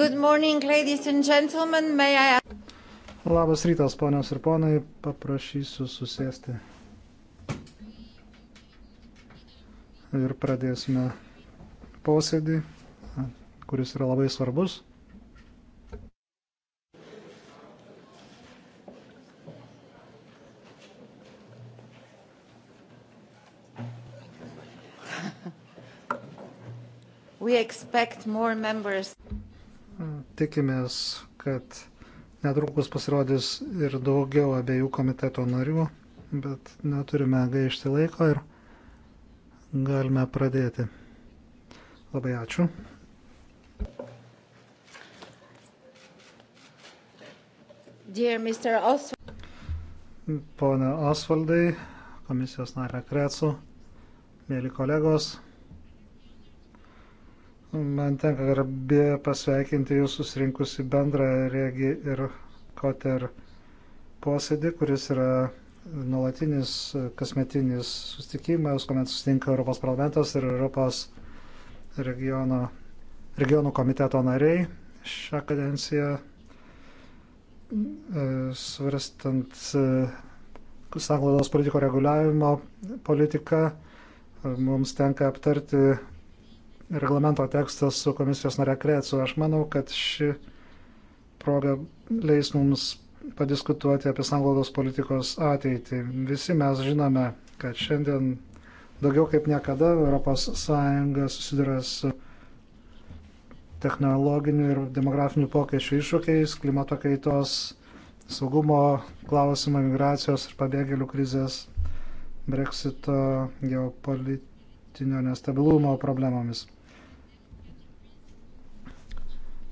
Good morning, ladies and gentlemen. May I... Labas rytas, ponios ir ponai, paprašysiu susėsti. Ir pradėsime posėdį, kuris yra labai svarbus. We expect more members tikimės, kad netrukus pasirodys ir daugiau abiejų komiteto narių, bet neturime gaišti laiko ir galime pradėti. Labai ačiū. Pone Osvaldai, komisijos narė Krecu, mėly kolegos. Man tenka garbė pasveikinti jūs susirinkusi bendrą regi ir koter posėdį, kuris yra nuolatinis kasmetinis sustikimas, kuomet sustinka Europos parlamentas ir Europos regiono, regionų komiteto nariai šią kadenciją e, svarstant e, sanglaudos politiko reguliavimo politiką. Mums tenka aptarti reglamento tekstas su komisijos nare Krecu. Aš manau, kad ši proga leis mums padiskutuoti apie sanglaudos politikos ateitį. Visi mes žinome, kad šiandien daugiau kaip niekada ES susiduria su technologinių ir demografinių pokyčių iššūkiais, klimato kaitos, saugumo klausimai, migracijos ir pabėgėlių krizės, breksito geopolitinio nestabilumo problemomis.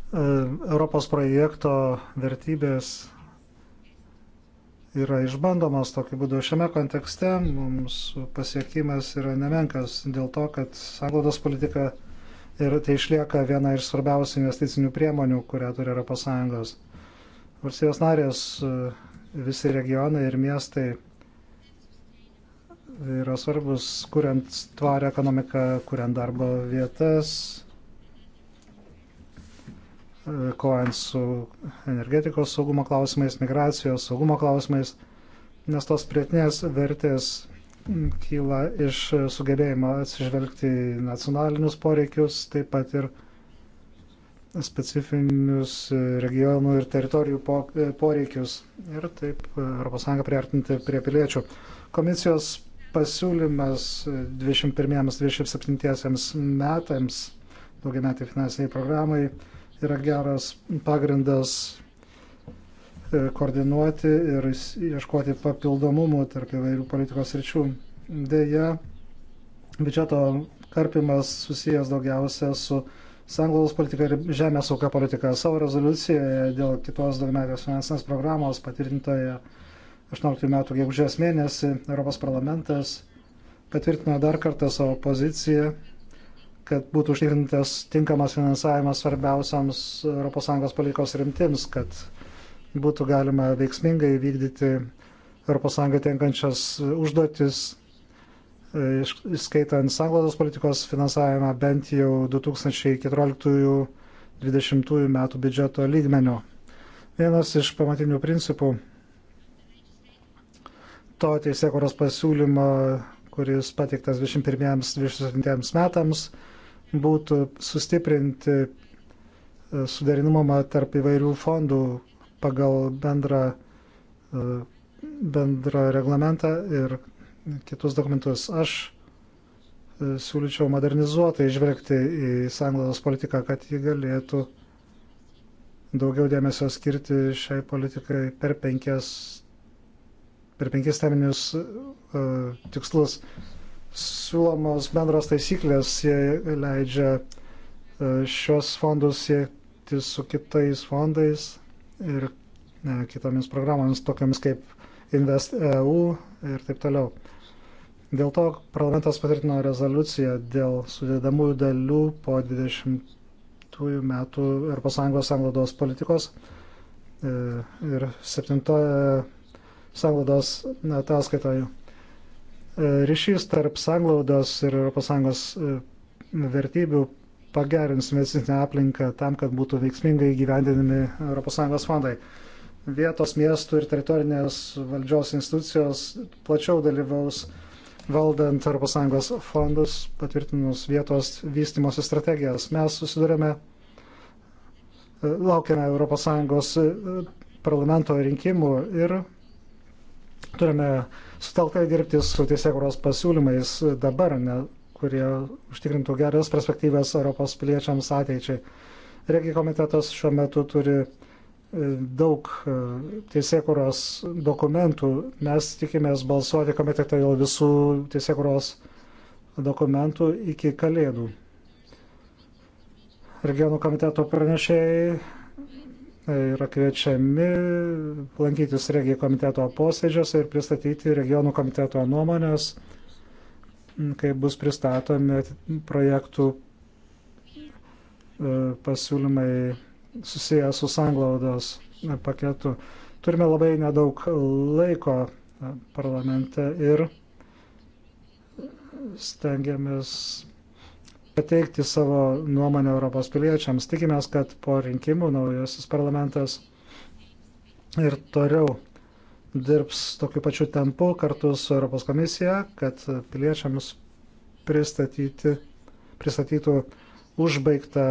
E, Europos projekto vertybės yra išbandomos tokiu būdu. Šiame kontekste mums pasiekimas yra nemenkas dėl to, kad sanglaudos politika ir tai išlieka viena iš svarbiausių investicinių priemonių, kurią turi Europos Sąjungos. Valstybės narės, e, visi regionai ir miestai yra svarbus, kuriant tvarę ekonomiką, kuriant darbo vietas, kovojant su energetikos saugumo klausimais, migracijos saugumo klausimais, nes tos prietinės vertės kyla iš sugebėjimo atsižvelgti nacionalinius poreikius, taip pat ir specifinius regionų ir teritorijų poreikius ir taip ES priartinti prie piliečių. Komisijos pasiūlymas 21-27 metams daugiametai finansiniai programai yra geras pagrindas e, koordinuoti ir ieškoti papildomumų tarp įvairių politikos ryčių. Deja, biudžeto karpimas susijęs daugiausia su sanglaudos politika ir žemės auka politika. Savo rezoliucijoje dėl kitos daugiametės finansinės programos patvirtintoje 18 metų gegužės mėnesį Europos parlamentas patvirtino dar kartą savo poziciją kad būtų užtikrintas tinkamas finansavimas svarbiausiams ES politikos rimtims, kad būtų galima veiksmingai vykdyti ES tenkančias užduotis, e, skaitant sanglaudos politikos finansavimą bent jau 2014-2020 metų biudžeto lygmenio. Vienas iš pamatinių principų to teisėkuros pasiūlymo, kuris pateiktas 21-27 metams, būtų sustiprinti e, suderinamumą tarp įvairių fondų pagal bendrą, e, bendrą reglamentą ir kitus dokumentus. Aš e, siūlyčiau modernizuotai žvelgti į sanglaudos politiką, kad ji galėtų daugiau dėmesio skirti šiai politikai per penkias per penkis teminius uh, tikslus siūlomos bendros taisyklės leidžia e, šios fondus siekti su kitais fondais ir e, kitomis programomis, tokiamis kaip InvestEU ir taip toliau. Dėl to parlamentas patvirtino rezoliuciją dėl sudėdamųjų dalių po 20 metų ES sanglados politikos e, ir 7 sanglados ataskaitoje ryšys tarp sanglaudos ir ES e, vertybių pagerins investicinę aplinką tam, kad būtų veiksmingai gyvendinami ES fondai. Vietos miestų ir teritorinės valdžios institucijos plačiau dalyvaus valdant ES fondus, patvirtinus vietos vystimosi strategijas. Mes susidurėme, e, laukiame ES e, parlamento rinkimų ir turime sutelktai dirbti su teisėkuros pasiūlymais dabar, ne, kurie užtikrintų geras perspektyvas Europos piliečiams ateičiai. Regi komitetas šiuo metu turi e, daug e, teisėkuros dokumentų. Mes tikimės balsuoti komitete dėl visų teisėkuros dokumentų iki kalėdų regionų komiteto pranešėjai yra kviečiami lankytis regijų komiteto posėdžiuose ir pristatyti regionų komiteto nuomonės, kai bus pristatomi projektų e, pasiūlymai susiję su sanglaudos paketu. Turime labai nedaug laiko e, parlamente ir stengiamės pateikti savo nuomonę Europos piliečiams. Tikimės, kad po rinkimų naujasis parlamentas ir toliau dirbs tokiu pačiu tempu kartu su Europos komisija, kad piliečiams pristatyti, pristatytų užbaigtą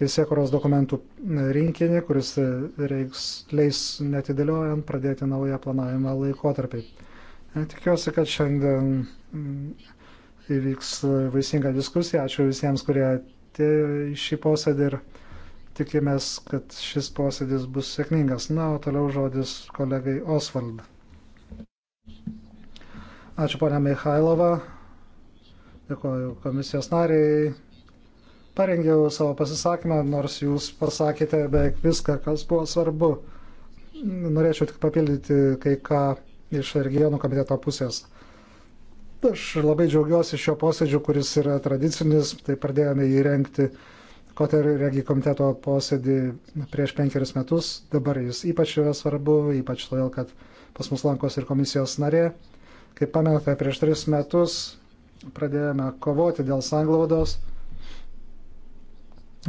teisėkuros dokumentų rinkinį, kuris reiks, leis netidėliojant pradėti naują planavimą laikotarpį. Tikiuosi, kad šiandien įvyks vaisinga diskusija. Ačiū visiems, kurie atėjo į šį posėdį ir tikimės, kad šis posėdis bus sėkmingas. Na, o toliau žodis kolegai Osvald. Ačiū ponia Mikhailova, dėkoju komisijos nariai. Parengiau savo pasisakymą, nors jūs pasakėte beveik viską, kas buvo svarbu. Norėčiau tik papildyti kai ką iš regionų komiteto pusės. Aš labai džiaugiuosi šio posėdžio, kuris yra tradicinis, tai pradėjome jį renkti Koter Regi komiteto posėdį prieš penkerius metus. Dabar jis ypač yra svarbu, ypač todėl, kad pas mus lankos ir komisijos narė. Kaip pamenate, prieš tris metus pradėjome kovoti dėl sanglaudos.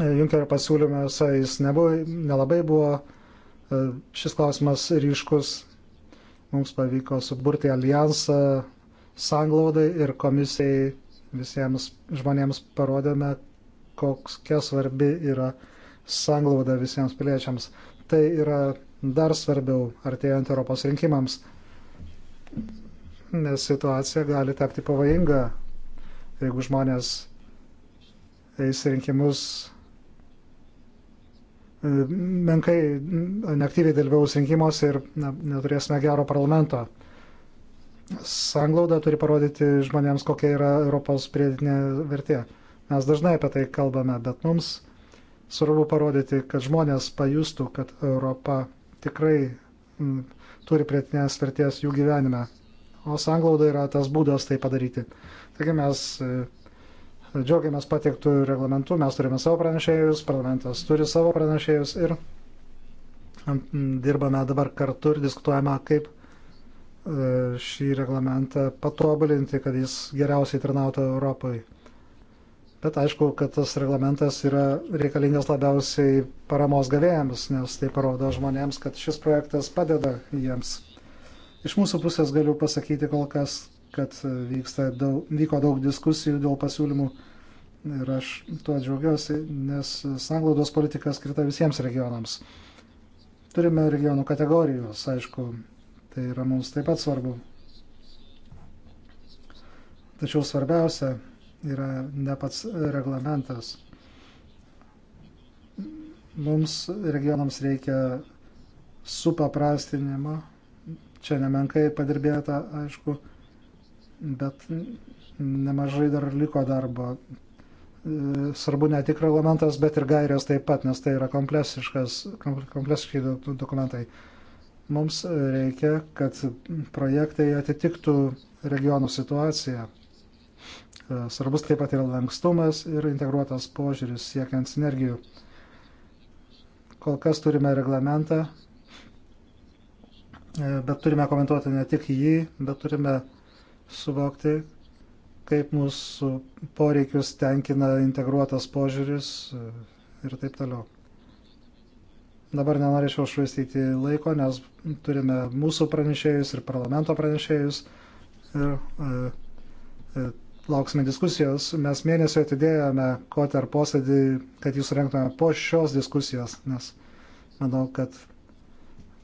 Junkerio pasiūlymuose jis nebuvo, nelabai buvo šis klausimas ryškus. Mums pavyko suburti alijansą sanglaudai ir komisijai visiems žmonėms parodėme, kokia svarbi yra sanglauda visiems piliečiams. Tai yra dar svarbiau artėjant Europos rinkimams, nes situacija gali tapti pavojinga, jeigu žmonės eis rinkimus e, menkai, neaktyviai dalyvaus rinkimuose ir na, neturėsime gero parlamento sanglauda turi parodyti žmonėms, kokia yra Europos pridėtinė vertė. Mes dažnai apie tai kalbame, bet mums svarbu parodyti, kad žmonės pajustų, kad Europa tikrai m, turi pridėtinės vertės jų gyvenime. O sanglauda yra tas būdas tai padaryti. Taigi mes e, džiaugiamės pateiktų reglamentų, mes turime savo pranešėjus, parlamentas turi savo pranešėjus ir dirbame dabar kartu ir diskutuojame, kaip E, šį reglamentą patobulinti, kad jis geriausiai tarnautų Europai. Bet aišku, kad tas reglamentas yra reikalingas labiausiai paramos gavėjams, nes tai parodo žmonėms, kad šis projektas padeda jiems. Iš mūsų pusės galiu pasakyti kol kas, kad daug, vyko daug diskusijų dėl pasiūlymų ir aš tuo džiaugiuosi, nes sanglaudos politika skirta visiems regionams. Turime regionų kategorijos, aišku, Tai yra mums taip pat svarbu. Tačiau svarbiausia yra ne pats reglamentas. Mums regionams reikia supaprastinimo. Čia nemenkai padirbėta, aišku, bet nemažai dar liko darbo. E, svarbu ne tik reglamentas, bet ir gairės taip pat, nes tai yra kompleksiški dokumentai. Mums reikia, kad projektai atitiktų regionų situaciją. Svarbus taip pat yra lankstumas ir integruotas požiūris siekiant sinergijų. Kol kas turime reglamentą, bet turime komentuoti ne tik jį, bet turime suvokti, kaip mūsų poreikius tenkina integruotas požiūris ir taip toliau. Dabar nenorėčiau švaistyti laiko, nes turime mūsų pranešėjus ir parlamento pranešėjus. Ir, e, e, lauksime diskusijos. Mes mėnesio atidėjome koter posėdį, kad jūs rengtume po šios diskusijos, nes manau, kad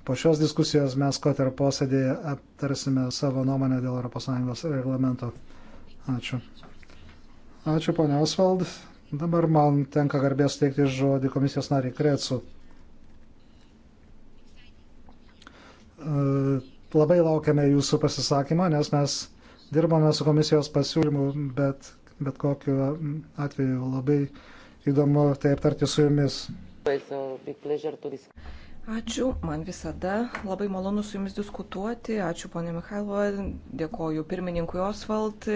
po šios diskusijos mes koter posėdį aptarsime savo nuomonę dėl ES reglamento. Ačiū. Ačiū, ponia Osvald. Dabar man tenka garbės teikti žodį komisijos nariai Krecu. labai laukiame jūsų pasisakymą, nes mes dirbame su komisijos pasiūlymu, bet, bet kokiu atveju labai įdomu tai aptarti su jumis. Ačiū, man visada labai malonu su jumis diskutuoti. Ačiū, ponė Mikhailova, dėkoju pirmininkui Osvald,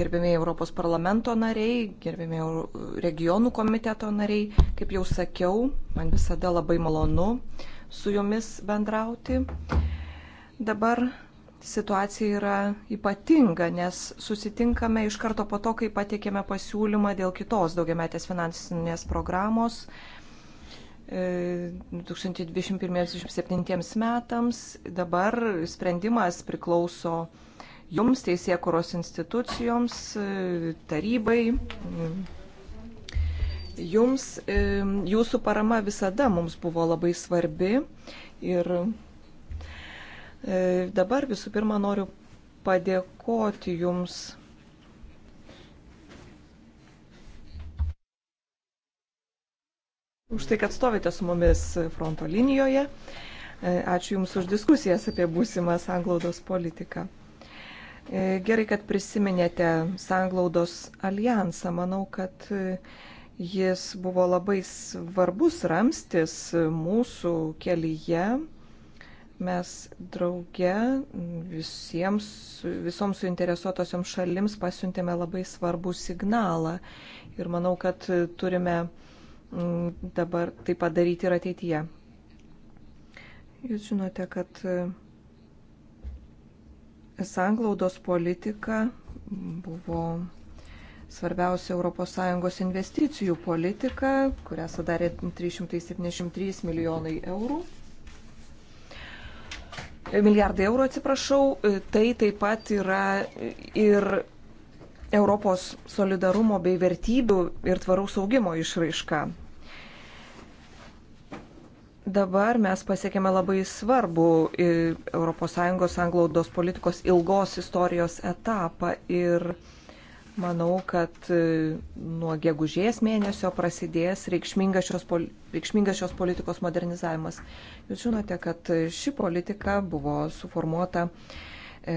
gerbėmiai Europos parlamento nariai, gerbėmiai regionų komiteto nariai. Kaip jau sakiau, man visada labai malonu su jumis bendrauti. Dabar situacija yra ypatinga, nes susitinkame iš karto po to, kai patiekėme pasiūlymą dėl kitos daugiametės finansinės programos 2021-2027 e, metams. Dabar sprendimas priklauso jums, teisėkuros institucijoms, e, tarybai, Jums, e, jūsų parama visada mums buvo labai svarbi ir e, dabar visų pirma noriu padėkoti Jums. Už tai, kad stovite su mumis fronto linijoje. E, ačiū Jums už diskusijas apie būsimą sanglaudos politiką. Gerai, kad prisiminėte sanglaudos alijansą. Manau, kad Jis buvo labai svarbus ramstis mūsų kelyje. Mes drauge visiems, visoms suinteresuotosioms šalims pasiuntėme labai svarbų signalą. Ir manau, kad turime mm, dabar tai padaryti ir ateityje. Jūs žinote, kad e, sanglaudos politika buvo svarbiausia ES investicijų politika, kurią sudarė 373 milijonai eurų. Milijardai eurų, atsiprašau, tai taip pat yra ir Europos solidarumo bei vertybių ir tvaraus augimo išraiška. Dabar mes pasiekėme labai svarbu ES anglaudos politikos ilgos istorijos etapą ir Manau, kad e, nuo gegužės mėnesio prasidės reikšmingas šios, reikšmingas šios politikos modernizavimas. Jūs žinote, kad ši politika buvo suformuota e,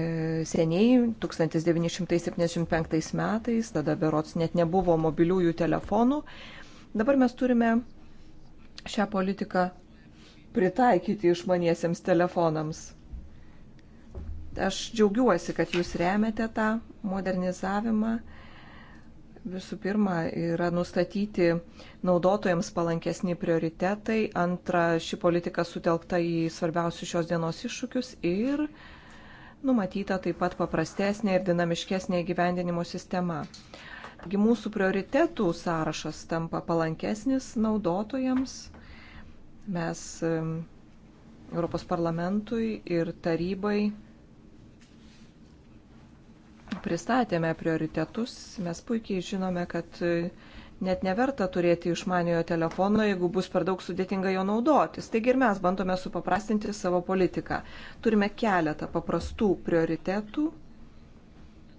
seniai, 1975 metais, tada berots net nebuvo mobiliųjų telefonų. Dabar mes turime šią politiką pritaikyti išmaniesiems telefonams. Aš džiaugiuosi, kad jūs remiate tą modernizavimą visų pirma yra nustatyti naudotojams palankesni prioritetai, antra, ši politika sutelkta į svarbiausius šios dienos iššūkius ir numatyta taip pat paprastesnė ir dinamiškesnė įgyvendinimo sistema. Taigi mūsų prioritetų sąrašas tampa palankesnis naudotojams. Mes um, Europos parlamentui ir tarybai pristatėme prioritetus, mes puikiai žinome, kad e, net neverta turėti išmaniojo telefono, jeigu bus per daug sudėtinga jo naudotis. Taigi ir mes bandome supaprastinti savo politiką. Turime keletą paprastų prioritetų,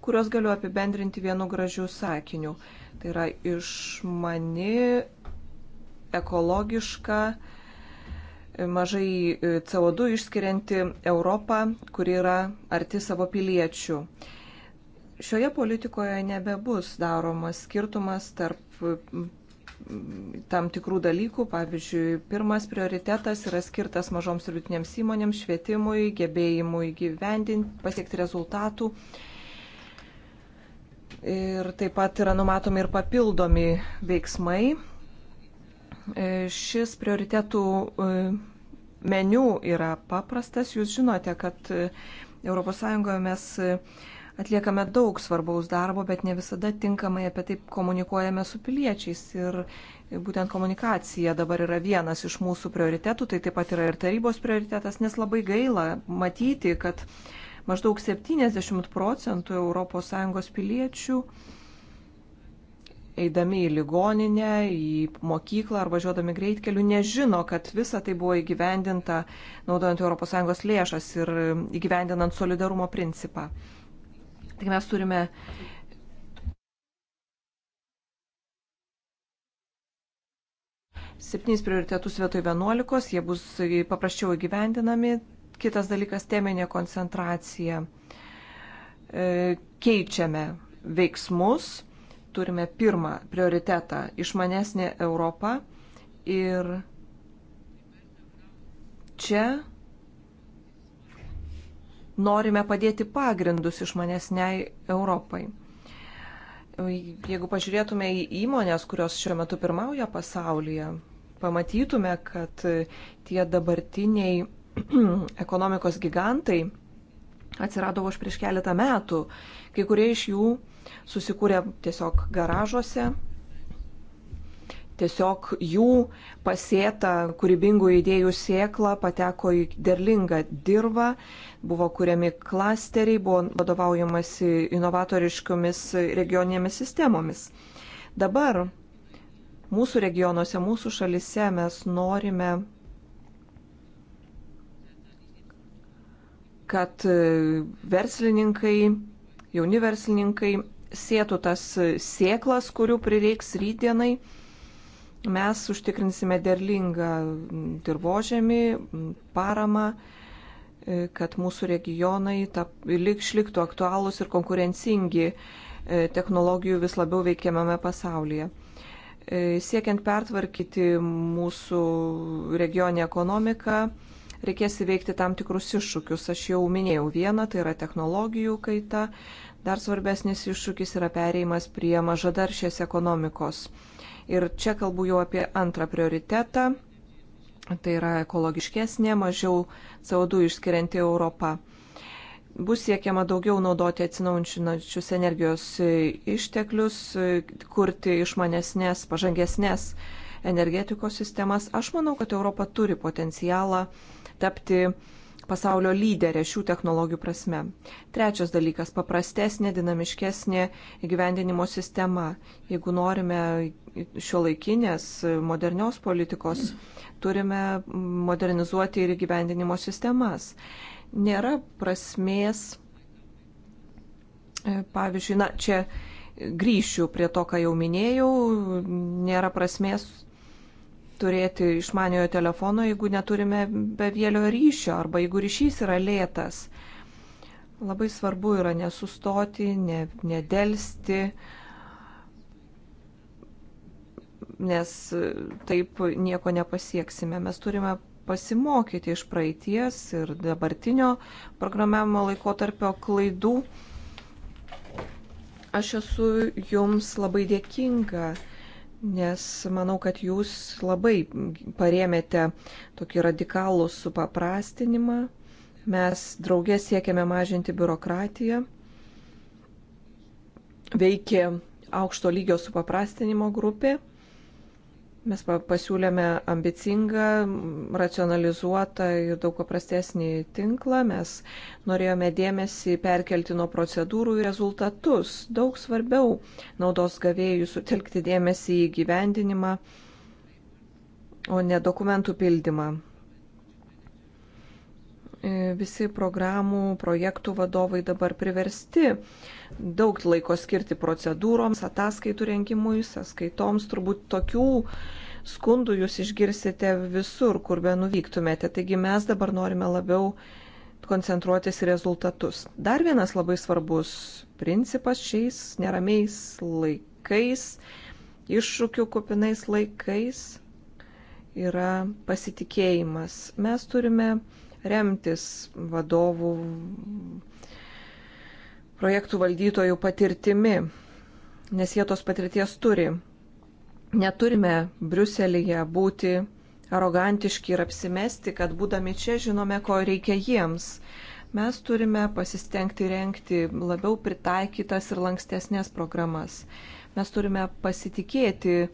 kuriuos galiu apibendrinti vienu gražiu sakiniu. Tai yra išmani, ekologiška, mažai e, CO2 išskirianti Europą, kuri yra arti savo piliečių. Šioje politikoje nebebus daromas skirtumas tarp mm, tam tikrų dalykų. Pavyzdžiui, pirmas prioritetas yra skirtas mažoms ir vidutinėms įmonėms, švietimui, gebėjimui gyvendinti, pasiekti rezultatų. Ir taip pat yra numatomi ir papildomi veiksmai. E, šis prioritetų e, meniu yra paprastas. Jūs žinote, kad ES mes e, atliekame daug svarbaus darbo, bet ne visada tinkamai apie tai komunikuojame su piliečiais. Ir būtent komunikacija dabar yra vienas iš mūsų prioritetų, tai taip pat yra ir tarybos prioritetas, nes labai gaila matyti, kad maždaug 70 procentų ES piliečių eidami į ligoninę, į mokyklą ar važiuodami greitkeliu, nežino, kad visa tai buvo įgyvendinta naudojant ES lėšas ir įgyvendinant solidarumo principą. Tik mes turime septynis prioritetus vietoj vienuolikos, jie bus paprasčiau įgyvendinami. Kitas dalykas - teminė koncentracija. E, keičiame veiksmus, turime pirmą prioritetą - išmanesnė Europa. Ir čia norime padėti pagrindus išmanesniai Europai. Jeigu pažiūrėtume į įmonės, kurios šiuo metu pirmauja pasaulyje, pamatytume, kad tie dabartiniai ekonomikos gigantai atsirado už prieš keletą metų. Kai kurie iš jų susikūrė tiesiog garažuose, Tiesiog jų pasėta kūrybingų idėjų sėkla pateko į derlingą dirbą, buvo kuriami klasteriai, buvo vadovaujamasi inovatoriškomis regioninėmis sistemomis. Dabar mūsų regionuose, mūsų šalise mes norime, kad verslininkai, jauni verslininkai sėtų tas sėklas, kurių prireiks rytdienai Mes užtikrinsime derlingą dirbožėmį, paramą, kad mūsų regionai tap, išliktų aktualūs ir konkurencingi e, technologijų vis labiau veikiamame pasaulyje. E, siekiant pertvarkyti mūsų regionį ekonomiką, reikės įveikti tam tikrus iššūkius. Aš jau minėjau vieną, tai yra technologijų kaita. Dar svarbesnis iššūkis yra pereimas prie mažadaršės ekonomikos. Ir čia kalbu jau apie antrą prioritetą. Tai yra ekologiškesnė, mažiau CO2 išskirianti Europa. Bus siekiama daugiau naudoti atsinaujančius energijos išteklius, kurti išmanesnės, pažangesnės energetikos sistemas. Aš manau, kad Europa turi potencialą tapti pasaulio lyderė šių technologijų prasme. Trečias dalykas - paprastesnė, dinamiškesnė gyvendinimo sistema. Jeigu norime šio laikinės, modernios politikos, turime modernizuoti ir gyvendinimo sistemas. Nėra prasmės, e, pavyzdžiui, na, čia grįšiu prie to, ką jau minėjau, nėra prasmės turėti išmaniojo telefono, jeigu neturime bevėlio ryšio arba jeigu ryšys yra lėtas. Labai svarbu yra nesustoti, ne, nedelsti, nes taip nieko nepasieksime. Mes turime pasimokyti iš praeities ir dabartinio programavimo laikotarpio klaidų. Aš esu jums labai dėkinga nes manau, kad jūs labai paremėte tokį radikalų supaprastinimą. Mes draugės siekiame mažinti biurokratiją. Veikė aukšto lygio supaprastinimo grupė. Mes pasiūlėme ambicingą, racionalizuotą ir daug paprastesnį tinklą. Mes norėjome dėmesį perkelti nuo procedūrų į rezultatus. Daug svarbiau naudos gavėjų sutelkti dėmesį į gyvendinimą, o ne dokumentų pildymą. E, visi programų, projektų vadovai dabar priversti daug laiko skirti procedūroms, ataskaitų renkimui, sąskaitoms, turbūt tokių skundų jūs išgirsite visur, kur be nuvyktumėte. Taigi mes dabar norime labiau koncentruotis į rezultatus. Dar vienas labai svarbus principas šiais neramiais laikais, iššūkių kupinais laikais yra pasitikėjimas. Mes turime remtis vadovų projektų valdytojų patirtimi, nes jie tos patirties turi. Neturime Briuselėje būti arogantiški ir apsimesti, kad būdami čia žinome, ko reikia jiems. Mes turime pasistengti renkti labiau pritaikytas ir lankstesnės programas. Mes turime pasitikėti e,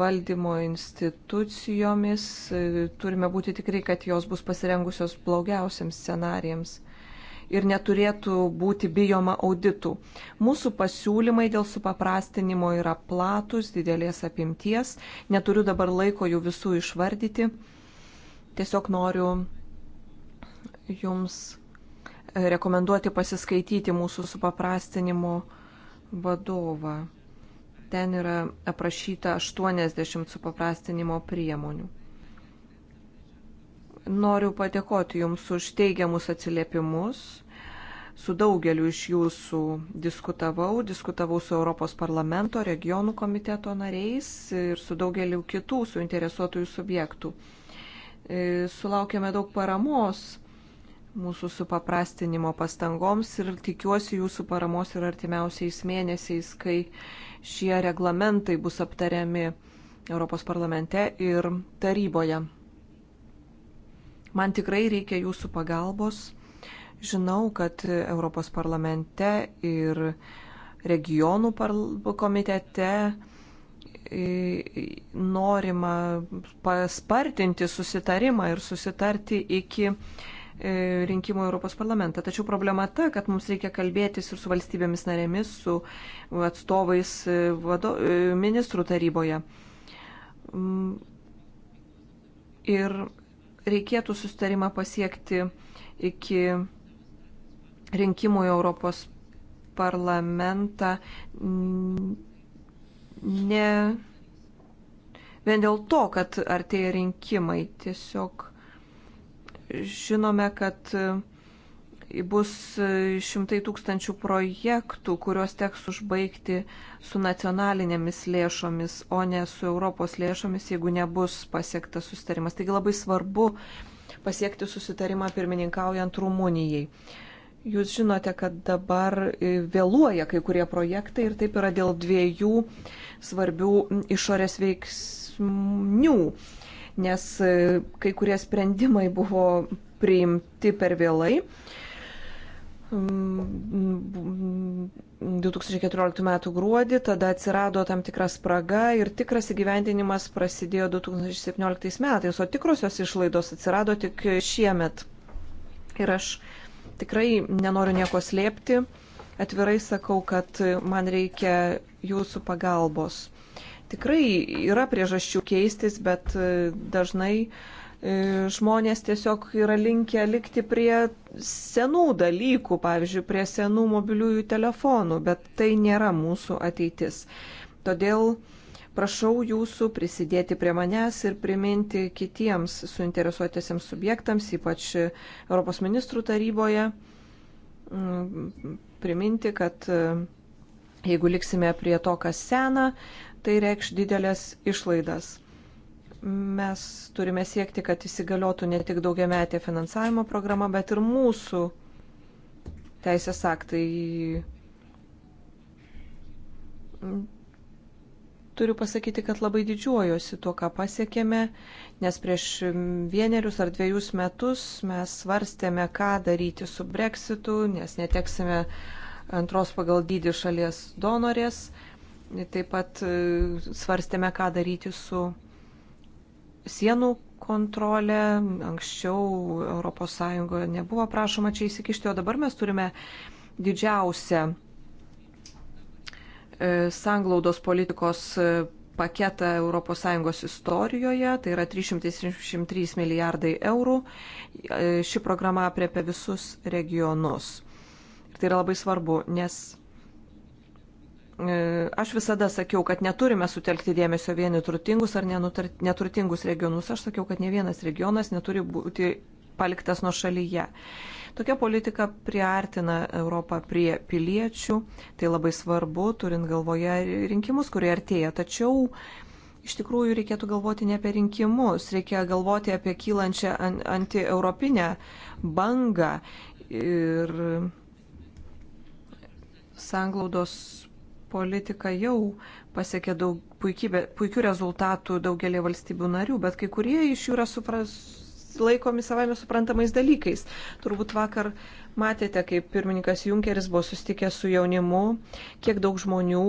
valdymo institucijomis, e, turime būti tikrai, kad jos bus pasirengusios blogiausiams scenarijams ir neturėtų būti bijoma auditų. Mūsų pasiūlymai dėl supaprastinimo yra platus, didelės apimties. Neturiu dabar laiko jų visų išvardyti. Tiesiog noriu Jums e, rekomenduoti pasiskaityti mūsų supaprastinimo vadovą. Ten yra aprašyta 80 supaprastinimo priemonių noriu padėkoti Jums už teigiamus atsiliepimus su daugeliu iš jūsų diskutavau, diskutavau su Europos parlamento, regionų komiteto nariais ir su daugeliu kitų suinteresuotųjų subjektų. E, sulaukėme daug paramos mūsų supaprastinimo pastangoms ir tikiuosi jūsų paramos ir artimiausiais mėnesiais, kai šie reglamentai bus aptariami Europos parlamente ir taryboje. Man tikrai reikia jūsų pagalbos Žinau, kad Europos parlamente ir regionų komitete norima paspartinti susitarimą ir susitarti iki e, rinkimų Europos parlamentą. Tačiau problema ta, kad mums reikia kalbėtis ir su valstybėmis narėmis, su atstovais e, vado, e, ministrų taryboje. Mm. Ir reikėtų susitarimą pasiekti iki rinkimų į Europos parlamentą ne vien dėl to, kad artėja rinkimai. Tiesiog žinome, kad bus šimtai tūkstančių projektų, kuriuos teks užbaigti su nacionalinėmis lėšomis, o ne su Europos lėšomis, jeigu nebus pasiektas susitarimas. Taigi labai svarbu pasiekti susitarimą pirmininkaujant Rumunijai. Jūs žinote, kad dabar e, vėluoja kai kurie projektai ir taip yra dėl dviejų svarbių išorės veiksnių, nes e, kai kurie sprendimai buvo priimti per vėlai. 2014 mm, m. gruodį, tada atsirado tam tikra spraga ir tikras įgyvendinimas prasidėjo 2017 metais, o tikrosios išlaidos atsirado tik šiemet. Ir aš tikrai nenoriu nieko slėpti. Atvirai sakau, kad man reikia jūsų pagalbos. Tikrai yra priežasčių keistis, bet e, dažnai e, žmonės tiesiog yra linkę likti prie senų dalykų, pavyzdžiui, prie senų mobiliųjų telefonų, bet tai nėra mūsų ateitis. Todėl uh, Prašau jūsų prisidėti prie manęs ir priminti kitiems suinteresuotėsiams subjektams, ypač Europos ministrų taryboje, mm, priminti, kad e, jeigu liksime prie to, kas sena, tai reikš didelės išlaidas. Mes turime siekti, kad įsigaliotų ne tik daugiametė finansavimo programa, bet ir mūsų teisės aktai turiu pasakyti, kad labai didžiuojosi tuo, ką pasiekėme, nes prieš vienerius ar dviejus metus mes svarstėme, ką daryti su breksitu, nes neteksime antros pagal dydį šalies donorės. Taip pat e, svarstėme, ką daryti su sienų kontrolė. Anksčiau ES nebuvo prašoma čia įsikišti, o dabar mes turime didžiausią E, sanglaudos politikos e, paketą ES istorijoje, tai yra 333 milijardai eurų. E, ši programa apriepia visus regionus. Ir tai yra labai svarbu, nes aš visada sakiau, kad neturime sutelkti dėmesio vieni turtingus ar neturtingus regionus. Aš sakiau, kad ne vienas regionas neturi būti paliktas nuo šalyje. Tokia politika priartina Europą prie piliečių, tai labai svarbu, turint galvoje rinkimus, kurie artėja. Tačiau iš tikrųjų reikėtų galvoti ne apie rinkimus, reikia galvoti apie kylančią antieuropinę bangą ir sanglaudos politika jau pasiekė daug puikybė, puikių rezultatų daugelį valstybių narių, bet kai kurie iš jų yra supras, laikomi savame suprantamais dalykais. Turbūt vakar matėte, kaip pirmininkas Junkeris buvo sustikęs su jaunimu, kiek daug žmonių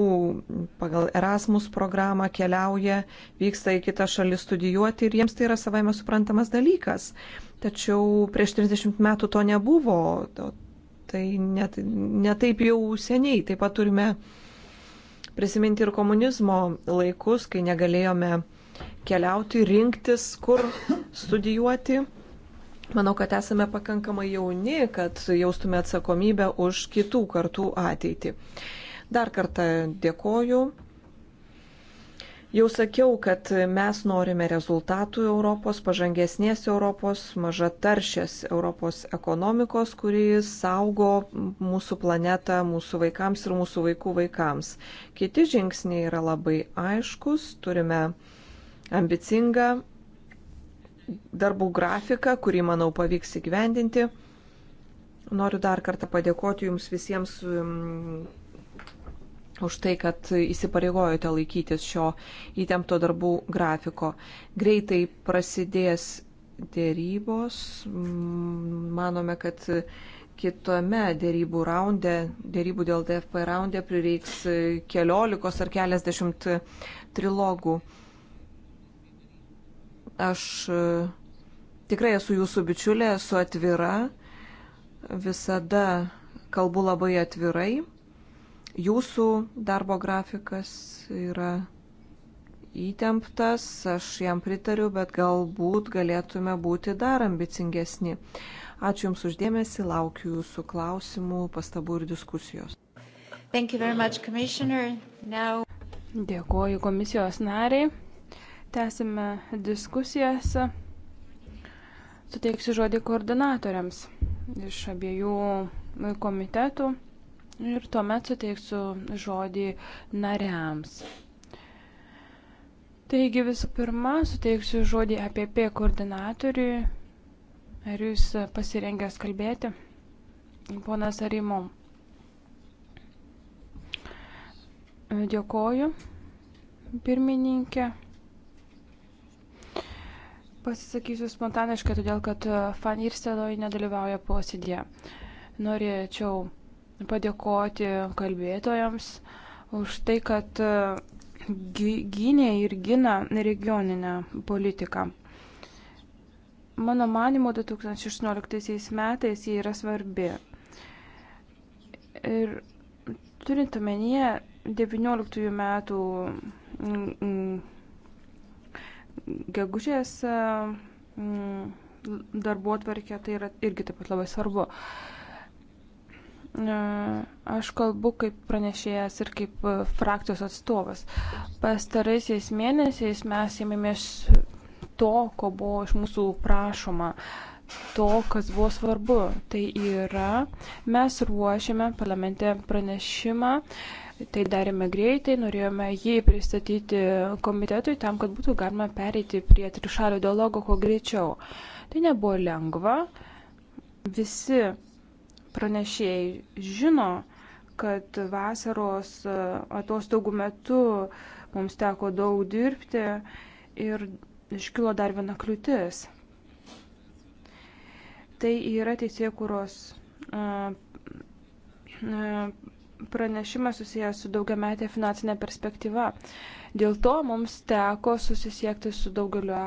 pagal Erasmus programą keliauja, vyksta į kitą šalį studijuoti ir jiems tai yra savame suprantamas dalykas. Tačiau prieš 30 metų to nebuvo, tai net, netaip jau seniai. Taip pat turime prisiminti ir komunizmo laikus, kai negalėjome keliauti, rinktis, kur studijuoti. Manau, kad esame pakankamai jauni, kad jaustume atsakomybę už kitų kartų ateitį. Dar kartą dėkoju. Jau sakiau, kad mes norime rezultatų Europos, pažangesnės Europos, maža taršės Europos ekonomikos, kuri saugo mūsų planetą, mūsų vaikams ir mūsų vaikų vaikams. Kiti žingsniai yra labai aiškus. Turime ambicingą darbų grafiką, kurį, manau, pavyks įgyvendinti. Noriu dar kartą padėkoti Jums visiems um, už tai, kad įsipareigojote laikytis šio įtempto darbų grafiko. Greitai prasidės dėrybos. Manome, kad kitame dėrybų raunde, dėrybų dėl DFP raunde prireiks keliolikos ar keliasdešimt trilogų. Aš e, tikrai esu jūsų bičiulė, esu atvira, visada kalbu labai atvirai. Jūsų darbo grafikas yra įtemptas, aš jam pritariu, bet galbūt galėtume būti dar ambicingesni. Ačiū Jums uždėmesi, laukiu Jūsų klausimų, pastabų ir diskusijos. Much, Now... Dėkuoju komisijos nariai. Tęsime diskusijas. Suteiksiu žodį koordinatoriams iš abiejų komitetų ir tuomet suteiksiu žodį nariams. Taigi visų pirma, suteiksiu žodį APP koordinatoriui. Ar jūs pasirengęs kalbėti? Ponas Arimom. Dėkoju, pirmininkė. Pasisakysiu spontaniškai, todėl kad e, Fanny ir Seloj nedalyvauja posėdėje. Norėčiau padėkoti kalbėtojams už tai, kad e, gynė ir gina regioninę politiką. Mano manimo, 2016 metais jie yra svarbi. Ir turint omenyje 19 metų gegužės e, darbo atvarkė, tai yra irgi taip pat labai svarbu. E, aš kalbu kaip pranešėjas ir kaip e, frakcijos atstovas. Pastaraisiais mėnesiais mes ėmėmės to, ko buvo iš mūsų prašoma, to, kas buvo svarbu. Tai yra, mes ruošiame parlamente pranešimą, uh, Tai darėme greitai, norėjome jį pristatyti komitetui tam, kad būtų galima pereiti prie trišalio dialogo kuo greičiau. Tai nebuvo lengva. Visi pranešėjai žino, kad vasaros atostogų metu mums teko daug dirbti ir iškilo dar viena kliūtis. Tai yra teisėkuros pranešimą susijęs su daugiametė finansinė perspektyva. Dėl to mums teko susisiekti su daugeliu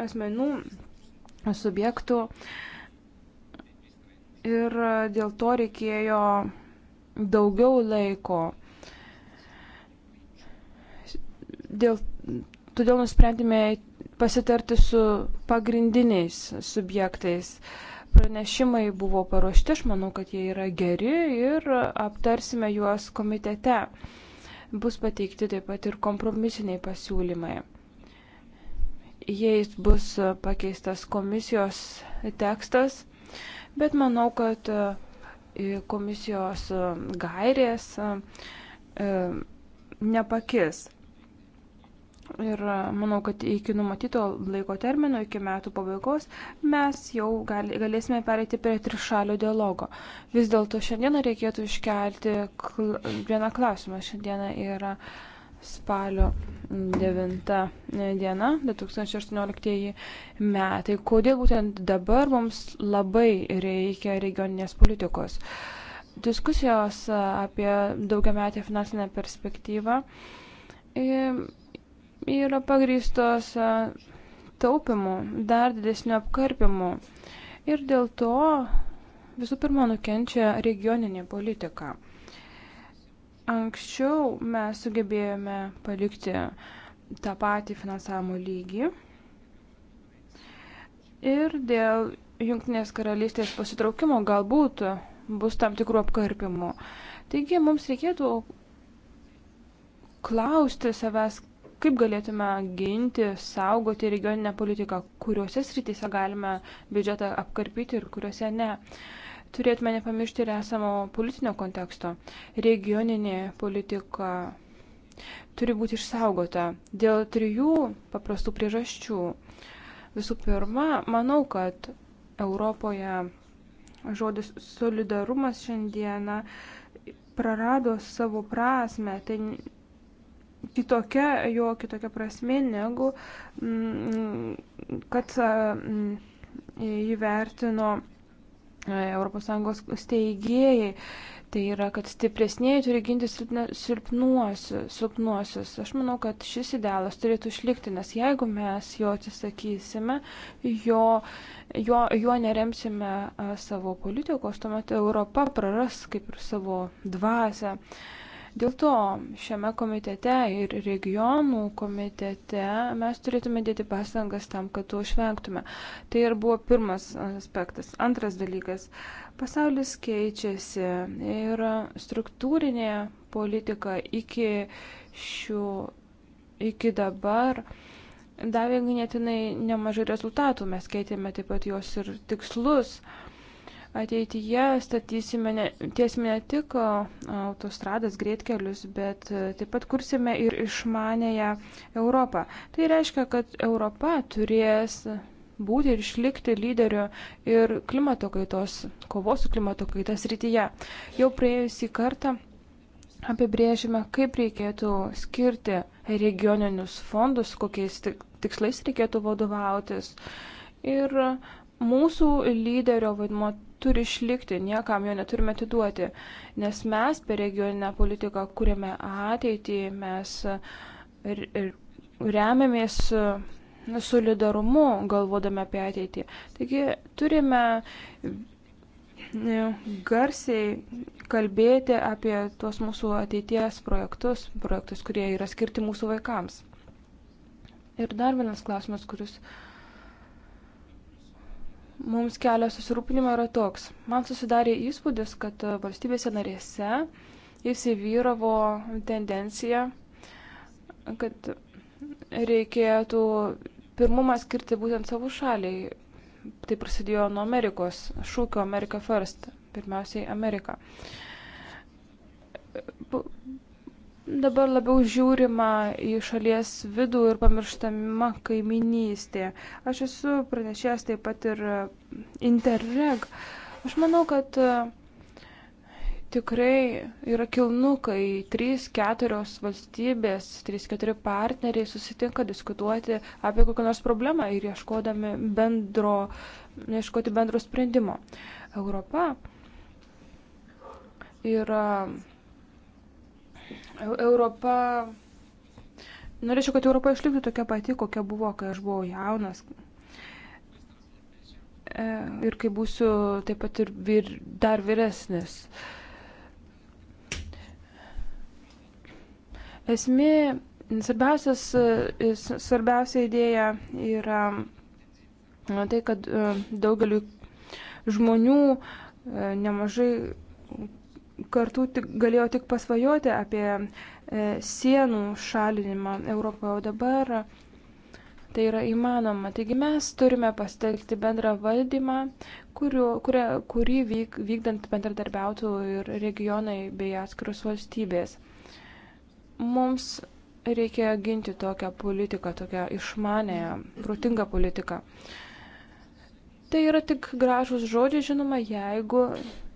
asmenų, subjektų ir dėl to reikėjo daugiau laiko. Dėl, todėl nusprendėme pasitarti su pagrindiniais subjektais. Uh, pranešimai buvo paruošti, aš manau, kad jie yra geri ir aptarsime juos komitete. Bus pateikti taip pat ir kompromisiniai pasiūlymai. Jais bus pakeistas komisijos tekstas, bet manau, kad e, komisijos e, gairės e, nepakis. Ir e, manau, kad iki numatyto laiko termino, iki metų pabaigos, mes jau gali, galėsime pereiti prie trišalio dialogo. Vis dėlto šiandieną reikėtų iškelti kl vieną klausimą. Šiandiena yra spalio 9 diena, 2018 metai. Kodėl būtent dabar mums labai reikia regioninės politikos? Diskusijos apie daugiametę finansinę perspektyvą. Ir yra pagrįstos e, taupimu, dar didesniu apkarpimu. Ir dėl to visų pirma nukenčia regioninė politika. Anksčiau mes sugebėjome palikti tą patį finansavimo lygį ir dėl Junktinės karalystės pasitraukimo galbūt bus tam tikrų apkarpimų. Taigi mums reikėtų klausti savęs, Kaip galėtume ginti, saugoti regioninę politiką, kuriuose srityse galime biudžetą apkarpyti ir kuriuose ne. Turėtume nepamiršti ir esamo politinio konteksto. Regioninė politika turi būti išsaugota dėl trijų paprastų priežasčių. Visų pirma, manau, kad Europoje žodis solidarumas šiandieną prarado savo prasme. Tai kitokia, jo kitokia prasme, negu mm, kad mm, įvertino ES steigėjai. Tai yra, kad stipresnėji turi ginti silpnuosius, silpnuosius. Aš manau, kad šis idealas turėtų išlikti, nes jeigu mes jo atsisakysime, jo, jo, jo neremsime savo politikos, tuomet Europa praras kaip ir savo dvasę. Uh, Dėl to šiame komitete ir regionų komitete mes turėtume dėti pastangas tam, kad to išvengtume. Tai ir buvo pirmas aspektas. Antras dalykas. Pasaulis keičiasi ir struktūrinė politika iki šių, iki dabar davė ganėtinai nemažai rezultatų. Mes keitėme taip pat jos ir tikslus. Uh, Ateityje statysime, ne, tiesime ne tik autostradas, greitkelius, bet taip pat kursime ir išmanėją Europą. Tai reiškia, kad Europa turės būti ir išlikti lyderiu ir klimato kaitos, kovos su klimato kaitas rytyje. Jau praėjusį kartą apibrėžime, kaip reikėtų skirti regioninius fondus, kokiais tikslais reikėtų vadovautis. Ir mūsų lyderio vaidmo turi išlikti, niekam jo neturime atiduoti, nes mes per regioninę politiką kūrėme ateitį, mes ir, ir remiamės nu, solidarumu galvodami apie ateitį. Taigi turime e, garsiai kalbėti apie tuos mūsų ateities projektus, projektus, kurie yra skirti mūsų vaikams. Ir dar vienas klausimas, kuris uh, mums kelia susirūpinimą yra toks. Man susidarė įspūdis, kad e, valstybėse narėse įsivyravo tendencija, kad reikėtų pirmumą skirti būtent savo šaliai. Tai prasidėjo nuo Amerikos šūkio America First, pirmiausiai Amerika. Dabar labiau žiūrima į šalies vidų ir pamirštama kaiminystė. Aš esu pranešėjęs taip pat ir Interreg. Aš manau, kad e, tikrai yra kilnu, kai 3-4 valstybės, 3-4 partneriai susitinka diskutuoti apie kokią nors problemą ir ieškodami bendro, ieškoti bendro sprendimo. Europa yra Europa. Norėčiau, kad Europa išliktų tokia pati, kokia buvo, kai aš buvau jaunas. E, ir kai būsiu taip pat ir vir, dar vyresnis. Esmė, e, svarbiausia idėja yra e, tai, kad daugeliu žmonių nemažai kartų tik, galėjo tik pasvajoti apie e, sienų šalinimą Europoje, o dabar tai yra įmanoma. Taigi mes turime pasitelkti bendrą valdymą, kuriu, kuria, kurį vyk, vykdant bendradarbiautų ir regionai bei atskiros valstybės. Mums reikia ginti tokią politiką, tokią išmanę, protingą politiką. Tai yra tik gražus žodžiai, žinoma, jeigu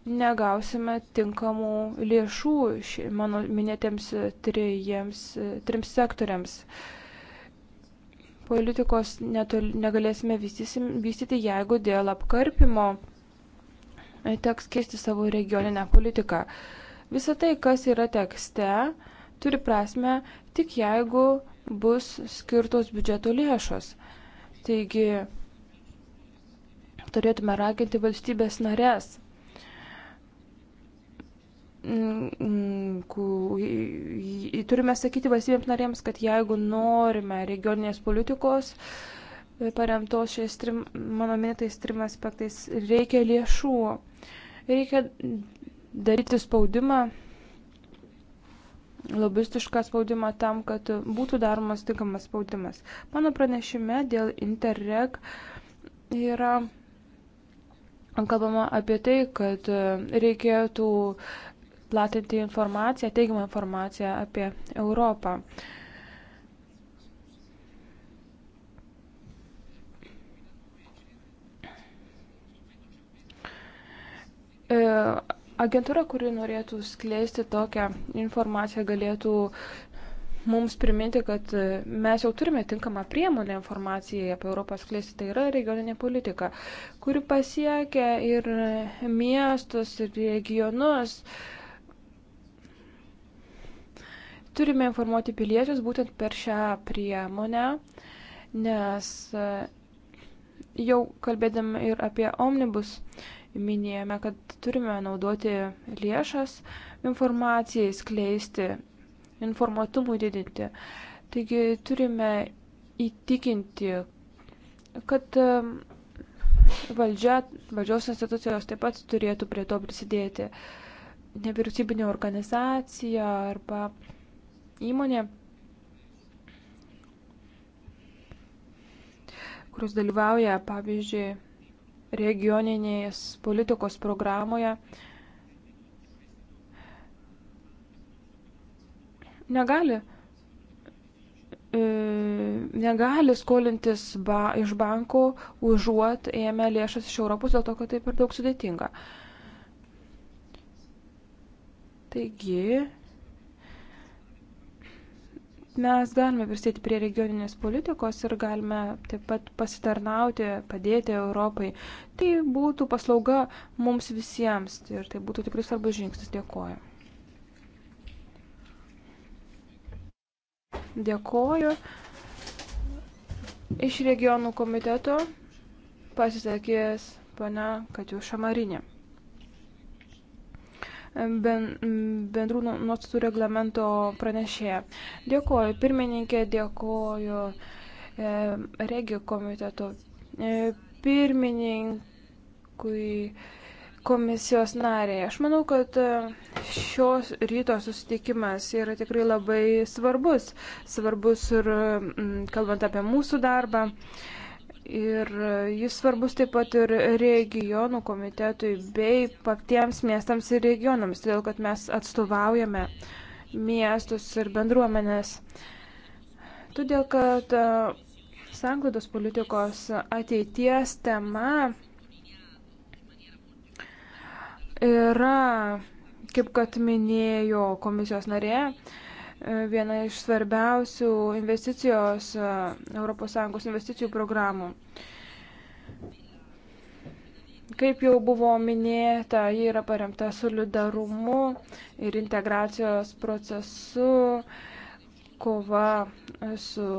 negausime tinkamų lėšų ši, mano minėtiems trijiems, trims sektoriams. Politikos netol, negalėsime vystysim, vystyti, jeigu dėl apkarpimo e, teks keisti savo regioninę politiką. Visą tai, kas yra tekste, turi prasme tik jeigu bus skirtos biudžeto lėšos. Taigi turėtume raginti valstybės narės Mm, turime sakyti valstybėms narėms, kad jeigu norime regioninės politikos e, paremtos šiais trim, mano minėtais trim aspektais, reikia lėšų, reikia daryti spaudimą, lobistišką spaudimą tam, kad būtų daromas tinkamas spaudimas. Mano pranešime dėl Interreg yra kalbama apie tai, kad reikėtų platinti informaciją, teigiamą informaciją apie Europą. E, agentūra, kuri norėtų skleisti tokią informaciją, galėtų mums priminti, kad mes jau turime tinkamą priemonę informacijai apie Europą skleisti, tai yra regioninė politika, kuri pasiekia ir miestus, ir regionus. Uh, Turime informuoti piliečius būtent per šią priemonę, nes e, jau kalbėdami ir apie omnibus minėjome, kad turime naudoti lėšas informacijai skleisti, informatumui didinti. Taigi turime įtikinti, kad e, valdžia, valdžios institucijos taip pat turėtų prie to prisidėti. Nevyriausybinė organizacija arba įmonė, kurios dalyvauja, pavyzdžiui, regioninės politikos programoje, negali, e, negali skolintis ba, iš bankų, užuot ėmę lėšas iš Europos, dėl to, kad tai per daug sudėtinga. Taigi, mes galime prisidėti prie regioninės politikos ir galime taip pat pasitarnauti, padėti Europai. Tai būtų paslauga mums visiems ir tai būtų tikrai svarbus žingsnis. Dėkoju. Dėkoju. Iš regionų komiteto pasisakės pana Katiuša Marinė bendrų nu, nuostatų reglamento pranešėja. Dėkoju pirmininkė, dėkoju e, regio komiteto e, pirmininkui komisijos nariai. Aš manau, kad e, šios ryto susitikimas yra tikrai labai svarbus. Svarbus ir kalbant apie mūsų darbą. E, Ir jis svarbus taip pat ir regionų komitetui bei patiems miestams ir regionams, todėl kad mes atstovaujame miestus ir bendruomenės. Todėl kad e, sanglaudos politikos ateities tema yra, kaip kad minėjo komisijos narė, viena iš svarbiausių investicijos, e, ES investicijų programų. Kaip jau buvo minėta, ji yra paremta solidarumu ir integracijos procesu, kova su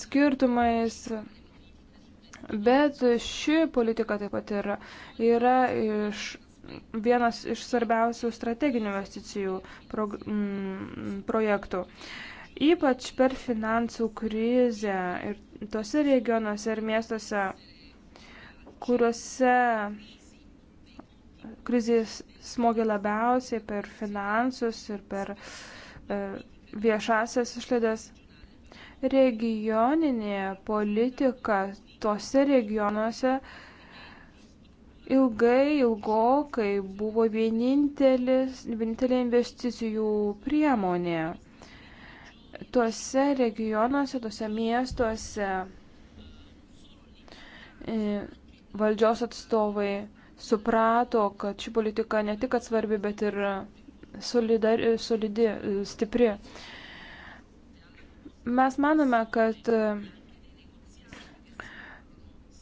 skirtumais. Bet ši politika taip pat yra, yra iš vienas iš svarbiausių strateginių investicijų pro, m, mm, projektų. Ypač per finansų krizę ir tose regionuose ir miestuose, kuriuose krizės smogė labiausiai per finansus ir per e, viešasias išlaidas. Regioninė politika tose regionuose e, ilgai, ilgokai buvo vienintelė investicijų priemonė. Tuose regionuose, tuose miestuose e, valdžios atstovai suprato, kad ši politika ne tik atsvarbi, bet ir solidar, solidi, e, stipri. Mes manome, kad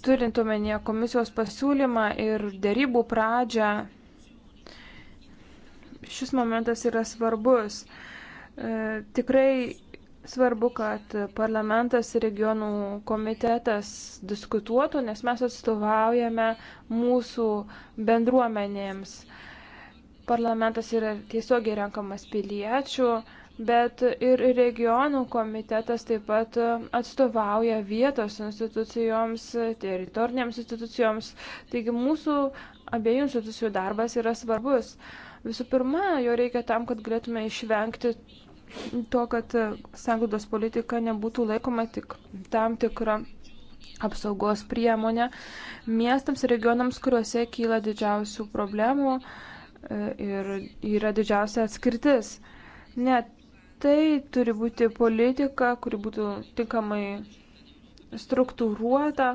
turint omenyje komisijos pasiūlymą ir dėrybų pradžią, šis momentas yra svarbus. E, tikrai svarbu, kad parlamentas ir regionų komitetas diskutuotų, nes mes atstovaujame mūsų bendruomenėms. Parlamentas yra tiesiogiai renkamas piliečių. E, bet ir regionų komitetas taip pat atstovauja vietos institucijoms, teritorinėms institucijoms. Taigi mūsų abiejų institucijų darbas yra svarbus. Visų pirma, jo reikia tam, kad galėtume išvengti to, kad sanglaudos politika nebūtų laikoma tik tam tikrą apsaugos priemonę miestams ir regionams, kuriuose kyla didžiausių problemų e, ir yra didžiausia atskirtis. Net tai turi būti politika, kuri būtų tinkamai struktūruota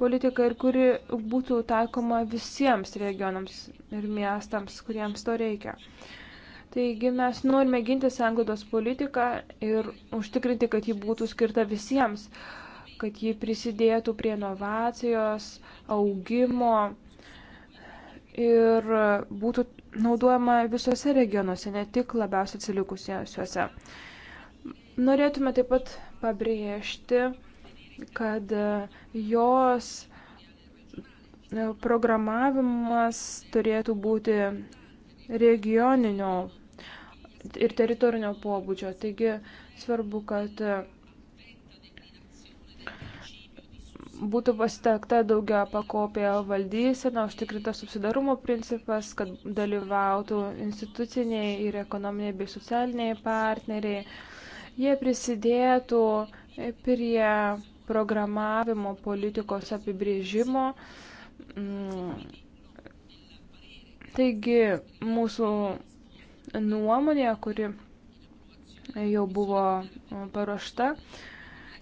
politika ir kuri būtų taikoma visiems regionams ir miestams, kuriems to reikia. Taigi mes norime ginti sąnglaudos politiką ir užtikrinti, kad ji būtų skirta visiems, kad ji prisidėtų prie inovacijos, augimo ir būtų naudojama visose regionuose, ne tik labiausiai atsilikusiuose. Norėtume taip pat pabrėžti, kad jos programavimas turėtų būti regioninio ir teritorinio pobūdžio. Taigi svarbu, kad būtų pasitelkta daugia pakopė valdysena, užtikrintas subsidarumo principas, kad dalyvautų instituciniai ir ekonominiai bei socialiniai partneriai. Jie prisidėtų prie programavimo politikos apibrėžimo. Taigi mūsų nuomonė, kuri jau buvo paruošta,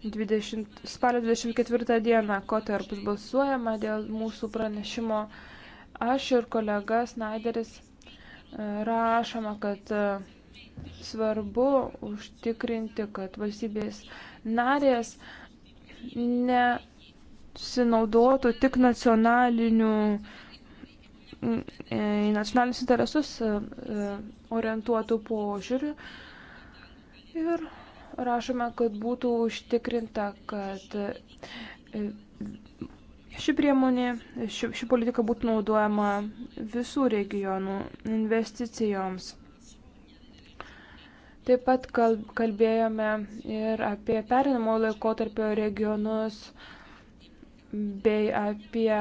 20, spalio 24 dieną, ko tarp bus balsuojama dėl mūsų pranešimo. Aš ir kolega Snaideris e, rašoma, kad e, svarbu užtikrinti, kad valstybės narės nesinaudotų tik nacionalinių e, į nacionalinius interesus orientuotų požiūrių ir rašome, kad būtų užtikrinta, kad e, ši priemonė, ši, ši politika būtų naudojama visų regionų investicijoms. Taip pat kalbėjome ir apie perinamo laikotarpio regionus bei apie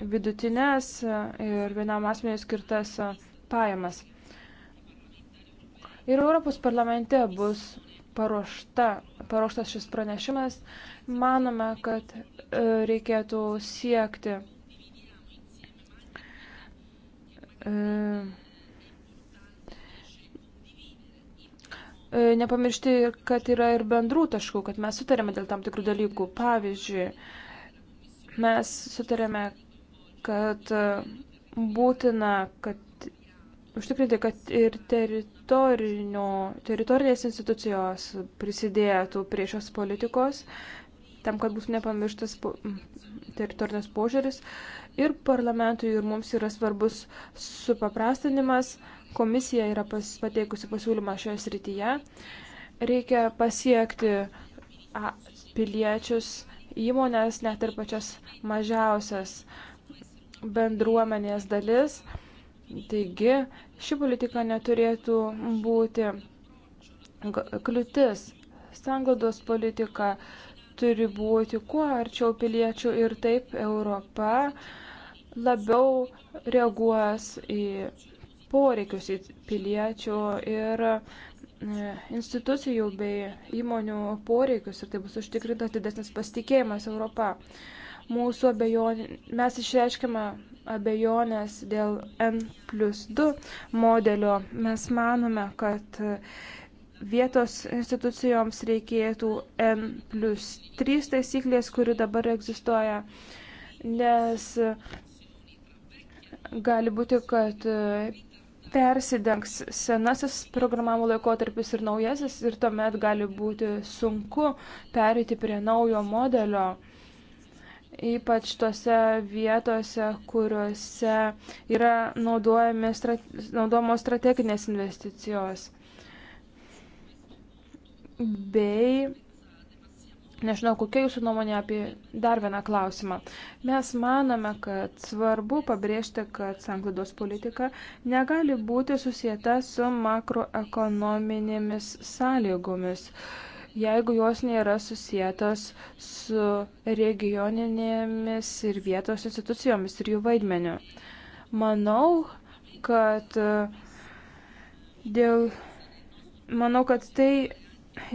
vidutinės ir vienam asmeniui skirtas pajamas. Ir Europos parlamente bus paruošta, paruoštas šis pranešimas. Manome, kad e, reikėtų siekti e, e, nepamiršti, kad yra ir bendrų taškų, kad mes sutarėme dėl tam tikrų dalykų. Pavyzdžiui, mes sutarėme, kad būtina, kad užtikrinti, kad ir teritorija teritorinės institucijos prisidėtų prie šios politikos, tam, kad bus nepamirštas teritorinės požiūris. Ir parlamentui ir mums yra svarbus supaprastinimas. Komisija yra pas, pateikusi pasiūlymą šioje srityje. Reikia pasiekti a, piliečius, įmonės, net ir pačias mažiausias bendruomenės dalis. Taigi ši politika neturėtų būti kliūtis. Sanglaudos politika turi būti kuo arčiau piliečių ir taip Europa labiau reaguos į poreikius į piliečių ir e, institucijų bei įmonių poreikius ir tai bus užtikrintas didesnis pasitikėjimas Europą mūsų abejonė, mes išreiškime abejonės dėl N plus 2 modelio. Mes manome, kad vietos institucijoms reikėtų N plus 3 taisyklės, kuri dabar egzistuoja, nes gali būti, kad persidengs senasis programavimo laikotarpis ir naujasis ir tuomet gali būti sunku perėti prie naujo modelio ypač tose vietose, kuriuose yra strate, naudojamos strateginės investicijos. Bei, nežinau, kokia jūsų nuomonė apie dar vieną klausimą. Mes manome, kad svarbu pabrėžti, kad sanglidos politika negali būti susijęta su makroekonominėmis sąlygomis. Uh, jeigu jos nėra susijėtos su regioninėmis ir vietos institucijomis ir jų vaidmeniu. Manau, kad e, dėl. Manau, kad tai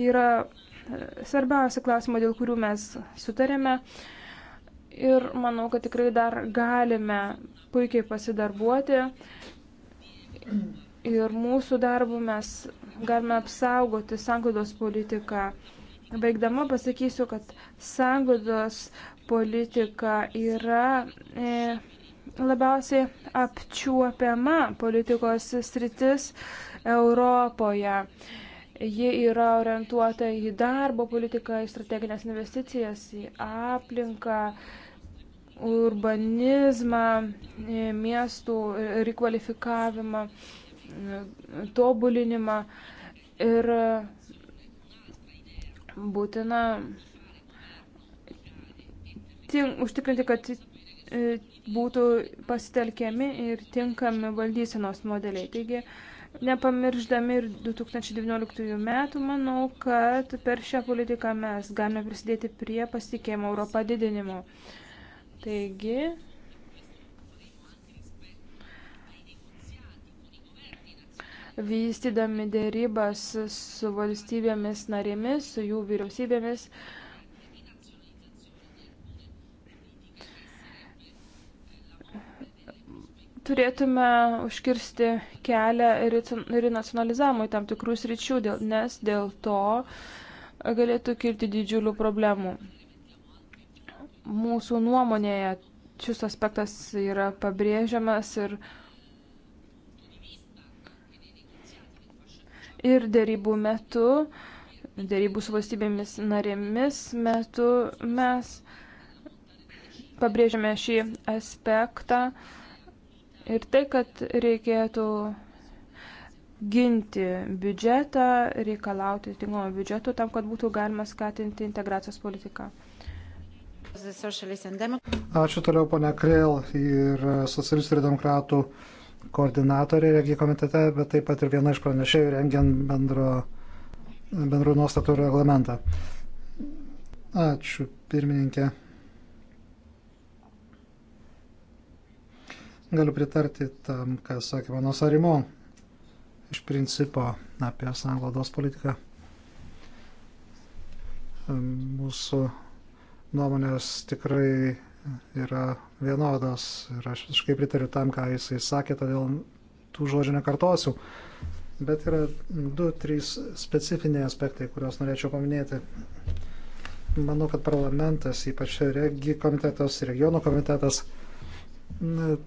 yra e, svarbiausia klausima, dėl kurių mes sutarėme. Ir manau, kad tikrai dar galime puikiai pasidarbuoti. Ir mūsų darbų mes galime apsaugoti sanglaudos politiką. Baigdama pasakysiu, kad sanglaudos politika yra e, labiausiai apčiuopiama politikos sritis Europoje. Ji yra orientuota į darbo politiką, į strateginės investicijas, į aplinką, urbanizmą, e, miestų rekvalifikavimą. E, tobulinimą ir būtina tink, užtikrinti, kad e, būtų pasitelkiami ir tinkami valdysenos modeliai. Taigi, nepamirždami ir 2019 metų, manau, kad per šią politiką mes galime prisidėti prie pasitikėjimo Europą didinimo. Taigi, vystydami dėrybas su valstybėmis narėmis, su jų vyriausybėmis. Turėtume užkirsti kelią ir nacionalizavimui tam tikrus ryčių, nes dėl to galėtų kilti didžiulių problemų. Mūsų nuomonėje šis aspektas yra pabrėžiamas ir uh, ir dėrybų metu, dėrybų su valstybėmis narėmis metu mes pabrėžiame šį aspektą ir tai, kad reikėtų ginti biudžetą, reikalauti tinkamo biudžeto tam, kad būtų galima skatinti integracijos politiką. Ačiū toliau, ponia Krėl ir socialistų ir demokratų koordinatorė regi komitete, bet taip pat ir viena iš pranešėjų rengiant bendro, bendrų nuostatų reglamentą. Ačiū, pirmininkė. Galiu pritarti tam, ką sakė mano sarimo iš principo apie sanglaudos politiką. Mūsų nuomonės tikrai yra vienodos ir aš visiškai pritariu tam, ką jisai sakė, todėl tų žodžių nekartosiu. Bet yra du, trys specifiniai aspektai, kuriuos norėčiau paminėti. Manau, kad parlamentas, ypač regi komitetas, regionų komitetas,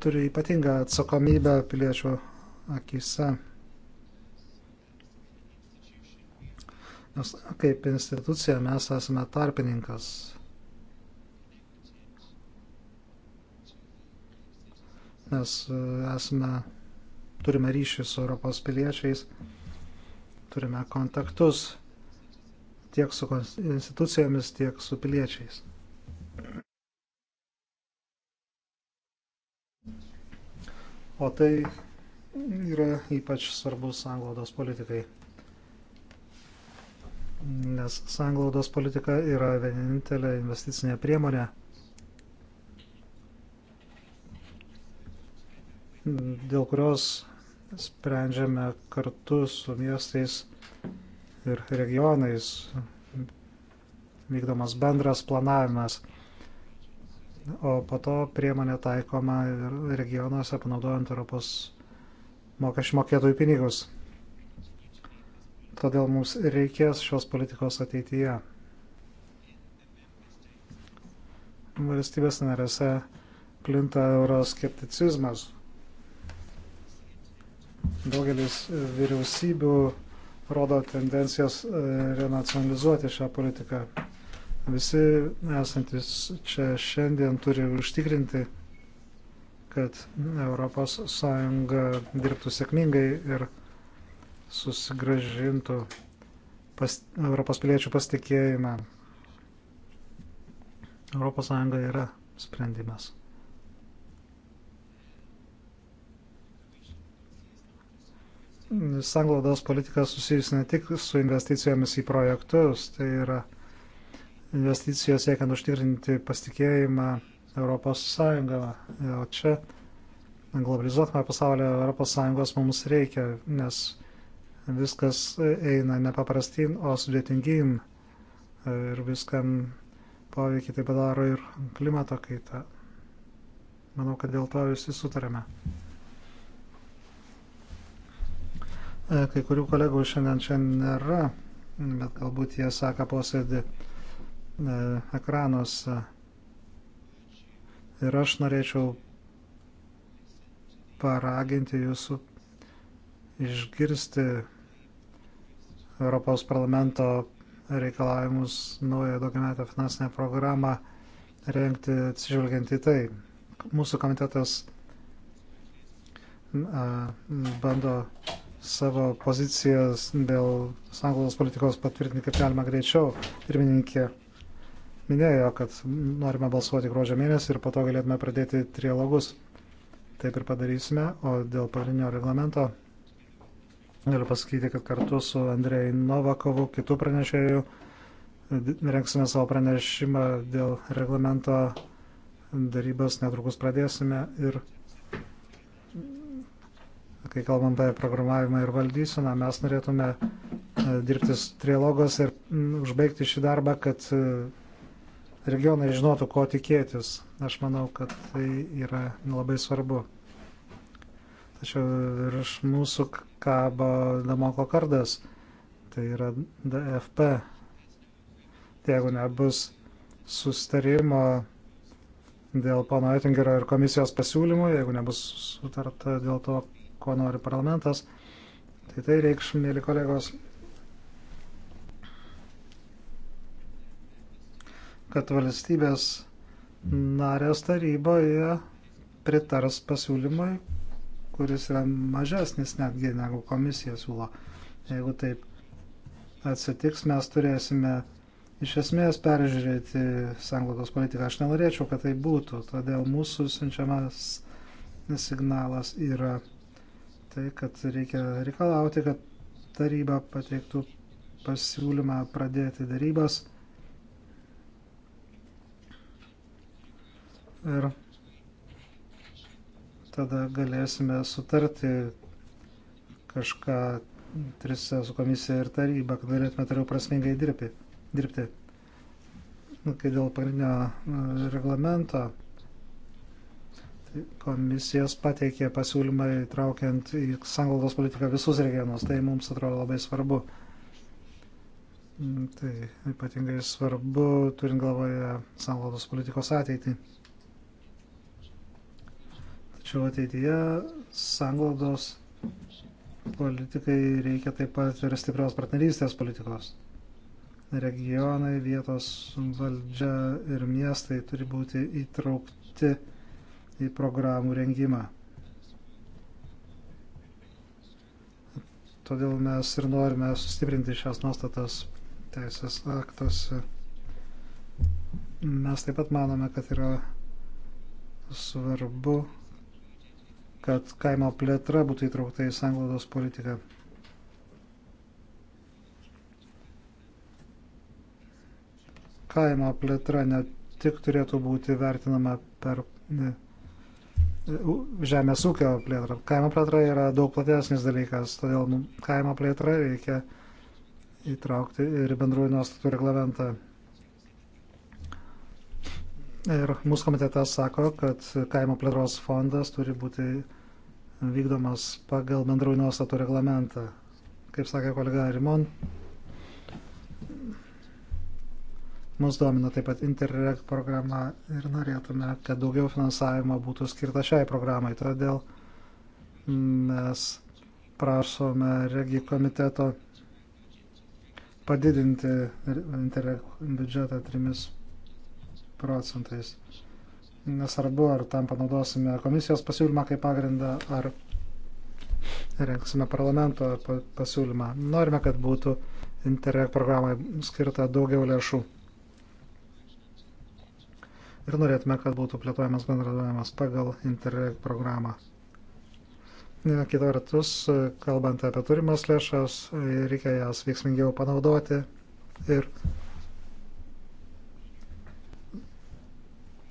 turi ypatingą atsakomybę piliečių akise. Nes kaip institucija mes esame tarpininkas Mes e, esame, turime ryšį su Europos piliečiais, turime kontaktus tiek su institucijomis, tiek su piliečiais. O tai yra ypač svarbus sanglaudos politikai. Nes sanglaudos politika yra vienintelė investicinė priemonė, dėl kurios sprendžiame kartu su miestais ir regionais vykdomas bendras planavimas, o po to priemonė taikoma ir regionuose panaudojant Europos mokesčių mokėtojų pinigus. Todėl mums reikės šios politikos ateityje. Valstybės narėse plinta euroskepticizmas Daugelis e, vyriausybių rodo tendencijas e, renacionalizuoti šią politiką. Visi esantis čia šiandien turi užtikrinti, kad ES dirbtų sėkmingai ir susigražintų pas, Europos piliečių pasitikėjimą. ES yra sprendimas. sanglaudos politika susijusi ne tik su investicijomis į projektus, tai yra investicijos siekiant užtikrinti pasitikėjimą Europos Sąjungą. O čia globalizuotame pasaulyje Europos Sąjungos mums reikia, nes viskas eina nepaprastin, o sudėtingin ir viskam poveikį tai padaro ir klimato kaita. Manau, kad dėl to visi sutarėme. E, kai kurių kolegų šiandien čia nėra, bet galbūt jie seka posėdį e, ekranuose. Ir aš norėčiau paraginti jūsų išgirsti Europos parlamento reikalavimus naują dokumentą finansinę programą rengti atsižvelgiant į tai. Mūsų komitetas bando savo pozicijas dėl sanglaudos politikos patvirtinti kaip galima greičiau. Pirmininkė minėjo, kad norime balsuoti gruodžio mėnesį ir po to galėtume pradėti trialogus. Taip ir padarysime, o dėl pagrindinio reglamento galiu pasakyti, kad kartu su Andrei Novakovu, kitų pranešėjų, rengsime savo pranešimą dėl reglamento darybas, netrukus pradėsime ir kai kalbam apie programavimą ir valdyseną, mes norėtume e, dirbtis trilogos ir užbaigti šį darbą, kad e, regionai žinotų, ko tikėtis. Aš manau, kad tai yra labai svarbu. Tačiau virš mūsų kabo Damoko kardas, tai yra DFP. Tai jeigu nebus sustarimo dėl pono Ettingerio ir komisijos pasiūlymų, jeigu nebus sutarta dėl to, ko nori parlamentas, tai tai reikš, mėly kolegos, kad valstybės narės taryboje pritars pasiūlymui, kuris yra mažesnis netgi negu komisija siūlo. Jeigu taip atsitiks, mes turėsime iš esmės peržiūrėti sanglotos politiką. Aš nenorėčiau, kad tai būtų, todėl mūsų siunčiamas signalas yra tai, kad reikia reikalauti, kad taryba pateiktų pasiūlymą pradėti darybas. Ir tada galėsime sutarti kažką trise su komisija ir taryba, kad galėtume toliau prasmingai dirbti. dirbti. Nu, kai dėl pagrindinio e, reglamento komisijos pateikė pasiūlymą įtraukiant į sanglaudos politiką visus regionus. Tai mums atrodo labai svarbu. Tai ypatingai svarbu, turint galvoje sanglaudos politikos ateitį. Tačiau ateityje sanglaudos politikai reikia taip pat ir stiprios partnerystės politikos. Regionai, vietos valdžia ir miestai turi būti įtraukti į programų rengimą. Todėl mes ir norime sustiprinti šias nuostatas teisės aktuose. Mes taip pat manome, kad yra svarbu, kad kaimo plėtra būtų įtraukta į sanglaudos politiką. Kaimo plėtra ne tik turėtų būti vertinama per ne, žemės ūkio plėtrą. Kaimo plėtra yra daug platesnis dalykas, todėl nu, kaimo plėtrą reikia įtraukti ir bendrųjų nuostatų reglamentą. Ir mūsų komitetas sako, kad kaimo plėtros fondas turi būti vykdomas pagal bendrųjų nuostatų reglamentą. Kaip sakė kolega Rimon, Mus domina taip pat Interreg programa ir norėtume, kad daugiau finansavimo būtų skirta šiai programai. Todėl mes prašome Regi komiteto padidinti Interreg biudžetą 3 procentais. Nesvarbu, ar tam panaudosime komisijos pasiūlymą kaip pagrindą, ar renksime parlamento pasiūlymą. Norime, kad būtų Interreg programai skirta daugiau lėšų ir norėtume, kad būtų plėtojamas bendradavimas pagal Interreg programą. Kita vertus, kalbant apie turimas lėšas, reikia jas veiksmingiau panaudoti ir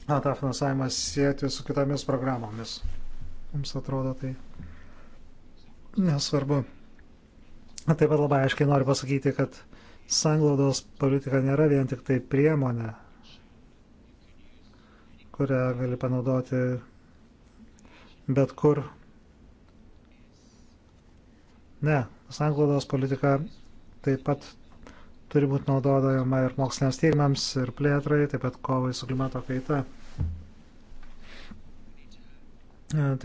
na, tą finansavimą sieti su kitomis programomis. Mums atrodo tai nesvarbu. Taip pat labai aiškiai noriu pasakyti, kad sanglaudos politika nėra vien tik tai priemonė kurią gali panaudoti bet kur. Ne, sanglaudos politika taip pat turi būti naudojama ir moksliniams tyrimams, ir plėtrai, taip pat kovai su klimato kaita.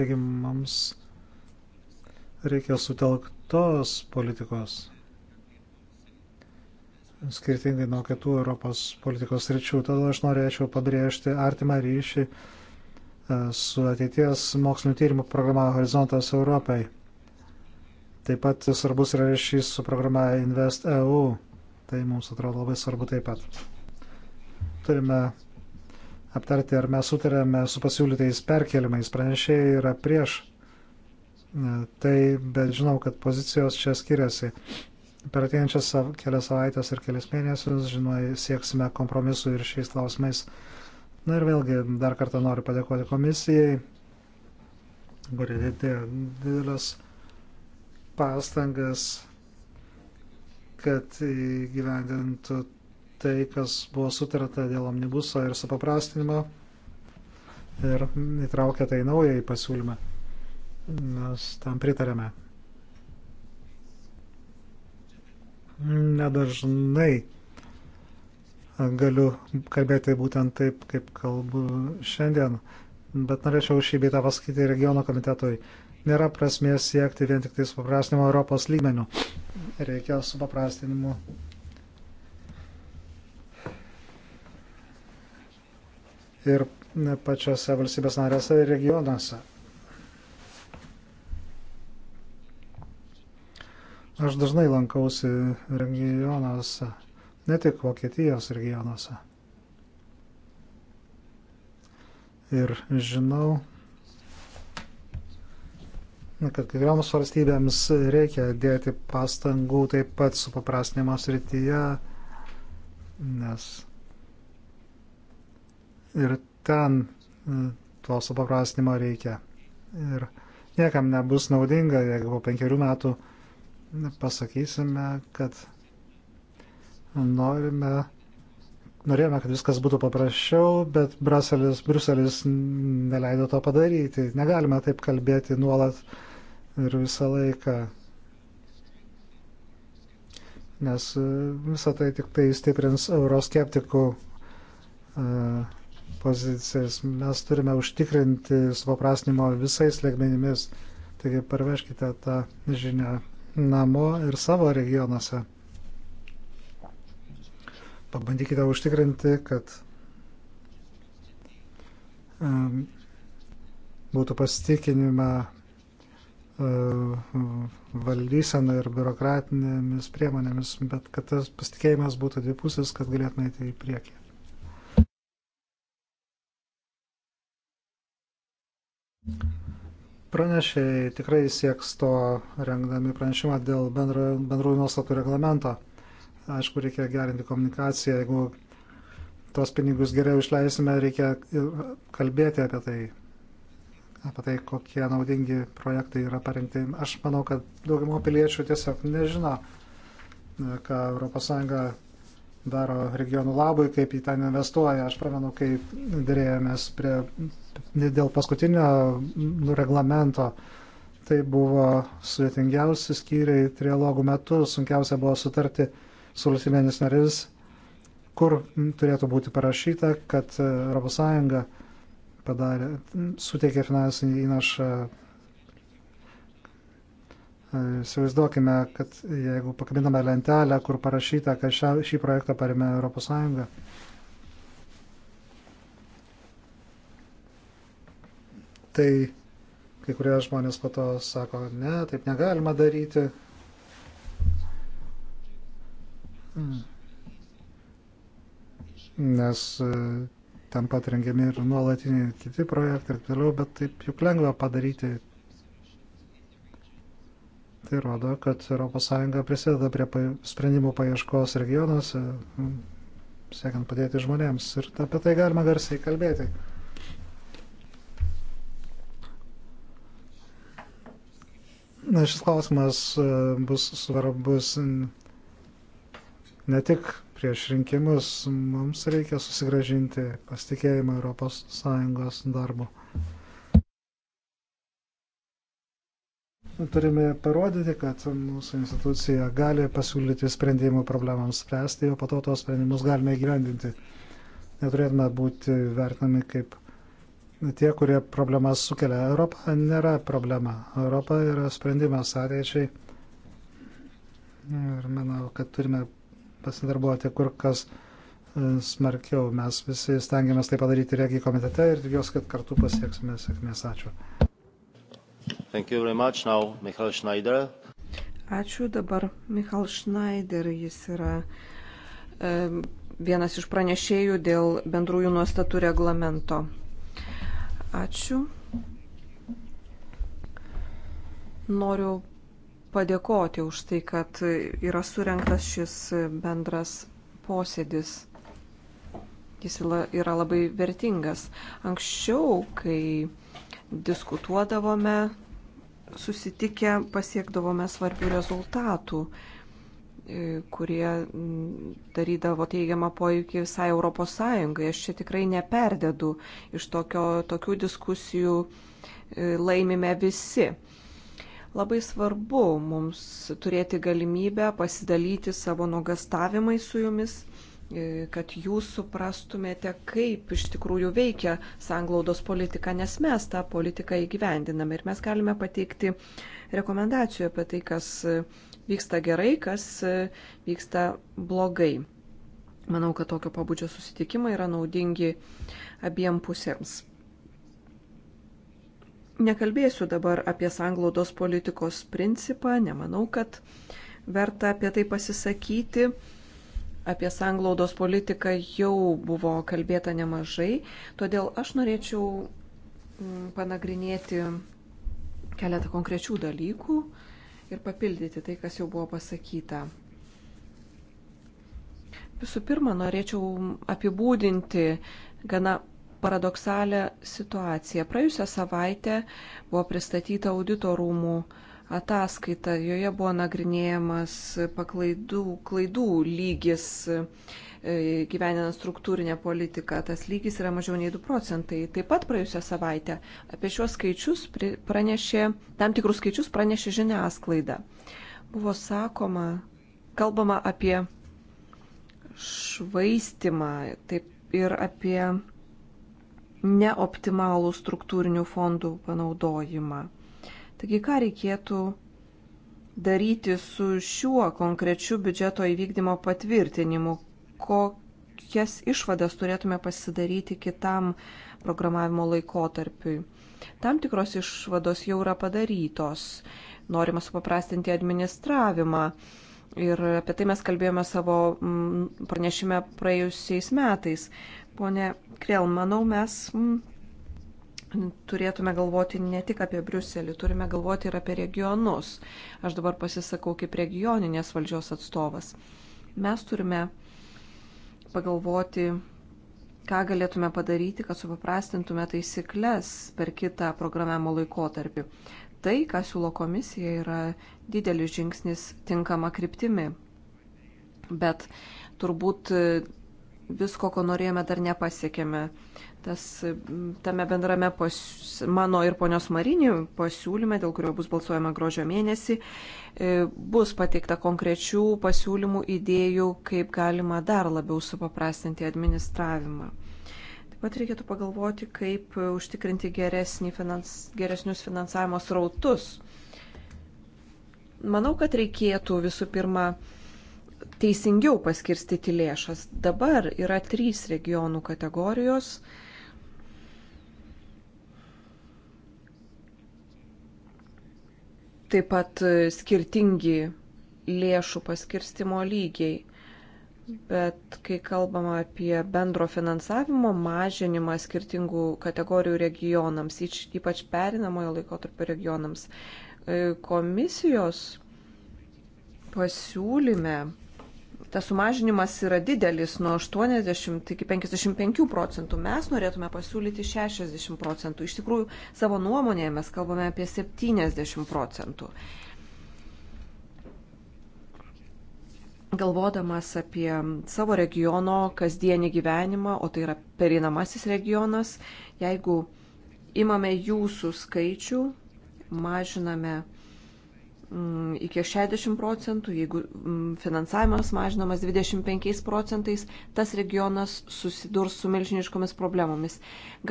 Taigi mums reikia sutelktos politikos skirtingai nuo kitų Europos politikos ryčių. Todėl aš norėčiau pabrėžti artimą ryšį e, su ateities mokslinio tyrimų programa Horizontas Europai. Taip pat svarbus yra ryšys su programa InvestEU. Tai mums atrodo labai svarbu taip pat. Turime aptarti, ar mes sutarėme su pasiūlytais perkelimais. Pranešėjai yra prieš e, tai, bet žinau, kad pozicijos čia skiriasi. Per ateinančias kelias savaitės ir kelias mėnesius, žinoma, sieksime kompromisų ir šiais klausimais. Na ir vėlgi dar kartą noriu padėkoti komisijai, kuri dėjo didelės pastangas, kad įgyvendintų tai, kas buvo sutarta dėl omnibuso ir supaprastinimo ir įtraukė tai naują į pasiūlymą. Mes tam pritarėme. nedažnai galiu kalbėti būtent taip, kaip kalbu šiandien, bet norėčiau šį beitą pasakyti regiono komitetui. Nėra prasmės siekti vien tik tai supaprastinimo Europos lygmenių. Reikia supaprastinimo. Ir pačiose valstybės narėse ir regionuose. Aš dažnai lankausi regionuose, ne tik Vokietijos regionuose. Ir žinau, kad kiekvienoms valstybėms reikia dėti pastangų taip pat su paprastinimo srityje, nes ir ten e, to supaprastinimo reikia. Ir niekam nebus naudinga, jeigu po penkerių metų pasakysime, kad norime, norėjome, kad viskas būtų paprasčiau, bet Bruselis, Bruselis neleido to padaryti. Negalime taip kalbėti nuolat ir visą laiką, nes e, visą tai tik tai stiprins euroskeptikų e, pozicijas. Mes turime užtikrinti supaprasnimo visais legmenimis. Taigi parveškite tą žinią namo ir savo regionuose. Pabandykite užtikrinti, kad um, būtų pasitikinima e, valdysena ir biurokratinėmis priemonėmis, bet kad tas pasitikėjimas būtų dvipusis, kad galėtume eiti į priekį. Pranešiai tikrai sieks to rengdami pranešimą dėl bendro, bendrųjų nuostatų reglamento. Aišku, reikia gerinti komunikaciją. Jeigu tos pinigus geriau išleisime, reikia kalbėti apie tai, apie tai, kokie naudingi projektai yra parengti. Aš manau, kad daugumo piliečių tiesiog nežino, ką ES daro regionų labui, kaip į ten investuoja. Aš pamenu, kai dėrėjomės prie, dėl paskutinio reglamento, tai buvo sudėtingiausi skyriai trialogų metu, sunkiausia buvo sutarti su valstybėmis narėmis, kur turėtų būti parašyta, kad ES padarė, suteikė finansinį įnašą E, įsivaizduokime, kad jeigu pakabiname lentelę, kur parašyta, kad šią, šį projektą parėmė ES. Tai kai kurie žmonės po to sako, ne, taip negalima daryti. Hmm. Nes e, ten pat rengiami ir nuolatiniai kiti projektai ir toliau, bet taip juk lengva padaryti Tai rodo, kad ES prisideda prie sprendimų paieškos regionuose, siekiant padėti žmonėms. Ir apie tai galima garsiai kalbėti. Na, šis klausimas e, bus svarbus ne tik prieš rinkimus, mums reikia susigražinti pasitikėjimą ES darbu. turime parodyti, kad mūsų institucija gali pasiūlyti sprendimų problemams spręsti, o po to tos sprendimus galime gyvendinti. Neturėtume būti vertinami kaip tie, kurie problemas sukelia. Europa nėra problema. Europa yra sprendimas ateičiai. Ir manau, kad turime pasidarbuoti kur kas e, smarkiau. Mes visi stengiamės tai padaryti regijų komitete ir tikiuosi, kad kartu pasieksime sėkmės. Ačiū. Now, Ačiū dabar Michal Schneider, jis yra e, vienas iš pranešėjų dėl bendrųjų nuostatų reglamento. Ačiū. Noriu padėkoti už tai, kad yra surinktas šis bendras posėdis. Jis yra labai vertingas. Anksčiau, kai diskutuodavome susitikę pasiekdavome svarbių rezultatų, e, kurie darydavo teigiamą poveikį visai Europos Sąjungai. Aš čia tikrai neperdedu. Iš tokio, tokių diskusijų e, laimime visi. Labai svarbu mums turėti galimybę pasidalyti savo nuogastavimai su jumis E, kad jūs suprastumėte, kaip iš tikrųjų veikia sanglaudos politika, nes mes tą politiką įgyvendiname ir mes galime pateikti rekomendacijų apie tai, kas e, vyksta gerai, kas e, vyksta blogai. Manau, kad tokio pabudžio susitikimai yra naudingi abiem pusėms. Nekalbėsiu dabar apie sanglaudos politikos principą, nemanau, kad verta apie tai pasisakyti apie sanglaudos politiką jau buvo kalbėta nemažai, todėl aš norėčiau mm, panagrinėti keletą konkrečių dalykų ir papildyti tai, kas jau buvo pasakyta. Visų pirma, norėčiau apibūdinti gana paradoksalią situaciją. Praėjusią savaitę buvo pristatyta auditorumų rūmų ataskaitą. Joje buvo nagrinėjamas paklaidų klaidų lygis e, gyvenina struktūrinę politiką. Tas lygis yra mažiau nei 2 procentai. Taip pat praėjusią savaitę apie šiuos skaičius pranešė, tam tikrus skaičius pranešė žiniasklaida. Buvo sakoma, kalbama apie švaistimą taip ir apie neoptimalų struktūrinių fondų panaudojimą. Taigi, ką reikėtų daryti su šiuo konkrečiu biudžeto įvykdymo patvirtinimu? Kokias išvadas turėtume pasidaryti kitam programavimo laikotarpiui? Tam tikros išvados jau yra padarytos. Norima supaprastinti administravimą. Ir apie tai mes kalbėjome savo mm, pranešime praėjusiais metais. Pone Krell, manau, mes mm, turėtume galvoti ne tik apie Briuselį, turime galvoti ir apie regionus. Aš dabar pasisakau kaip regioninės valdžios atstovas. Mes turime pagalvoti, ką galėtume padaryti, kad supaprastintume taisyklės per kitą programavimo laikotarpį. Tai, ką siūlo komisija, yra didelis žingsnis tinkama kryptimi. Bet turbūt visko, ko norėjome, dar nepasiekėme tas, tame bendrame pas, mano ir ponios Marinį pasiūlyme, dėl kurio bus balsuojama gruodžio mėnesį, e, bus pateikta konkrečių pasiūlymų idėjų, kaip galima dar labiau supaprastinti administravimą. Taip pat reikėtų pagalvoti, kaip užtikrinti finans, geresnius finansavimo srautus. Manau, kad reikėtų visų pirma teisingiau paskirstyti lėšas. Dabar yra trys regionų kategorijos taip pat e, skirtingi lėšų paskirstimo lygiai. Bet kai kalbama apie bendro finansavimo mažinimą skirtingų kategorijų regionams, ypač perinamojo laikotarpio regionams, e, komisijos pasiūlyme tas sumažinimas yra didelis nuo 80 iki 55 procentų. Mes norėtume pasiūlyti 60 procentų. Iš tikrųjų, savo nuomonėje mes kalbame apie 70 procentų. Galvodamas apie savo regiono kasdienį gyvenimą, o tai yra perinamasis regionas, jeigu imame jūsų skaičių, mažiname Mm, iki 60 procentų, jeigu mm, finansavimas mažinamas 25 procentais, tas regionas susidurs su milžiniškomis problemomis.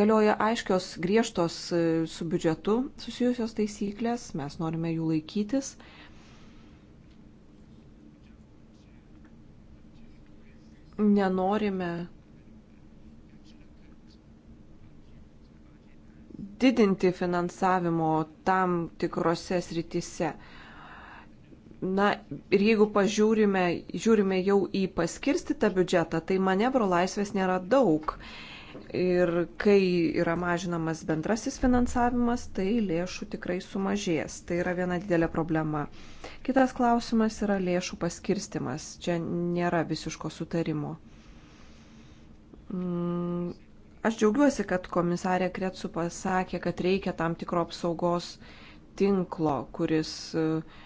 Galioja aiškios, griežtos e, su biudžetu susijusios taisyklės, mes norime jų laikytis. Nenorime didinti finansavimo tam tikrose srityse. Na ir jeigu pažiūrime, žiūrime jau į paskirstytą biudžetą, tai manevro laisvės nėra daug. Ir kai yra mažinamas bendrasis finansavimas, tai lėšų tikrai sumažės. Tai yra viena didelė problema. Kitas klausimas yra lėšų paskirstimas. Čia nėra visiško sutarimo. Mm, aš džiaugiuosi, kad komisarė Kretsu pasakė, kad reikia tam tikro apsaugos tinklo, kuris uh,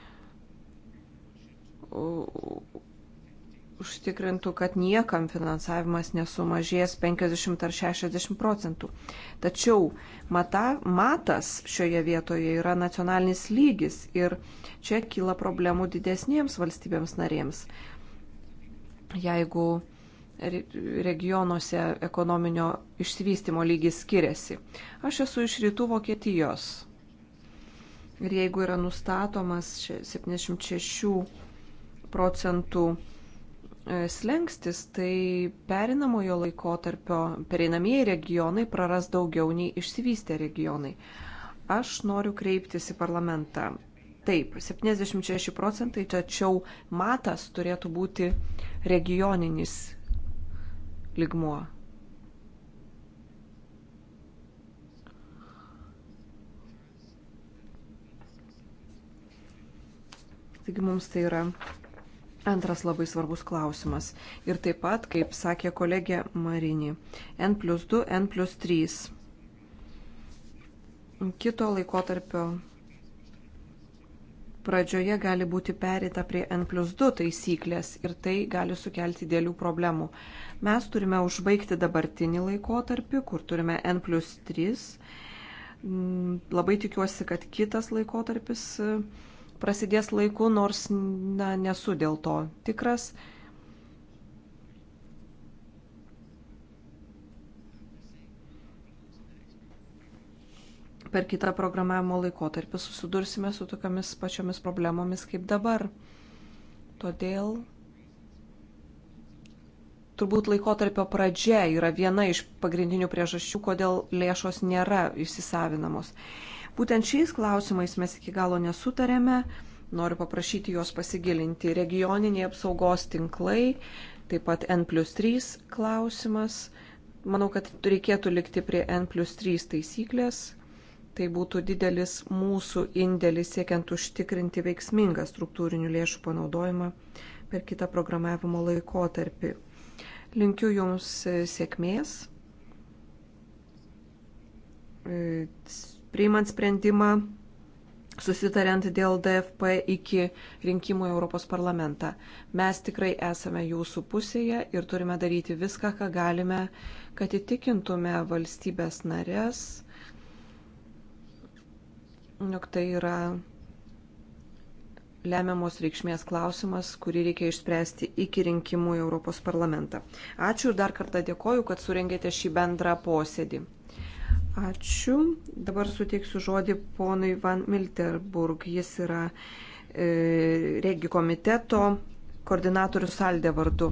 užtikrintų, kad niekam finansavimas nesumažės 50 ar 60 procentų. Tačiau mata, matas šioje vietoje yra nacionalinis lygis ir čia kyla problemų didesniems valstybėms narėms. Jeigu regionuose ekonominio išsivystimo lygis skiriasi. Aš esu iš rytų Vokietijos. Ir jeigu yra nustatomas 76 procentų e, slengstis, tai perinamojo laikotarpio pereinamieji regionai praras daugiau nei išsivystę regionai. Aš noriu kreiptis į parlamentą. Taip, 76 procentai, tačiau matas turėtų būti regioninis ligmuo. Taigi mums tai yra Antras labai svarbus klausimas. Ir taip pat, kaip sakė kolegė Marini, N plus 2, N plus 3. Kito laikotarpio pradžioje gali būti perita prie N plus 2 taisyklės ir tai gali sukelti dėlių problemų. Mes turime užbaigti dabartinį laikotarpį, kur turime N plus 3. Mm, labai tikiuosi, kad kitas laikotarpis prasidės laiku, nors na, nesu dėl to tikras. Per kitą programavimo laikotarpį susidursime su tokiamis pačiomis problemomis kaip dabar. Todėl turbūt laikotarpio pradžia yra viena iš pagrindinių priežasčių, kodėl lėšos nėra įsisavinamos. Būtent šiais klausimais mes iki galo nesutarėme. Noriu paprašyti juos pasigilinti. Regioniniai apsaugos tinklai, taip pat N plus 3 klausimas. Manau, kad reikėtų likti prie N plus 3 taisyklės. Tai būtų didelis mūsų indėlis siekiant užtikrinti veiksmingą struktūrinių lėšų panaudojimą per kitą programavimo laikotarpį. Linkiu Jums sėkmės priimant sprendimą, susitariant dėl DFP iki rinkimų Europos parlamentą. Mes tikrai esame jūsų pusėje ir turime daryti viską, ką galime, kad įtikintume valstybės narės, jog tai yra lemiamos reikšmės klausimas, kurį reikia išspręsti iki rinkimų į Europos parlamentą. Ačiū ir dar kartą dėkoju, kad surengėte šį bendrą posėdį. Ačiū. Dabar suteiksiu žodį ponui Van Milterburg. Jis yra e, regi komiteto koordinatorių saldė vardu.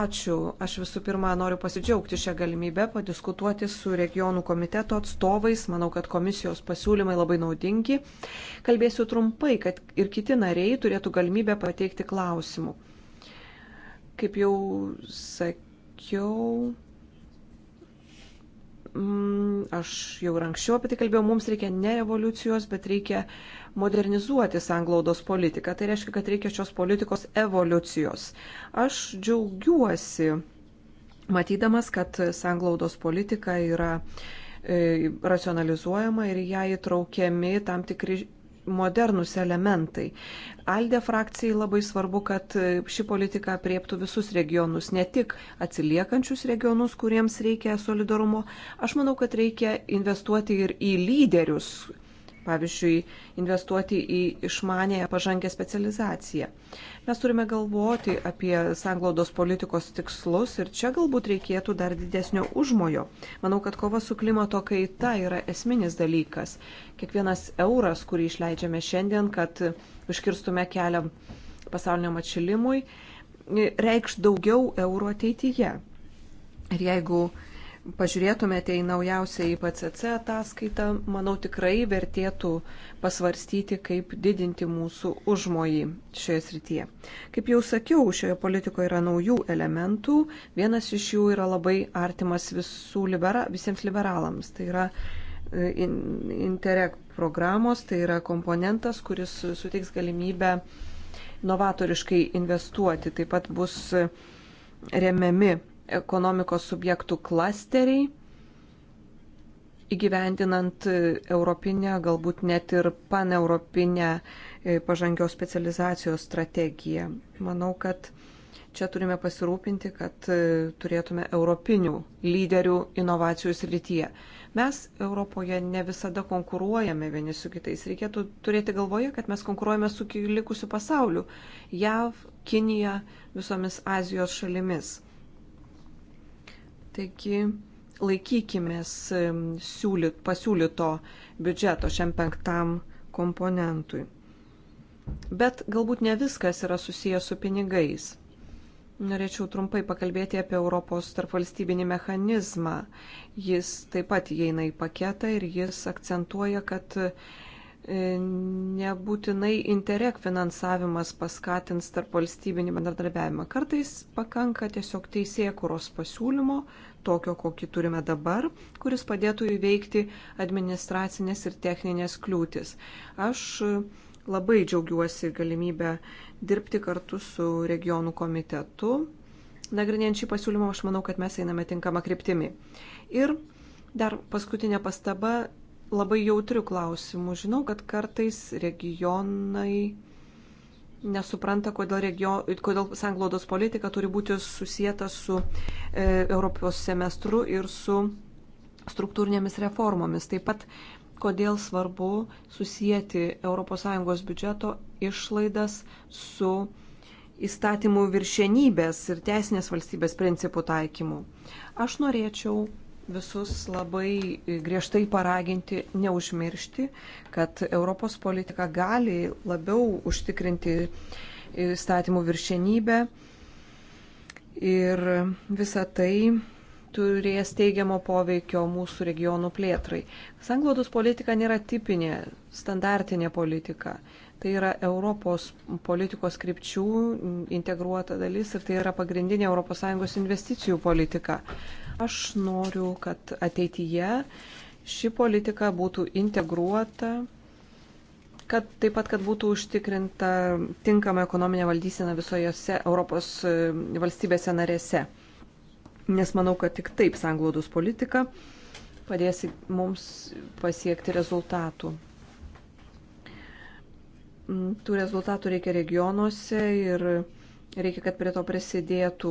Ačiū. Aš visų pirma noriu pasidžiaugti šią galimybę padiskutuoti su regionų komiteto atstovais. Manau, kad komisijos pasiūlymai labai naudingi. Kalbėsiu trumpai, kad ir kiti nariai turėtų galimybę pateikti klausimų. Kaip jau sakiau, Mm, aš jau ir anksčiau apie tai kalbėjau, mums reikia ne revoliucijos, bet reikia modernizuoti sanglaudos politiką. Tai reiškia, kad reikia šios politikos evoliucijos. Aš džiaugiuosi, matydamas, kad sanglaudos politika yra e, racionalizuojama ir ją įtraukiami tam tikri modernus elementai. Aldė frakcijai labai svarbu, kad ši politika prieptų visus regionus, ne tik atsiliekančius regionus, kuriems reikia solidarumo. Aš manau, kad reikia investuoti ir į lyderius pavyzdžiui, investuoti į išmanėją pažangę specializaciją. Mes turime galvoti apie sanglaudos politikos tikslus ir čia galbūt reikėtų dar didesnio užmojo. Manau, kad kova su klimato kaita yra esminis dalykas. Kiekvienas euras, kurį išleidžiame šiandien, kad užkirstume kelią pasauliniam atšilimui, reikš daugiau eurų ateityje. Ir jeigu pažiūrėtumėte į naujausią IPCC ataskaitą, manau tikrai vertėtų pasvarstyti, kaip didinti mūsų užmojį šioje srityje. Kaip jau sakiau, šioje politikoje yra naujų elementų. Vienas iš jų yra labai artimas libera, visiems liberalams. Tai yra e, Interreg programos, tai yra komponentas, kuris suteiks galimybę novatoriškai investuoti. Taip pat bus e, remiami ekonomikos subjektų klasteriai, įgyvendinant europinę, galbūt net ir paneuropinę e, pažangios specializacijos strategiją. Manau, kad čia turime pasirūpinti, kad e, turėtume europinių lyderių inovacijų srityje. Mes Europoje ne visada konkuruojame vieni su kitais. Reikėtų turėti galvoje, kad mes konkuruojame su likusiu pasauliu - JAV, Kinija, visomis Azijos šalimis. Taigi laikykimės siūlyt, pasiūlyto biudžeto šiam penktam komponentui. Bet galbūt ne viskas yra susijęs su pinigais. Norėčiau trumpai pakalbėti apie Europos tarpvalstybinį mechanizmą. Jis taip pat įeina į paketą ir jis akcentuoja, kad e, nebūtinai interek finansavimas paskatins tarpvalstybinį bendradarbiavimą. Kartais pakanka tiesiog teisėkuros pasiūlymo, tokio, kokį turime dabar, kuris padėtų įveikti administracinės ir techninės kliūtis. Aš e, labai džiaugiuosi galimybę dirbti kartu su regionų komitetu. Nagrinėjant šį pasiūlymą, aš manau, kad mes einame tinkamą kryptimį. Ir dar paskutinė pastaba labai jautrių klausimų. Žinau, kad kartais regionai nesupranta, kodėl, regio, kodėl sanglaudos politika turi būti susijęta su e, Europos semestru ir su struktūrinėmis reformomis. Taip pat, kodėl svarbu susijęti ES biudžeto išlaidas su įstatymų viršienybės ir teisinės valstybės principų taikymu. Aš norėčiau visus labai griežtai paraginti neužmiršti, kad Europos politika gali labiau užtikrinti įstatymų viršenybę ir visa tai turės teigiamo poveikio mūsų regionų plėtrai. Sanglaudos politika nėra tipinė, standartinė politika. Tai yra Europos politikos krypčių integruota dalis ir tai yra pagrindinė ES investicijų politika. Aš noriu, kad ateityje ši politika būtų integruota, kad taip pat, kad būtų užtikrinta tinkama ekonominė valdysena visojose Europos e, valstybėse narėse. Nes manau, kad tik taip sanglaudos politika padės mums pasiekti rezultatų. Mm, tų rezultatų reikia regionuose ir Reikia, kad prie to prisidėtų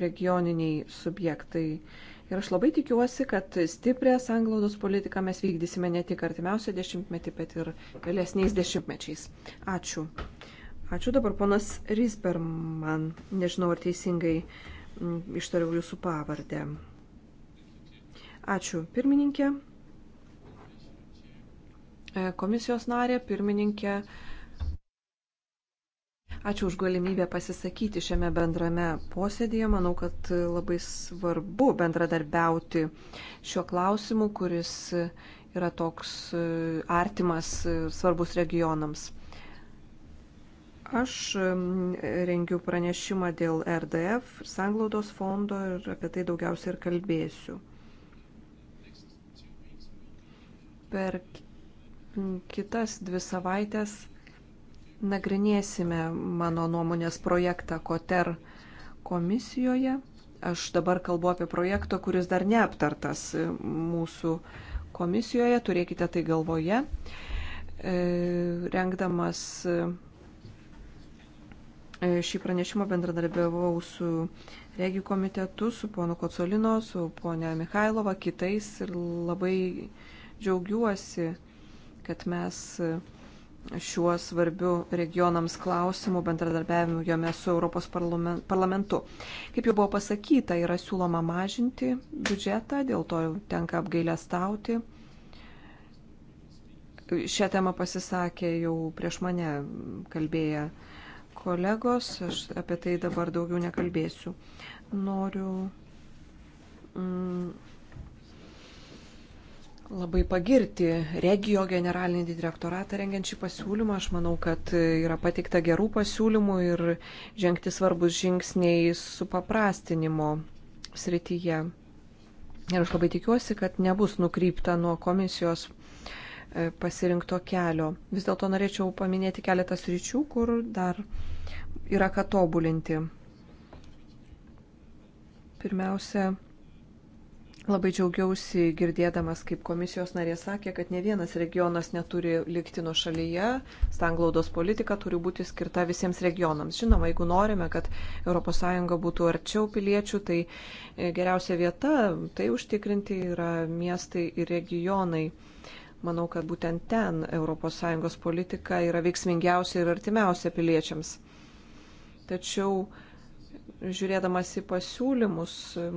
regioniniai subjektai. Ir aš labai tikiuosi, kad stiprią sanglaudos politiką mes vykdysime ne tik artimiausią dešimtmetį, bet ir vėlesniais dešimtmečiais. Ačiū. Ačiū dabar ponas Risberman. Nežinau, ar teisingai ištariau jūsų pavardę. Ačiū, pirmininkė. E, komisijos narė, pirmininkė. Ačiū už galimybę pasisakyti šiame bendrame posėdėje. Manau, kad labai svarbu bendradarbiauti šiuo klausimu, kuris yra toks e, artimas, e, svarbus regionams. Aš rengiu pranešimą dėl RDF, sanglaudos fondo ir apie tai daugiausiai ir kalbėsiu. Per kitas dvi savaitės nagrinėsime mano nuomonės projektą Koter komisijoje. Aš dabar kalbu apie projektą, kuris dar neaptartas mūsų komisijoje, turėkite tai galvoje. E, rengdamas e, šį pranešimą bendradarbiavau su regijų komitetu, su ponu Kocolino, su ponia Mikhailova, kitais ir labai džiaugiuosi, kad mes šiuo svarbiu regionams klausimu bendradarbiavimu jame su Europos parlamentu. Kaip jau buvo pasakyta, yra siūloma mažinti biudžetą, dėl to tenka apgailę stauti. Šią temą pasisakė jau prieš mane kalbėję kolegos, aš apie tai dabar daugiau nekalbėsiu. Noriu mm, labai pagirti regio generalinį direktoratą rengiant šį pasiūlymą. Aš manau, kad yra pateikta gerų pasiūlymų ir žengti svarbus žingsniai su paprastinimo srityje. Ir aš labai tikiuosi, kad nebus nukrypta nuo komisijos e, pasirinkto kelio. Vis dėlto norėčiau paminėti keletą sričių, kur dar yra ką tobulinti. Pirmiausia, Labai džiaugiausi girdėdamas, kaip komisijos narė sakė, kad ne vienas regionas neturi likti nuo šalyje, stanglaudos politika turi būti skirta visiems regionams. Žinoma, jeigu norime, kad ES būtų arčiau piliečių, tai e, geriausia vieta tai užtikrinti yra miestai ir regionai. Manau, kad būtent ten ES politika yra veiksmingiausia ir artimiausia piliečiams. Tačiau žiūrėdamas į pasiūlymus,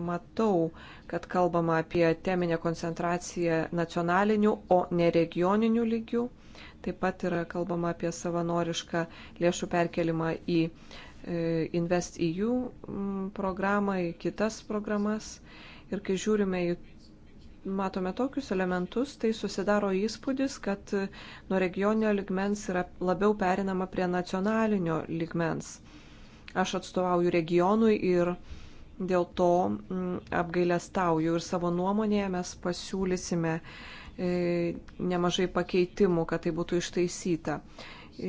matau, kad kalbama apie teminę koncentraciją nacionalinių, o ne regioninių lygių. Taip pat yra kalbama apie savanorišką lėšų perkelimą į e, InvestEU mm, programą, į kitas programas. Ir kai žiūrime į matome tokius elementus, tai susidaro įspūdis, kad e, nuo regioninio ligmens yra labiau perinama prie nacionalinio ligmens. Aš atstovauju regionui ir Dėl to mm, apgailestauju ir savo nuomonėje mes pasiūlysime e, nemažai pakeitimų, kad tai būtų ištaisyta. E,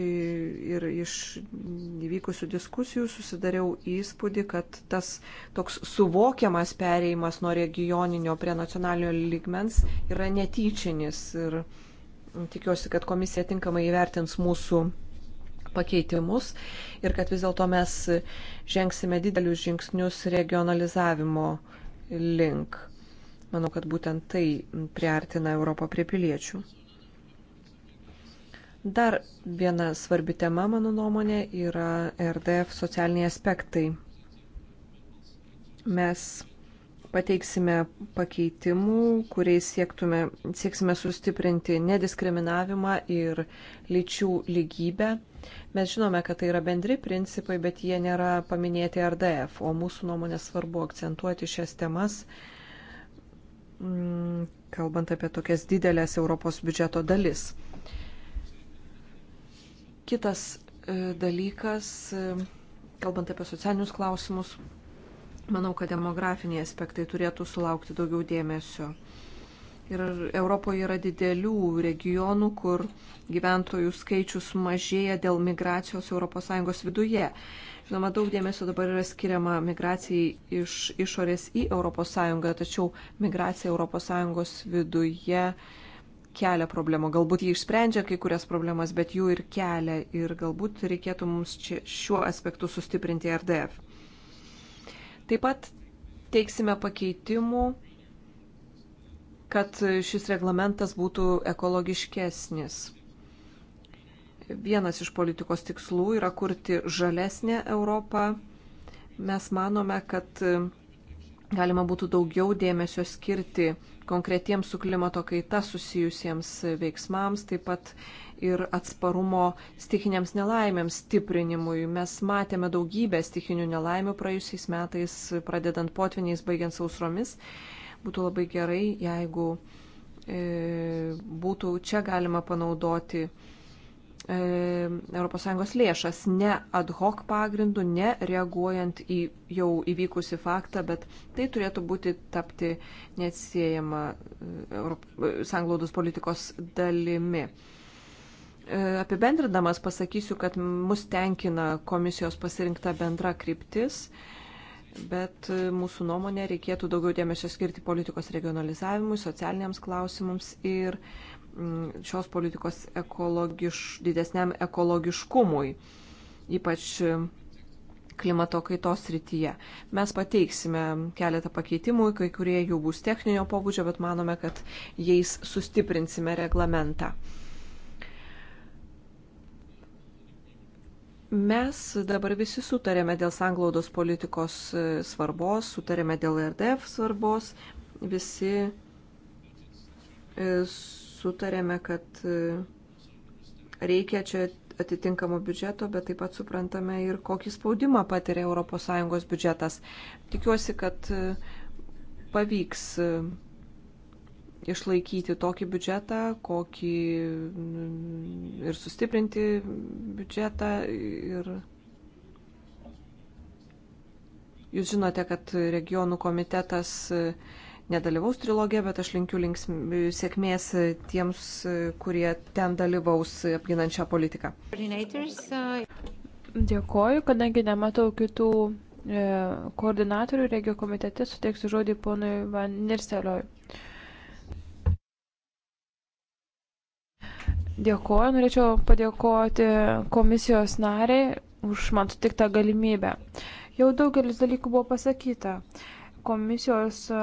ir iš įvykusių diskusijų susidariau įspūdį, kad tas toks suvokiamas pereimas nuo regioninio prie nacionalinio ligmens yra netyčinis. Ir tikiuosi, kad komisija tinkamai įvertins mūsų pakeitimus ir kad vis dėlto mes žengsime didelius žingsnius regionalizavimo link. Manau, kad būtent tai priartina Europą prie piliečių. Dar viena svarbi tema, mano nuomonė, yra RDF socialiniai aspektai. Mes pateiksime pakeitimų, kuriais siektume, sieksime sustiprinti nediskriminavimą ir lyčių lygybę. Mes žinome, kad tai yra bendri principai, bet jie nėra paminėti RDF, o mūsų nuomonė svarbu akcentuoti šias temas, mm, kalbant apie tokias didelės Europos biudžeto dalis. Kitas e, dalykas, e, kalbant apie socialinius klausimus, manau, kad demografiniai aspektai turėtų sulaukti daugiau dėmesio. Ir Europoje yra didelių regionų, kur gyventojų skaičius mažėja dėl migracijos ES viduje. Žinoma, daug dėmesio dabar yra skiriama migracijai iš išorės į ES, tačiau migracija ES viduje kelia problemų. Galbūt jį išsprendžia kai kurias problemas, bet jų ir kelia. Ir galbūt reikėtų mums čia, šiuo aspektu sustiprinti RDF. Taip pat teiksime pakeitimų kad šis reglamentas būtų ekologiškesnis. Vienas iš politikos tikslų yra kurti žalesnę Europą. Mes manome, kad galima būtų daugiau dėmesio skirti konkretiems su klimato kaita susijusiems veiksmams, taip pat ir atsparumo stikiniams nelaimėms stiprinimui. Mes matėme daugybę stikinių nelaimių praėjusiais metais, pradedant potviniais, baigiant sausromis. Būtų labai gerai, jeigu e, būtų čia galima panaudoti e, ES lėšas ne ad hoc pagrindu, ne reaguojant į jau įvykusi faktą, bet tai turėtų būti tapti neatsiejama e, sanglaudos politikos dalimi. Apibendrinamas pasakysiu, kad mus tenkina komisijos pasirinkta bendra kryptis bet e, mūsų nuomonė reikėtų daugiau dėmesio skirti politikos regionalizavimui, socialiniams klausimams ir mm, šios politikos ekologiš, didesniam ekologiškumui, ypač e, klimato kaitos rytyje. Mes pateiksime keletą pakeitimų, kai kurie jų bus techninio pobūdžio, bet manome, kad jais sustiprinsime reglamentą. Mes dabar visi sutarėme dėl sanglaudos politikos e, svarbos, sutarėme dėl RDF svarbos, visi e, sutarėme, kad e, reikia čia atitinkamo biudžeto, bet taip pat suprantame ir kokį spaudimą patiria ES biudžetas. Tikiuosi, kad pavyks išlaikyti tokį biudžetą, kokį mm, ir sustiprinti biudžetą. Ir jūs žinote, kad regionų komitetas nedalyvaus trilogė, bet aš linkiu linksm... sėkmės tiems, kurie ten dalyvaus apginant šią politiką. Uh, Dėkoju, kadangi nematau kitų e, koordinatorių regio komitete, suteiksiu žodį ponui Van Nirselioj. Dėkuoju, norėčiau padėkoti komisijos nariai už man sutiktą galimybę. Jau daugelis dalykų buvo pasakyta. Komisijos e,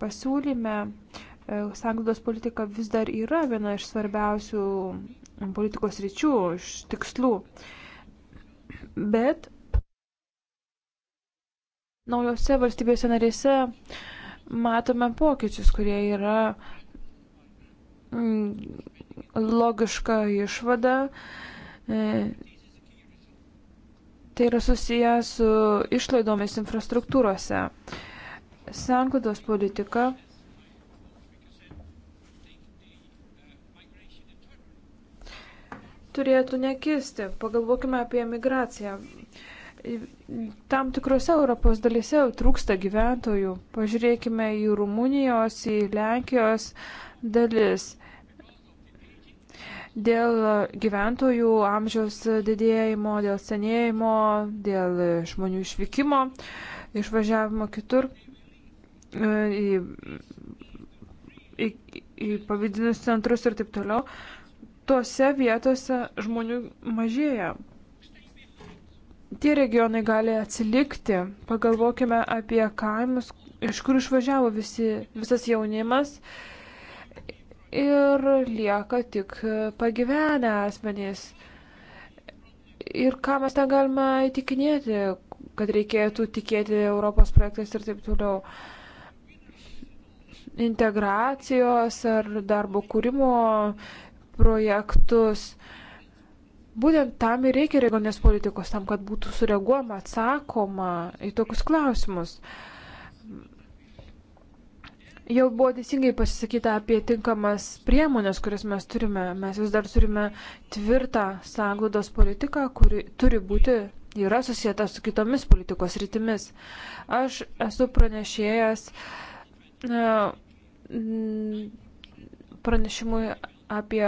pasiūlyme e, sanglaudos politika vis dar yra viena iš svarbiausių politikos ryčių, iš tikslų. Bet naujose valstybėse narėse matome pokyčius, kurie yra mm, logiška išvada. E, tai yra susiję su išlaidomis infrastruktūrose. Sankodos politika turėtų nekisti. Pagalvokime apie migraciją. Tam tikrose Europos dalyse trūksta gyventojų. Pažiūrėkime į Rumunijos, į Lenkijos dalis dėl gyventojų amžiaus didėjimo, dėl senėjimo, dėl žmonių išvykimo, išvažiavimo kitur e, į, į, į pavydinius centrus ir taip toliau, tuose vietose žmonių mažėja. Tie regionai gali atsilikti. Pagalvokime apie kaimus, iš kur išvažiavo visi, visas jaunimas. Uh, ir lieka tik pagyvenę asmenys. Ir ką mes ten galime įtikinėti, kad reikėtų tikėti Europos projektais ir taip toliau. Integracijos ar darbo kūrimo projektus. Būtent tam ir reikia regioninės politikos, tam, kad būtų sureaguojama, atsakoma į tokius klausimus. Uh, Jau buvo teisingai pasisakyta apie tinkamas priemonės, kurias mes turime. Mes vis dar turime tvirtą sąglaudos politiką, kuri turi būti, yra susijęta su kitomis politikos rytimis. Aš esu pranešėjęs e, pranešimui apie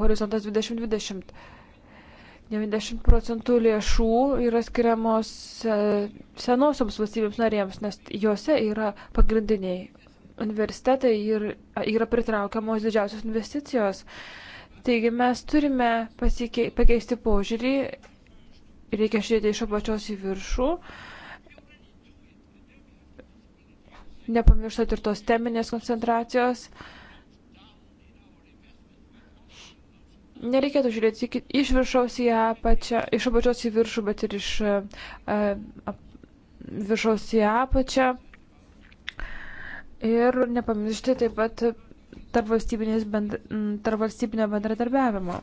Horizontas 2020. 90 procentų lėšų yra skiriamos e, senosioms valstybėms narėms, nes juose yra pagrindiniai universitetai ir yra pritraukiamos didžiausios investicijos. Taigi mes turime pasikei, pakeisti požiūrį, reikia žiūrėti iš apačios į viršų, nepamirštat ir tos teminės koncentracijos. Nereikėtų žiūrėti iki, iš viršaus į apačią, iš apačios į viršų, bet ir iš a, a, viršaus į apačią. Ir nepamiršti taip pat tarpvalstybinio bendra, tarp bendradarbiavimo.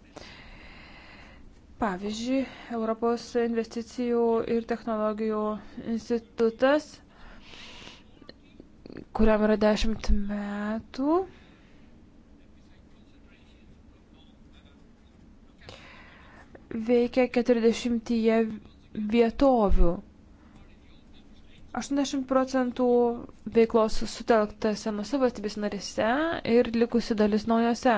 Pavyzdžiui, Europos investicijų ir technologijų institutas, kuriam yra dešimt metų. Veikia 40 vietovių. 80 procentų veiklos sutelkta senose valstybės narėse ir likusi dalis naujose.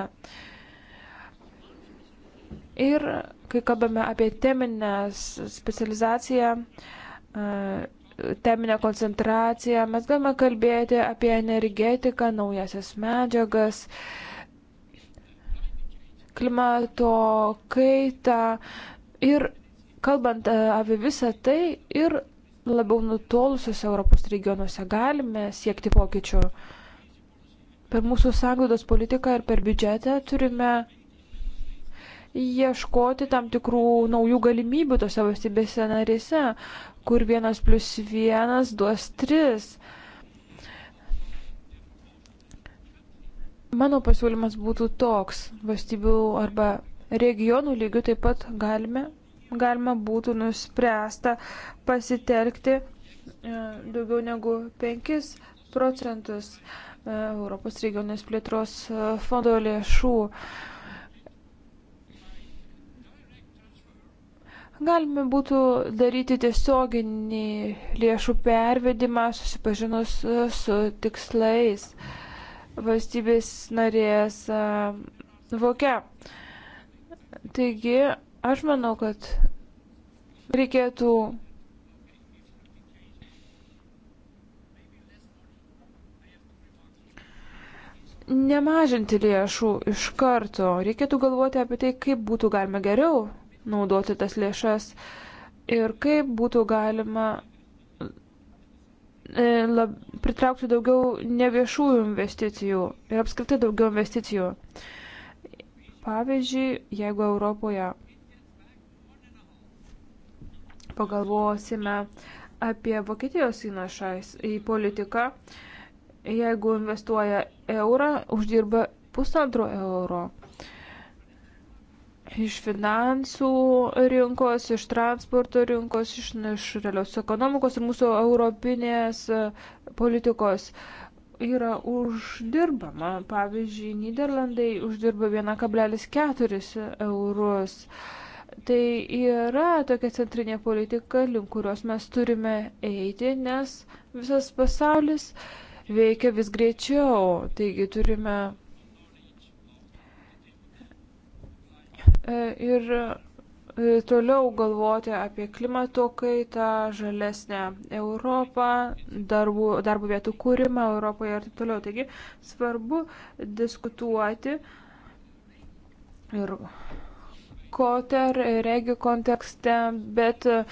Ir kai kalbame apie teminę specializaciją, e, teminę koncentraciją, mes galime kalbėti apie energetiką, naujasias medžiagas, klimato kaitą ir kalbant e, apie visą tai ir labiau nutolusiuose Europos regionuose galime siekti pokyčių. Per mūsų sąnglaudos politiką ir per biudžetą turime ieškoti tam tikrų naujų galimybių tose valstybėse narėse, kur vienas plus vienas duos tris. Mano pasiūlymas būtų toks. Valstybių arba regionų lygių taip pat galime galima būtų nuspręsta pasitelkti e, daugiau negu 5 procentus e, Europos regionės plėtros e, fondo lėšų. Galime būtų daryti tiesioginį lėšų pervedimą susipažinus su tikslais valstybės narės vokia. Taigi, Aš manau, kad reikėtų nemažinti lėšų iš karto. Reikėtų galvoti apie tai, kaip būtų galima geriau naudoti tas lėšas ir kaip būtų galima e, lab, pritraukti daugiau neviešųjų investicijų ir apskritai daugiau investicijų. Pavyzdžiui, jeigu Europoje pagalvosime apie Vokietijos įnašą į politiką. Jeigu investuoja eurą, uždirba pusantro euro. Iš finansų rinkos, iš transporto rinkos, iš, iš realios ekonomikos ir mūsų europinės e, politikos yra uždirbama. Pavyzdžiui, Niderlandai uždirba 1,4 eurus. Uh, tai yra tokia centrinė politika, link kurios mes turime eiti, nes visas pasaulis veikia vis greičiau. Taigi turime e, ir e, toliau galvoti apie klimato kaitą, žalesnę Europą, darbų, darbų vietų kūrimą Europoje ir taip toliau. Taigi svarbu diskutuoti ir koter regio kontekste, bet e,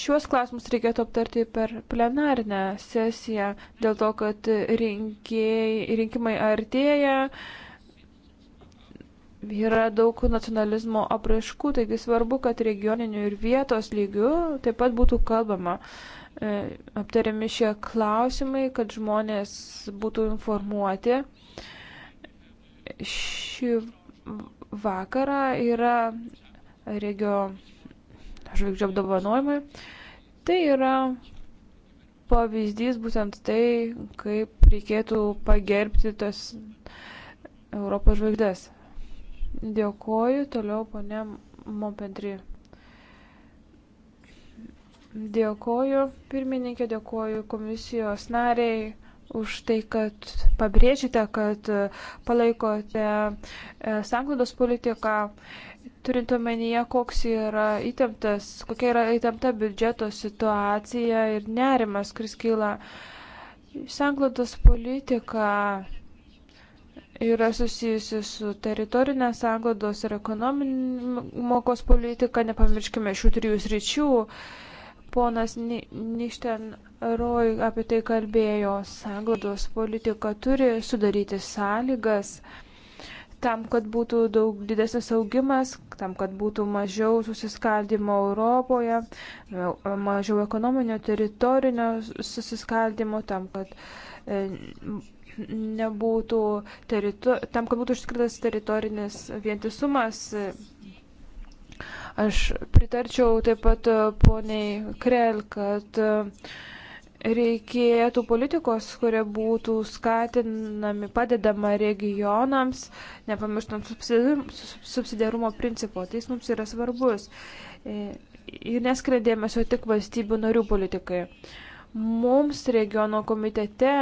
šiuos klausimus reikėtų aptarti per plenarinę sesiją, dėl to, kad rinkėjai, rinkimai artėja, yra daug nacionalizmo apraiškų, taigi svarbu, kad regioninių ir vietos lygių taip pat būtų kalbama. E, aptariami šie klausimai, kad žmonės būtų informuoti. Ši vakarą yra regio žvaigždžių apdovanojimai. Tai yra pavyzdys būtent tai, kaip reikėtų pagerbti tas Europos žvaigždės. Dėkoju, toliau ponė Mopentri. Dėkoju pirmininkė, dėkoju komisijos nariai už tai, kad pabrėžite, kad palaikote e, sanglaudos politiką, turint omenyje, koks yra įtemptas, kokia yra įtempta biudžeto situacija ir nerimas, kuris kyla. Sanglaudos politika yra susijusi su teritorinė sanglaudos ir ekonomikos politika, nepamirškime šių trijų sričių. Uh, Ponas Ništenroj apie tai kalbėjo, sanglados politika turi sudaryti sąlygas tam, kad būtų daug didesnis augimas, tam, kad būtų mažiau susiskaldimo Europoje, mažiau ekonominio teritorinio susiskaldimo, tam, kad e, nebūtų terito, tam, kad būtų išskirtas teritorinis vientisumas Aš pritarčiau taip pat e, poniai Krel, kad e, reikėtų politikos, kurie būtų skatinami, padedama regionams, nepamirštant subsidiarumo principo. Tai jis mums yra svarbus. E, ir neskredėmėsio tik valstybių narių politikai. Mums regiono komitete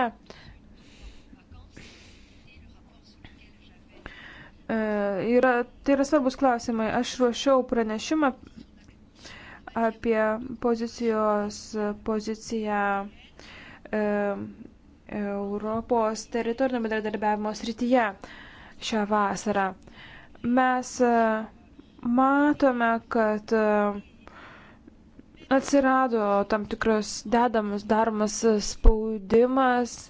E, yra, tai yra svarbus klausimai. Aš ruošiau pranešimą apie pozicijos poziciją e, Europos teritorinio bendradarbiavimo srityje šią vasarą. Mes e, matome, kad e, atsirado tam tikras dedamas, daromas spaudimas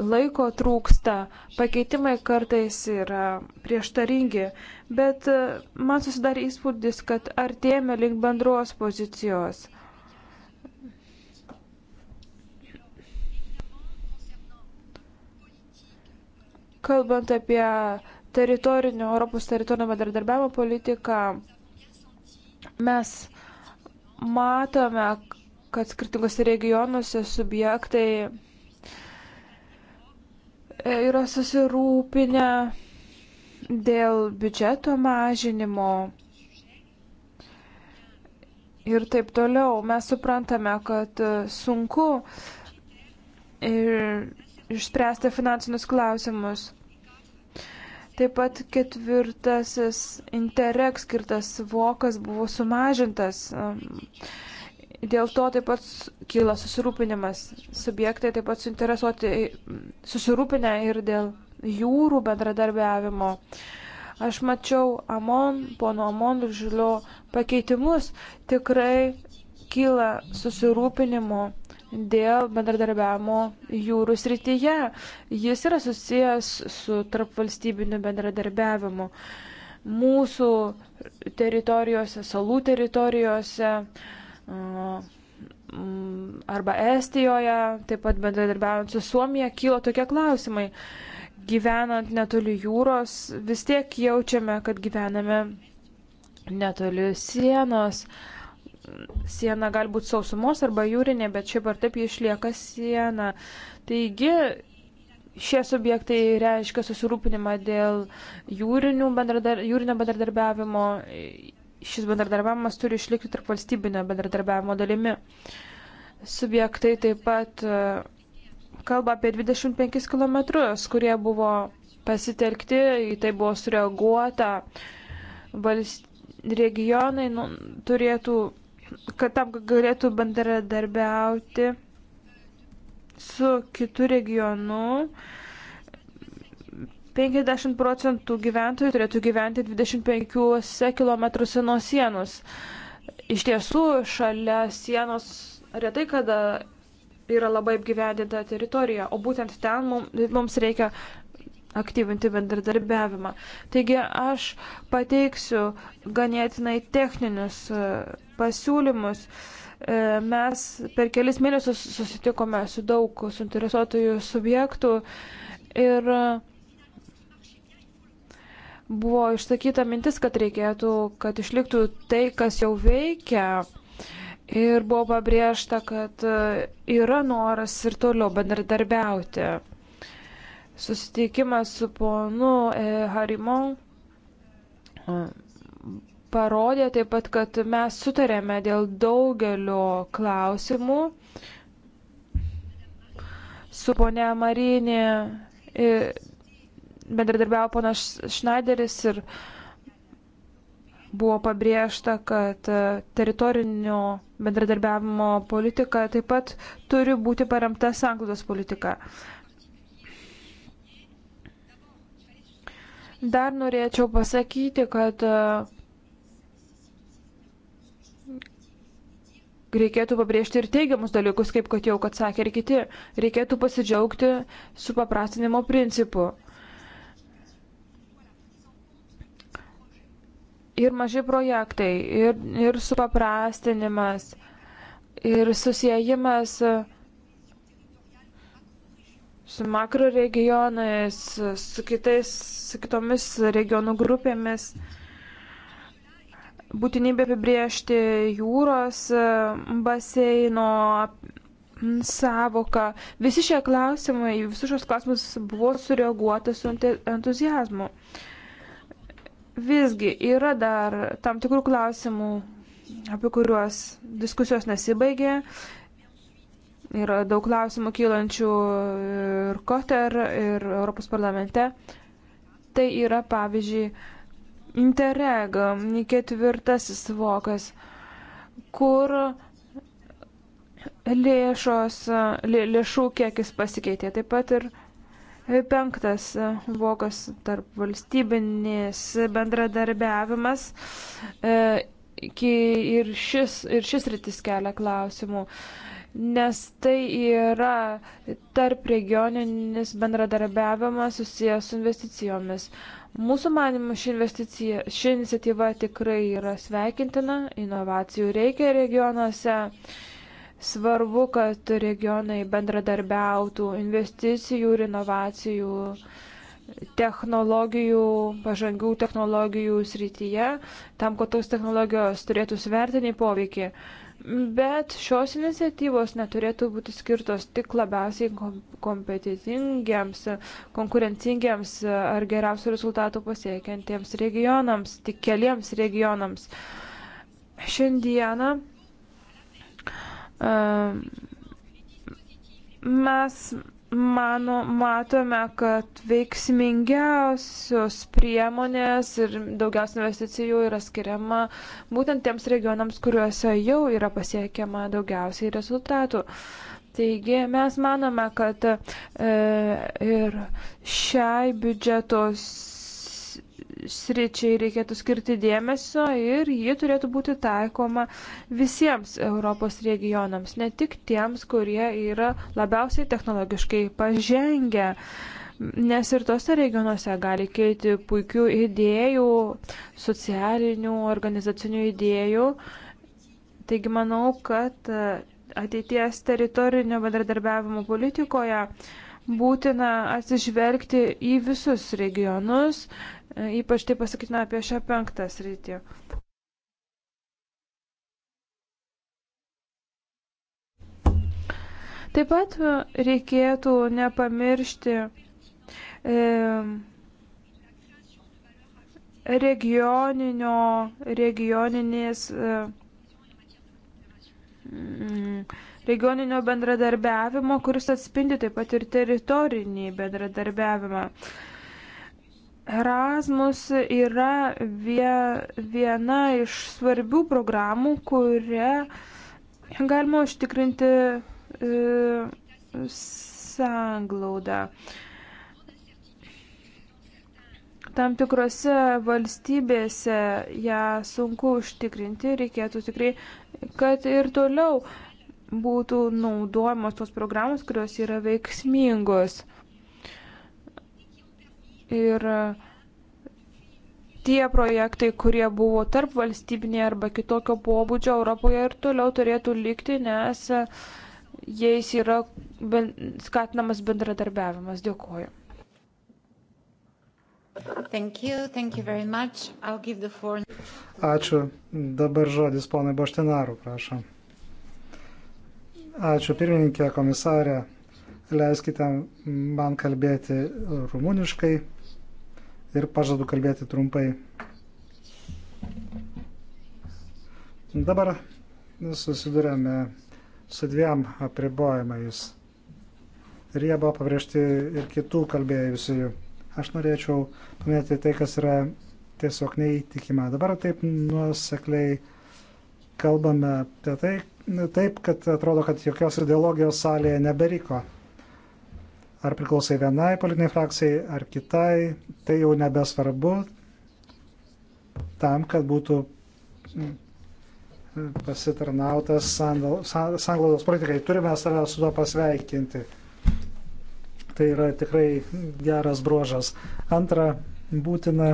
laiko trūksta, pakeitimai kartais yra prieštaringi, bet e, man susidarė įspūdis, kad artėjame link bendros pozicijos. Kalbant apie teritorinio, Europos teritorinio bendradarbiavimo politiką, mes matome, kad skirtingose regionuose subjektai E, yra susirūpinę dėl biudžeto mažinimo ir taip toliau. Mes suprantame, kad e, sunku e, išspręsti finansinius klausimus. Taip pat ketvirtasis interreg skirtas vokas buvo sumažintas. Um, Dėl to taip pat kyla susirūpinimas. Subjektai taip pat suinteresuoti, susirūpinę ir dėl jūrų bendradarbiavimo. Aš mačiau Amon, pono Amon ir Žilio pakeitimus. Tikrai kyla susirūpinimo dėl bendradarbiavimo jūrų srityje. Jis yra susijęs su tarpvalstybiniu bendradarbiavimu. Mūsų teritorijose, salų teritorijose, uh, Mm, arba Estijoje, taip pat bendradarbiaujant su Suomija, kyla tokie klausimai. Gyvenant netoli jūros, vis tiek jaučiame, kad gyvename netoli sienos. Siena gali būti sausumos arba jūrinė, bet šiaip ar taip ji išlieka siena. Taigi šie subjektai reiškia susirūpinimą dėl jūrinio bendradarbiavimo šis bendradarbiavimas turi išlikti tarp valstybinio bendradarbiavimo dalimi. Subjektai taip pat e, kalba apie 25 km, kurie buvo pasitelkti, į tai buvo sureaguota. Valst... Regionai nu, turėtų, kad tam galėtų bendradarbiauti su kitu regionu, uh, 50 procentų gyventojų turėtų gyventi 25 km nuo sienos. Iš tiesų, šalia sienos retai kada yra labai apgyvendinta teritorija, o būtent ten mums reikia aktyvinti bendradarbiavimą. Taigi aš pateiksiu ganėtinai techninius e, pasiūlymus. E, mes per kelis mėnesius susitikome su daug suinteresuotųjų subjektų ir uh, buvo išsakyta mintis, kad reikėtų, kad išliktų tai, kas jau veikia. Ir buvo pabrėžta, kad e, yra noras ir toliau bendradarbiauti. Susitikimas su ponu e, Harimon e, parodė taip pat, kad mes sutarėme dėl daugelio klausimų su ponia Marinė bendradarbiavo ponas Schneideris ir buvo pabrėžta, kad e, teritorinio bendradarbiavimo politika taip pat turi būti paremta sanglaudos politika. Dar norėčiau pasakyti, kad e, reikėtų pabrėžti ir teigiamus dalykus, kaip kad jau, kad sakė ir kiti. Reikėtų pasidžiaugti su paprastinimo principu. ir maži projektai, ir, ir supaprastinimas, ir susijimas su makro regionais, su, kitais, su kitomis regionų grupėmis, būtinybė apibriežti jūros baseino savoką. Visi šie klausimai, visus šios klausimus buvo sureaguota su entuzijazmu. Uh, Visgi yra dar tam tikrų klausimų, apie kuriuos diskusijos nesibaigė. Yra daug klausimų kylančių ir Koter, ir Europos parlamente. Tai yra, pavyzdžiui, Interreg, ketvirtasis vokas, kur lėšos, lė, lėšų kiekis pasikeitė. Taip pat ir Penktas e, vokas tarp valstybinės bendradarbiavimas e, ir šis, ir šis rytis kelia klausimų, nes tai yra tarp regioninis bendradarbiavimas susijęs su investicijomis. Mūsų manimu ši, ši iniciatyva tikrai yra sveikintina, inovacijų reikia regionuose. Svarbu, kad regionai bendradarbiautų investicijų ir inovacijų, technologijų, pažangių technologijų srityje, tam, kad tos technologijos turėtų svertinį poveikį. Bet šios iniciatyvos neturėtų būti skirtos tik labiausiai kompetitingiems, konkurencingiems ar geriausių rezultatų pasiekiantiems regionams, tik keliems regionams. Šiandieną Mes mano, matome, kad veiksmingiausios priemonės ir daugiausia investicijų yra skiriama būtent tiems regionams, kuriuose jau yra pasiekiama daugiausiai rezultatų. Taigi mes manome, kad e, ir šiai biudžetos sričiai reikėtų skirti dėmesio ir ji turėtų būti taikoma visiems Europos regionams, ne tik tiems, kurie yra labiausiai technologiškai pažengę. Nes ir tose regionuose gali keiti puikių idėjų, socialinių, organizacinių idėjų. Taigi manau, kad ateities teritorinio bendradarbiavimo politikoje būtina atsižvelgti į visus regionus E, ypač tai pasakytume apie šią penktą sritį. Taip pat reikėtų nepamiršti e, regioninio, regioninės, e, mm, regioninio bendradarbiavimo, kuris atspindi taip pat ir teritorinį bendradarbiavimą. E, Erasmus yra vie, viena iš svarbių programų, kuria galima užtikrinti e, sanglaudą. Tam tikrose valstybėse ją sunku užtikrinti, reikėtų tikrai, kad ir toliau būtų naudojamos tos programos, kurios yra veiksmingos. Ir e, tie projektai, kurie buvo tarp valstybinė arba kitokio pobūdžio Europoje ir toliau turėtų likti, nes e, jais yra skatinamas bendradarbiavimas. Dėkuoju. Thank you, thank you very much. I'll give the floor. Ačiū. Dabar žodis ponai Boštinaru, prašom. Ačiū pirmininkė, komisarė. Leiskite man kalbėti rumuniškai ir pažadu kalbėti trumpai. Dabar susidurėme su dviem apribojimais. Ir jie buvo pabrėžti ir kitų kalbėjusių. Aš norėčiau paminėti tai, kas yra tiesiog neįtikima. Dabar taip nuosekliai kalbame apie tai, taip, kad atrodo, kad jokios ideologijos salėje neberiko. Ar priklausai vienai politiniai frakcijai ar kitai, tai jau nebesvarbu tam, kad būtų mm, pasitarnautas sanglaudos politikai. Turime save su to pasveikinti. Tai yra tikrai geras bruožas. Antra, būtina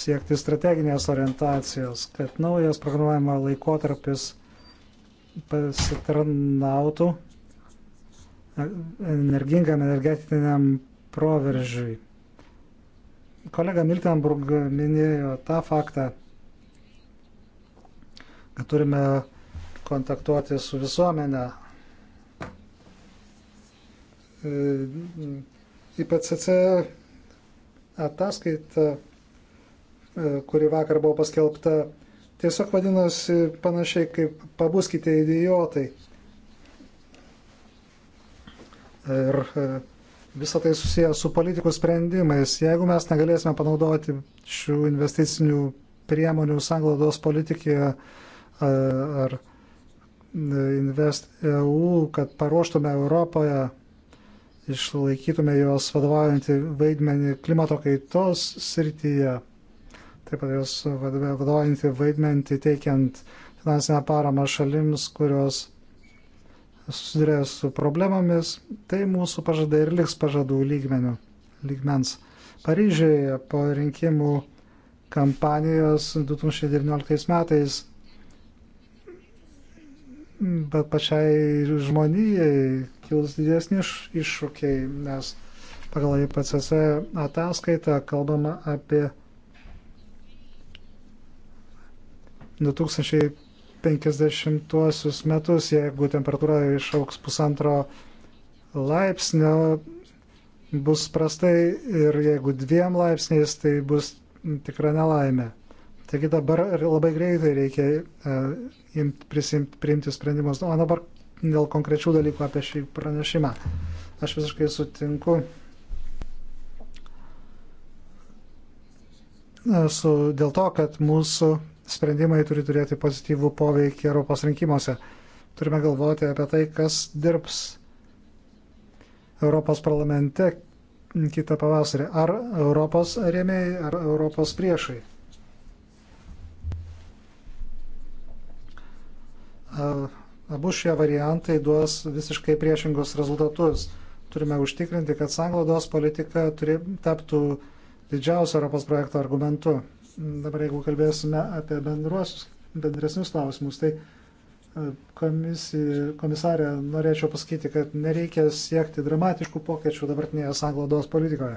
siekti strateginės orientacijos, kad naujas programavimo laikotarpis pasitarnautų energingam energetiniam proveržiui. Kolega Miltenburg minėjo tą faktą, kad turime kontaktuoti su visuomenė. IPCC ataskaita, kuri vakar buvo paskelbta, tiesiog vadinosi panašiai kaip pabuskite idiotai. Ir e, visą tai susiję su politikų sprendimais. Jeigu mes negalėsime panaudoti šių investicinių priemonių sanglaudos politikėje e, ar e, Invest EU, kad paruoštume Europoje, išlaikytume jos vadovaujantį vaidmenį klimato kaitos srityje, taip pat jos vadovaujantį vaidmenį teikiant finansinę paramą šalims, kurios susiduria su problemomis, tai mūsų pažadai ir liks pažadų lygmenių, lygmens. Paryžiuje po rinkimų kampanijos 2019 metais, bet pačiai žmonijai kils didesni iššūkiai, nes pagal IPCC ataskaitą kalbama apie 2000 50-uosius metus, jeigu temperatūra išauks pusantro laipsnio, bus prastai ir jeigu dviem laipsniais, tai bus tikra nelaimė. Taigi dabar labai greitai reikia e, imt, prisimt, priimti sprendimus. O dabar dėl konkrečių dalykų apie šį pranešimą. Aš visiškai sutinku e, su, dėl to, kad mūsų sprendimai turi turėti pozityvų poveikį Europos rinkimuose. Turime galvoti apie tai, kas dirbs Europos parlamente kitą pavasarį. Ar Europos rėmėjai, ar Europos priešai. Abu šie variantai duos visiškai priešingus rezultatus. Turime užtikrinti, kad sanglaudos politika turi taptų didžiausio Europos projekto argumentu. Dabar jeigu kalbėsime apie bendruosius, bendresnius klausimus, tai e, komisija, komisarė, norėčiau pasakyti, kad nereikia siekti dramatiškų pokyčių dabartinėje sanglaudos politikoje.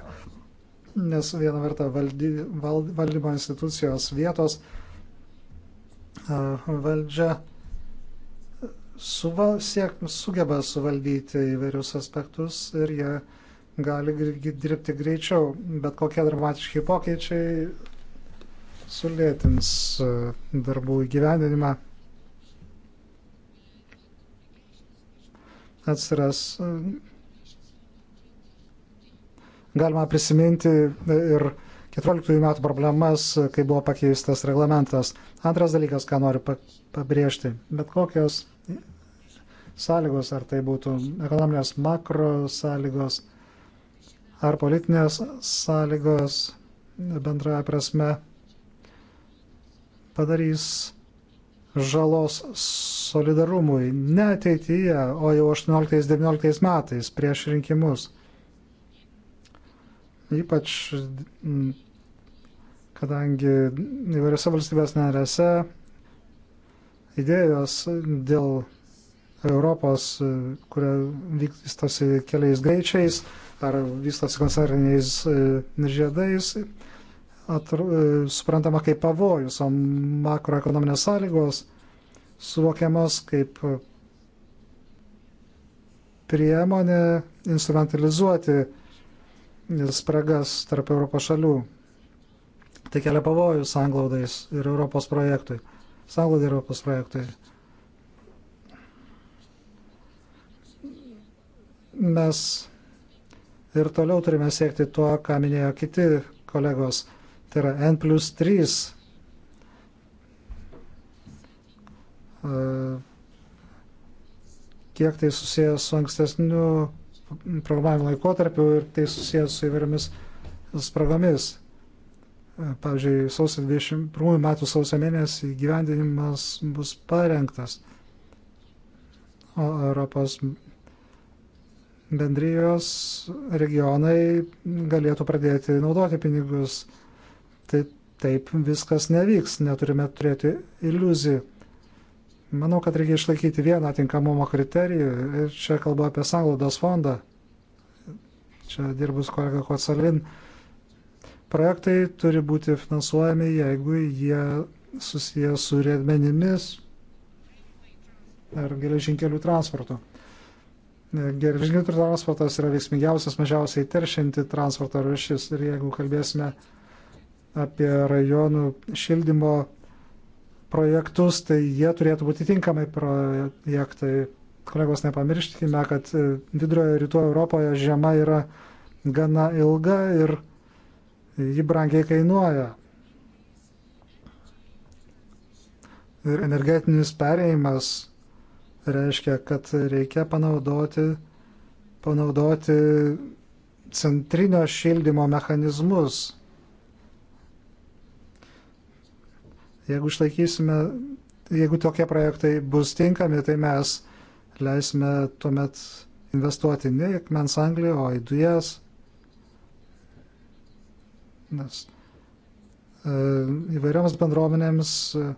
Nes viena verta valdy, vald, valdymo institucijos vietos e, valdžia suva, siek, sugeba suvaldyti įvairius aspektus ir jie gali dirbti greičiau, bet kokie dramatiški pokyčiai sulėtins e, darbų įgyvendinimą. Atsiras. E, galima prisiminti ir 14 metų problemas, e, kai buvo pakeistas reglamentas. Antras dalykas, ką noriu pabrėžti, bet kokios sąlygos, ar tai būtų ekonominės makro sąlygos, ar politinės sąlygos bendraja prasme, padarys žalos solidarumui ne ateityje, o jau 18-19 metais prieš rinkimus. Ypač kadangi įvairiose valstybės narėse idėjos dėl Europos, kuria vykstasi keliais greičiais ar vystosi koncertiniais e, žiedais, E, suprantama kaip pavojus, o makroekonominės sąlygos suvokiamos kaip priemonė instrumentalizuoti spragas tarp Europos šalių. Tai kelia pavojus sanglaudais ir Europos projektui. Sanglaudai Europos projektui. Mes ir toliau turime siekti tuo, ką minėjo kiti kolegos Tai yra N plus 3 e, kiek tai susijęs su ankstesniu programavimo laikotarpiu ir tai susijęs su įvairiomis spragomis. E, pavyzdžiui, sausio 21 metų sausio mėnesį gyvendinimas bus parengtas. O Europos bendrijos regionai galėtų pradėti naudoti pinigus tai taip viskas nevyks, neturime turėti iliuzijų. Manau, kad reikia išlaikyti vieną tinkamumo kriterijų ir čia kalbu apie sanglaudos fondą. Čia dirbus kolega Kocelin. Projektai turi būti finansuojami, jeigu jie susiję su riedmenimis ar geležinkelių transportu. Geležinkelių transportas yra veiksmingiausias, mažiausiai teršinti transporto rūšis. Ir jeigu kalbėsime apie rajonų šildymo projektus, tai jie turėtų būti tinkamai projektai. Kolegos, nepamirškime, kad e, vidurio rytų Europoje žiema yra gana ilga ir ji brangiai kainuoja. Ir energetinis perėjimas reiškia, kad reikia panaudoti, panaudoti centrinio šildymo mechanizmus Jeigu išlaikysime, jeigu tokie projektai bus tinkami, tai mes leisime tuomet investuoti ne į akmens anglį, o į dujas. Nes e, įvairioms bendruomenėms e,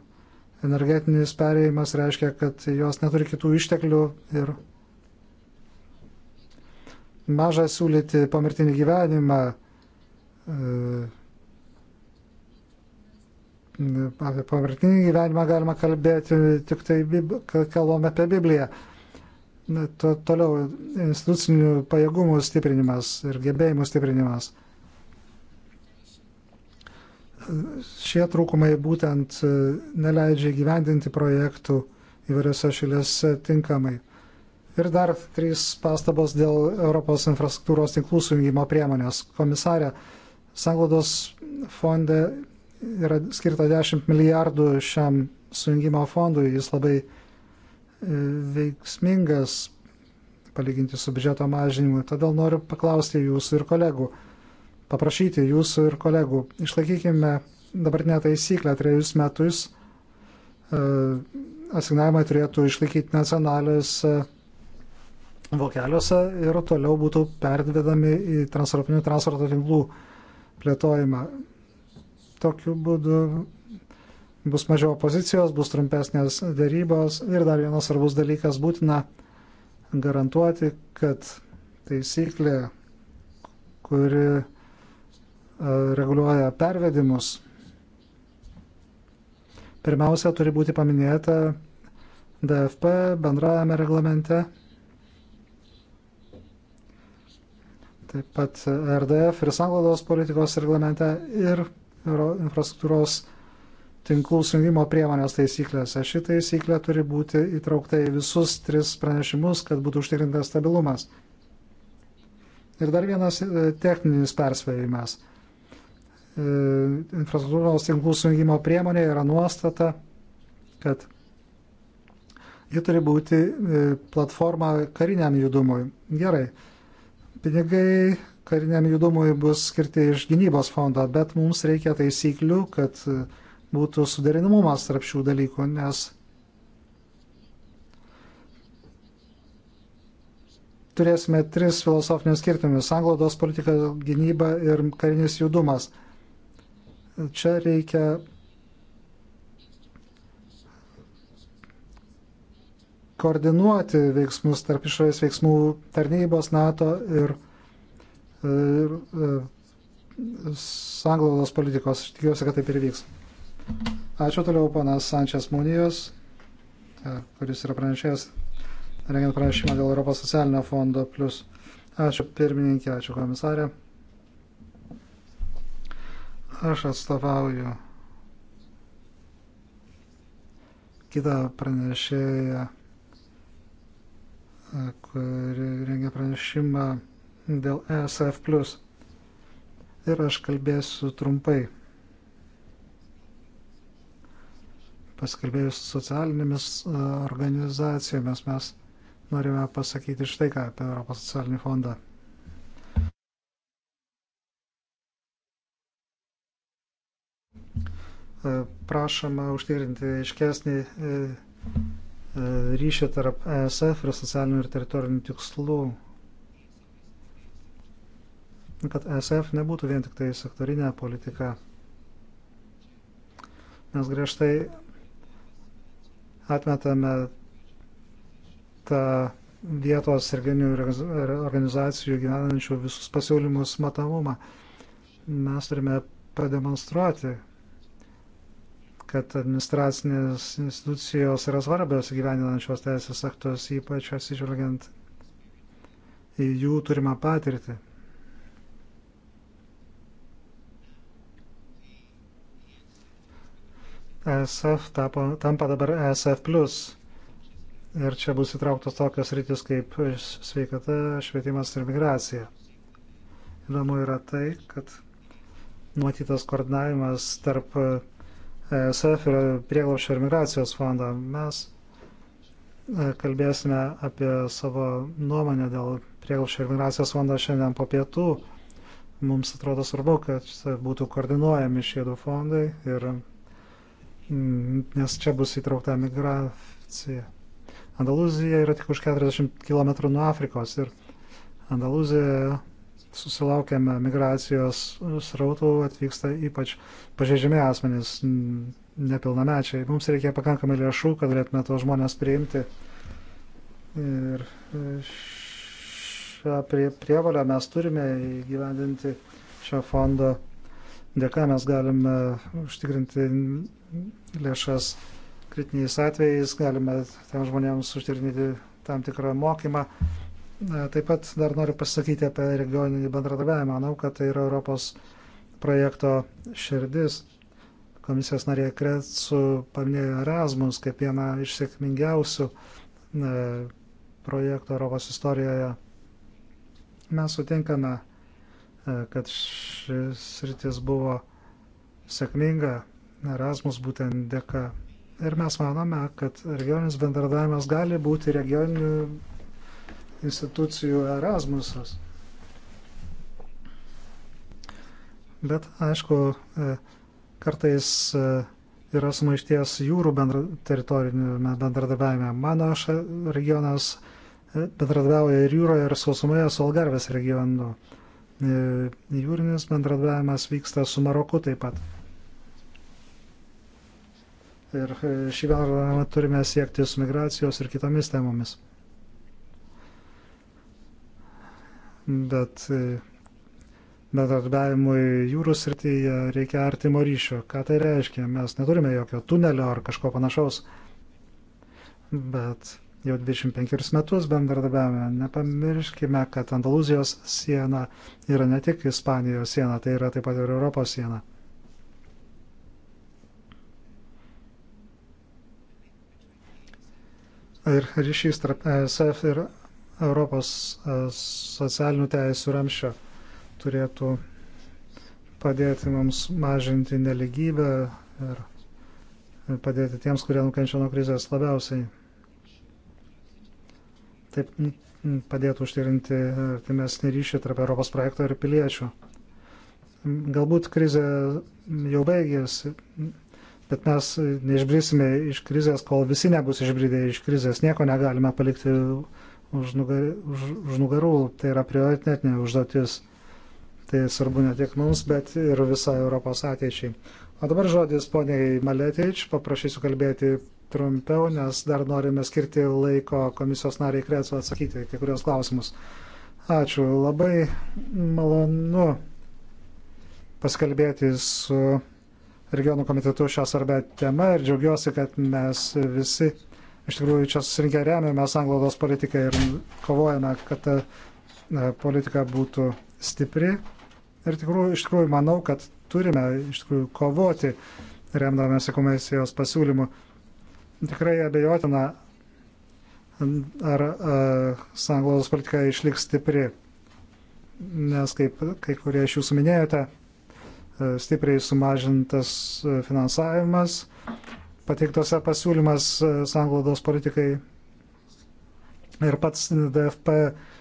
energetinis perėjimas reiškia, kad jos neturi kitų išteklių ir maža siūlyti pamirtinį gyvenimą e, apie pamirtinį gyvenimą galima kalbėti, tik tai kalbame apie Bibliją. To, toliau institucinių pajėgumų stiprinimas ir gebėjimų stiprinimas. Šie trūkumai būtent e, neleidžia gyvendinti projektų įvairiose šalyse tinkamai. Ir dar trys pastabos dėl Europos infrastruktūros tinklų sujungimo priemonės. Komisarė, Sanglaudos fonde yra skirta 10 milijardų šiam sujungimo fondui. Jis labai e, veiksmingas palyginti su biudžeto mažinimu. Todėl noriu paklausti jūsų ir kolegų, paprašyti jūsų ir kolegų, išlaikykime dabartinę taisyklę trejus metus e, asignavimai turėtų išlaikyti nacionaliuose vokeliuose ir toliau būtų perdvedami į transeuropinių transporto tinklų plėtojimą. Tokiu būdu bus mažiau opozicijos, bus trumpesnės darybos ir dar vienas svarbus dalykas būtina garantuoti, kad taisyklė, kuri e, reguliuoja pervedimus, pirmiausia turi būti paminėta DFP bendrajame reglamente, taip pat RDF ir sanglaudos politikos reglamente ir infrastruktūros tinklų sujungimo priemonės taisyklėse. Ši taisyklė turi būti įtraukta į visus tris pranešimus, kad būtų užtikrintas stabilumas. Ir dar vienas e, techninis perspėjimas. E, infrastruktūros tinklų sujungimo priemonė yra nuostata, kad ji turi būti e, platforma kariniam judumui. Gerai. Pinigai kariniam judumui bus skirti iš gynybos fondo, bet mums reikia taisyklių, kad būtų suderinimumas tarp šių dalykų, nes turėsime tris filosofinius skirtumus - anglodos politika, gynyba ir karinis judumas. Čia reikia koordinuoti veiksmus tarp išorės veiksmų tarnybos NATO ir NATO ir e, sanglaudos politikos. Aš tikiuosi, kad taip ir vyks. Ačiū toliau panas Sančias Munijos, e, kuris yra pranešėjęs, rengiant pranešimą dėl Europos socialinio fondo plus. Ačiū pirmininkė, ačiū komisarė. Aš atstovauju kitą pranešėją, e, kuri rengia pranešimą dėl ESF. Ir aš kalbėsiu trumpai. Paskalbėjus su socialinėmis e, organizacijomis mes norime pasakyti štai ką apie Europos socialinį fondą. E, prašoma užtikrinti iškesnį e, ryšį tarp ESF ir socialinių ir teritorinių tikslų kad SF nebūtų vien tik tai sektorinė politika. Mes griežtai atmetame tą vietos ir organizacijų gyvenančių visus pasiūlymus matomumą. Mes turime pademonstruoti, kad administracinės institucijos yra svarbios gyveninančios teisės aktus, ypač atsižvelgiant į jų turimą patirtį. ESF tapo, tampa dabar ESF. Ir čia bus įtrauktos tokios rytis kaip sveikata, švietimas ir migracija. Įdomu yra tai, kad nuotytas koordinavimas tarp ESF ir prieglaušio ir migracijos fondo. Mes e, kalbėsime apie savo nuomonę dėl prieglaušio ir migracijos fondo šiandien po pietų. Mums atrodo svarbu, kad būtų koordinuojami šie du fondai ir Mm, nes čia bus įtraukta migracija. Andalūzija yra tik už 40 km nuo Afrikos ir Andalūzijoje susilaukiame migracijos srautų, atvyksta ypač pažeidžiami asmenys, nepilnamečiai. Mums reikia pakankamai lėšų, kad galėtume tuos žmonės priimti. Ir e, šią prie, prievalę mes turime įgyvendinti šio fondo dėka mes galime užtikrinti lėšas kritiniais atvejais, galime tam žmonėms užtikrinti tam tikrą mokymą. E, taip pat dar noriu pasakyti apie regioninį bendradarbiavimą. Manau, kad tai yra Europos projekto širdis. Komisijos narė Kretsu paminėjo Erasmus kaip vieną iš sėkmingiausių e, projektų Europos istorijoje. Mes sutinkame E, kad šis rytis buvo sėkminga Erasmus būtent dėka. Ir mes manome, kad regioninis bendradavimas gali būti regioninių institucijų Erasmusas. Bet aišku, e, kartais e, yra sumaišties jūrų bendra, teritorinėme bendradarbiavime. Mano regionas bendradarbiauja ir jūroje, ir sausumoje su Algarvės regionu. E, jūrinis bendradavimas vyksta su Maroku taip pat. Ir e, šį bendradavimą turime siekti su migracijos ir kitomis temomis. Bet e, bendradarbiavimui jūrų srityje reikia artimo ryšio. Ką tai reiškia? Mes neturime jokio tunelio ar kažko panašaus. Bet jau 25 metus bendradarbiavame. Nepamirškime, kad Andalūzijos siena yra ne tik Ispanijos siena, tai yra taip pat ir Europos siena. Ir ryšys tarp ESF ir Europos e, socialinių teisų ramščio turėtų padėti mums mažinti neligybę ir padėti tiems, kurie nukenčia nuo krizės labiausiai. Taip padėtų užtikrinti artimesnį ryšį tarp Europos projekto ir piliečių. Galbūt krizė jau baigėsi, bet mes neišbrisime iš krizės, kol visi nebus išbridę iš krizės. Nieko negalime palikti už, nugar, už, už nugarų. Tai yra prioritetinė užduotis. Tai svarbu ne tik mums, bet ir visai Europos ateičiai. O dabar žodis poniai Maletič, paprašysiu kalbėti trumpiau, nes dar norime skirti laiko komisijos nariai Krecu atsakyti kai kurios klausimus. Ačiū, labai malonu paskalbėti su regionų komitetu šią svarbę temą ir džiaugiuosi, kad mes visi iš tikrųjų čia susirinkę remiamės anglodos politiką ir kovojame, kad ta politika būtų stipri. Ir tikrųjų, iš tikrųjų manau, kad turime iš tikrųjų kovoti remdamėsi komisijos pasiūlymu tikrai abejotina, ar sanglaudos politika išliks stipri, nes kaip kai kurie iš jūsų minėjote, stipriai sumažintas finansavimas, pateiktose pasiūlymas sanglaudos politikai ir pats DFP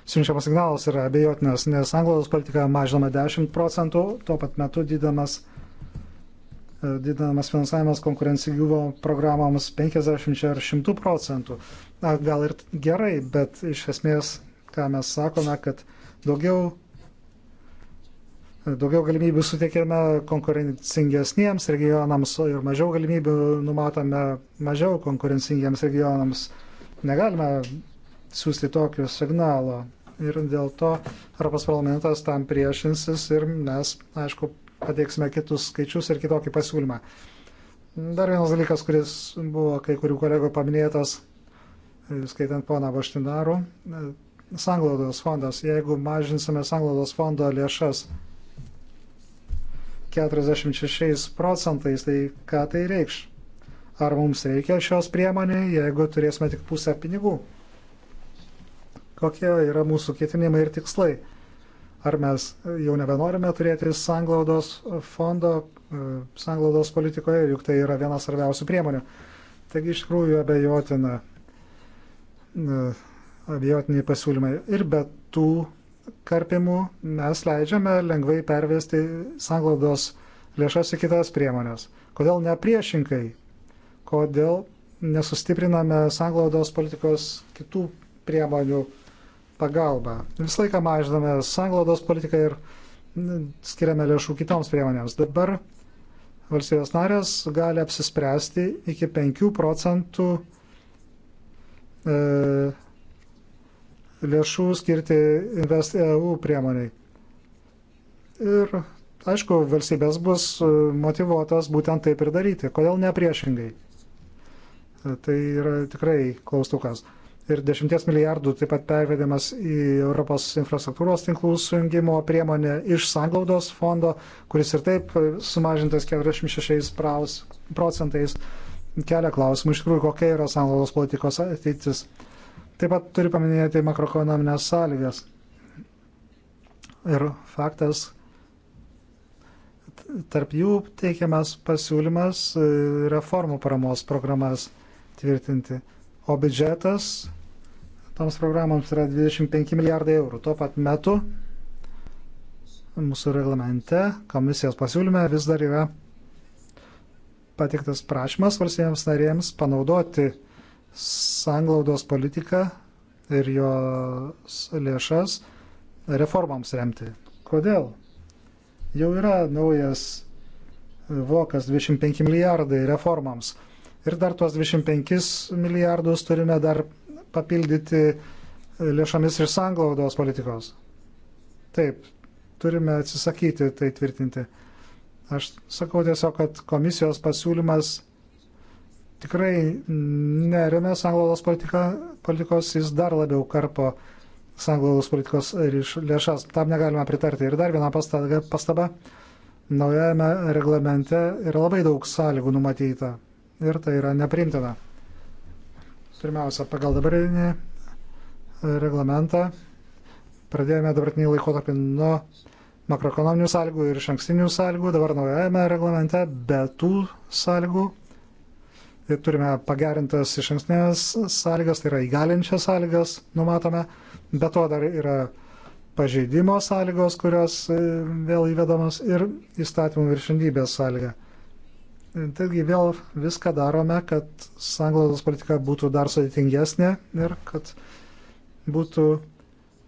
siunčiamas signalas yra abejotinas, nes anglos politika mažinama 10 procentų, tuo pat metu didamas E, didinamas finansavimas konkurencingumo programoms 50 ar 100 procentų. Na, gal ir gerai, bet iš esmės, ką mes sakome, kad daugiau, e, daugiau galimybių suteikėme konkurencingesniems regionams ir mažiau galimybių numatome mažiau konkurencingiems regionams. Negalime siūsti tokio signalo. Ir dėl to Europos parlamentas tam priešinsis ir mes, aišku, pateiksime kitus skaičius ir kitokį pasiūlymą. Dar vienas dalykas, kuris buvo kai kurių kolegų paminėtas, skaitant poną Vaštinarų, sanglaudos fondas. Jeigu mažinsime sanglaudos fondo lėšas 46 procentais, tai ką tai reikš? Ar mums reikia šios priemonė, jeigu turėsime tik pusę pinigų? Kokie yra mūsų ketinimai ir tikslai? Ar mes jau nebenorime turėti sanglaudos fondo, e, sanglaudos politikoje, juk tai yra viena svarbiausių priemonių. Taigi iš tikrųjų abejotina, e, abejotiniai pasiūlymai. Ir be tų karpimų mes leidžiame lengvai pervesti sanglaudos lėšas į kitas priemonės. Kodėl ne priešinkai? Kodėl nesustipriname sanglaudos politikos kitų priemonių pagalbą. Visą laiką mažiname sanglaudos politiką ir skiriame lėšų kitoms priemonėms. Dabar valstybės narės gali apsispręsti iki 5 procentų e, lėšų skirti InvestEU priemoniai. Ir aišku, valstybės bus e, motivuotas būtent taip ir daryti. Kodėl ne priešingai? E, tai yra tikrai klaustukas ir 10 milijardų taip pat pervedimas į Europos infrastruktūros tinklų sujungimo priemonę iš sanglaudos fondo, kuris ir taip sumažintas 46 procentais, kelia klausimų iš tikrųjų, kokia yra sanglaudos politikos ateitis. Taip pat turiu paminėti makroekonominės sąlygas. Ir faktas, tarp jų teikiamas pasiūlymas e, reformų paramos programas tvirtinti o biudžetas toms programoms yra 25 milijardai eurų. Tuo pat metu mūsų reglamente, komisijos pasiūlyme vis dar yra patiktas prašymas valstybėms narėms panaudoti sanglaudos politiką ir jos lėšas reformams remti. Kodėl? Jau yra naujas vokas 25 milijardai reformams. Ir dar tuos 25 milijardus turime dar papildyti lėšomis iš sanglaudos politikos. Taip, turime atsisakyti tai tvirtinti. Aš sakau tiesiog, kad komisijos pasiūlymas tikrai neremia sanglaudos politika, politikos, jis dar labiau karpo sanglaudos politikos lėšas. Tam negalima pritarti. Ir dar viena pastaba. pastaba naujame reglamente yra labai daug sąlygų numatyta ir tai yra neprimtina. Pirmiausia, pagal dabartinį e, reglamentą pradėjome dabartinį laikotarpį nuo makroekonominių sąlygų ir iš ankstinių sąlygų, dabar naujajame reglamente be tų sąlygų. Ir turime pagerintas iš ankstinės sąlygas, tai yra įgalinčias sąlygas, numatome. Be to dar yra pažeidimo sąlygos, kurios e, vėl įvedamos ir įstatymų viršindybės sąlyga. Taigi vėl viską darome, kad sanglaudos politika būtų dar sudėtingesnė ir kad būtų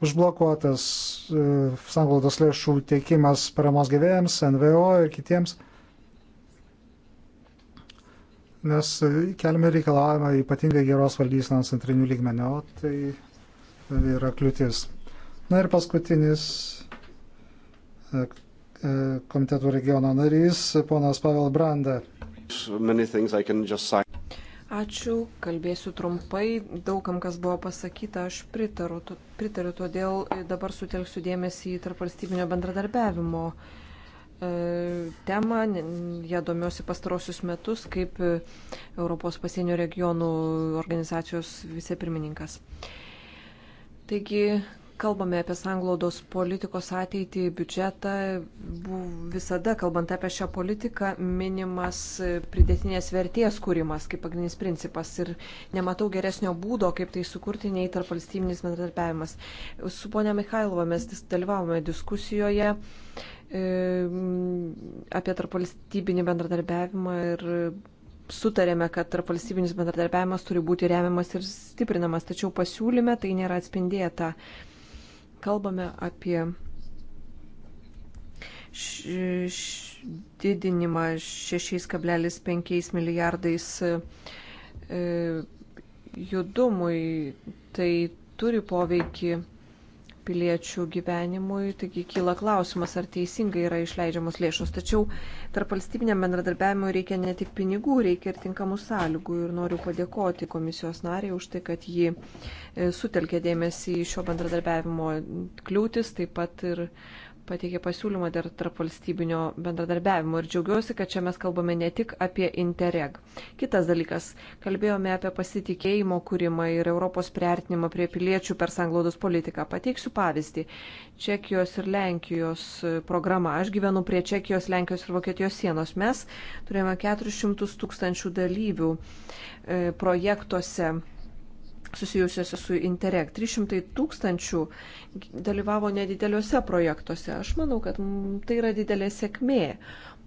užblokuotas e, sanglaudos lėšų teikimas paramos gavėjams, NVO ir kitiems. Nes e, keliame reikalavimą ypatingai geros valdysenos centrinių lygmenio, tai e, yra kliūtis. Na ir paskutinis E, komitetų regiono narys, ponas Pavel Branda. Ačiū, kalbėsiu trumpai, daugam kas buvo pasakyta, aš pritaru, pritariu, todėl dabar sutelksiu dėmesį į tarpvalstybinio bendradarbiavimo e, temą, ją domiuosi pastarosius metus kaip Europos pasienio regionų organizacijos vicepirmininkas. Taigi kalbame apie sanglaudos politikos ateitį, biudžetą, visada kalbant apie šią politiką minimas e, pridėtinės vertės kūrimas kaip pagrindinis principas ir nematau geresnio būdo, kaip tai sukurti nei tarp valstybinis bendradarbiavimas. Su ponia Mikhailova mes dalyvavome diskusijoje e, apie tarp valstybinį bendradarbiavimą ir sutarėme, kad tarpvalstybinis bendradarbiavimas turi būti remiamas ir stiprinamas, tačiau pasiūlyme tai nėra atspindėta kalbame apie š, š, didinimą 6,5 milijardais e, judumui, tai turi poveikį piliečių gyvenimui, taigi kyla klausimas, ar teisingai yra išleidžiamos lėšos. Tačiau tarp valstybiniam bendradarbiavimui reikia ne tik pinigų, reikia ir tinkamų sąlygų. Ir noriu padėkoti komisijos nariai už tai, kad ji e, sutelkė dėmesį į šio bendradarbiavimo kliūtis, taip pat ir pateikė pasiūlymą dėl tarpvalstybinio bendradarbiavimo ir džiaugiuosi, kad čia mes kalbame ne tik apie Interreg. Kitas dalykas, kalbėjome apie pasitikėjimo kūrimą ir Europos priartinimą prie piliečių per sanglaudos politiką. Pateiksiu pavyzdį. Čekijos ir Lenkijos programa. Aš gyvenu prie Čekijos, Lenkijos ir Vokietijos sienos. Mes turėjome 400 tūkstančių dalyvių e, projektuose susijusiuose su Interreg. 300 tūkstančių dalyvavo nedideliuose projektuose. Aš manau, kad tai yra didelė sėkmė.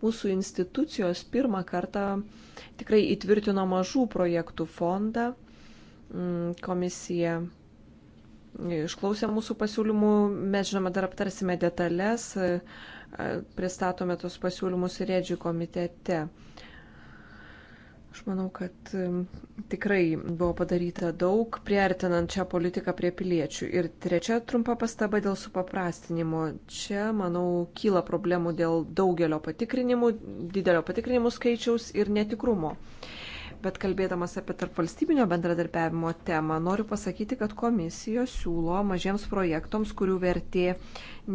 Mūsų institucijos pirmą kartą tikrai įtvirtino mažų projektų fondą. Komisija išklausė mūsų pasiūlymų. Mes, žinoma, dar aptarsime detalės, pristatome tos pasiūlymus ir rėdžių komitete. Aš manau, kad tikrai buvo padaryta daug, priartinant šią politiką prie piliečių. Ir trečia trumpa pastaba dėl supaprastinimo. Čia, manau, kyla problemų dėl daugelio patikrinimų, didelio patikrinimų skaičiaus ir netikrumo. Bet kalbėdamas apie tarpvalstybinio bendradarbiavimo temą, noriu pasakyti, kad komisija siūlo mažiems projektams, kurių vertė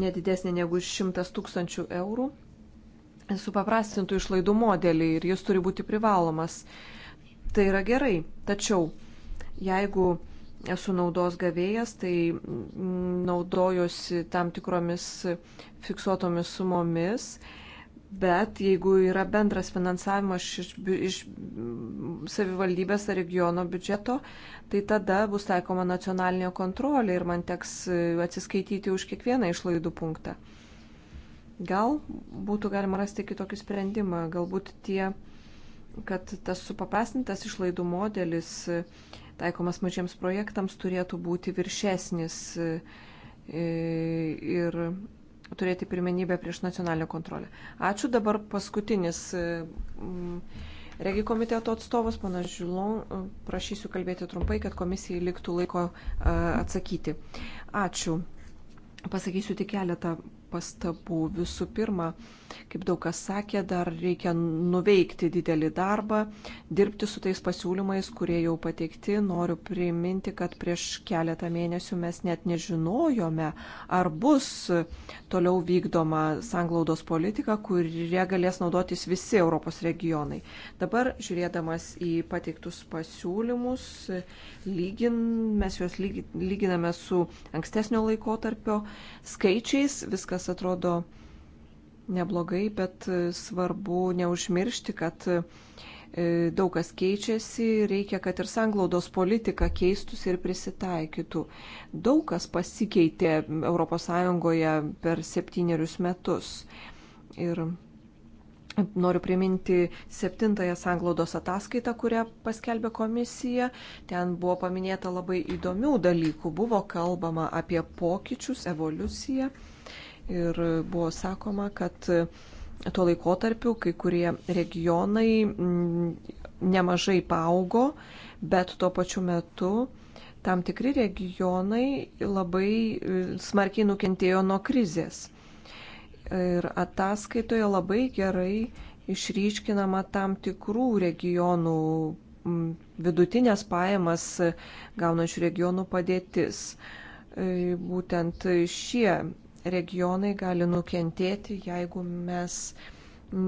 nedidesnė negu 100 tūkstančių eurų, supaprastintų išlaidų modelį ir jis turi būti privalomas. Tai yra gerai. Tačiau jeigu esu naudos gavėjas, tai naudojosi tam tikromis fiksuotomis sumomis. Bet jeigu yra bendras finansavimas iš, iš savivaldybės ar regiono biudžeto, tai tada bus taikoma nacionalinė kontrolė ir man teks e, atsiskaityti už kiekvieną išlaidų punktą. Gal būtų galima rasti kitokį sprendimą, galbūt tie, kad tas supaprastintas išlaidų modelis e, taikomas mažiems projektams turėtų būti viršesnis e, e, ir turėti pirmenybę prieš nacionalinę kontrolę. Ačiū dabar paskutinis. Regi komiteto atstovas, panas Žiulon, prašysiu kalbėti trumpai, kad komisijai liktų laiko atsakyti. Ačiū. Pasakysiu tik keletą pastabų. Visų pirma, kaip daug kas sakė, dar reikia nuveikti didelį darbą, dirbti su tais pasiūlymais, kurie jau pateikti. Noriu priminti, kad prieš keletą mėnesių mes net nežinojome, ar bus toliau vykdoma sanglaudos politika, kurie galės naudotis visi Europos regionai. Dabar, žiūrėdamas į pateiktus pasiūlymus, lygin, mes juos lyginame su ankstesnio laikotarpio skaičiais. Viskas viskas atrodo neblogai, bet svarbu neužmiršti, kad e, daug kas keičiasi, reikia, kad ir sanglaudos politika keistųsi ir prisitaikytų. Daug kas pasikeitė ES per septynerius metus. Ir noriu priminti septintąją sanglaudos ataskaitą, kurią paskelbė komisija. Ten buvo paminėta labai įdomių dalykų. Buvo kalbama apie pokyčius, evoliuciją ir buvo sakoma, kad tuo laikotarpiu kai kurie regionai mm, nemažai paaugo, bet tuo pačiu metu tam tikri regionai labai mm, smarkiai nukentėjo nuo krizės. Ir ataskaitoje labai gerai išryškinama tam tikrų regionų mm, vidutinės pajamas gaunančių regionų padėtis. E, būtent šie regionai gali nukentėti, jeigu mes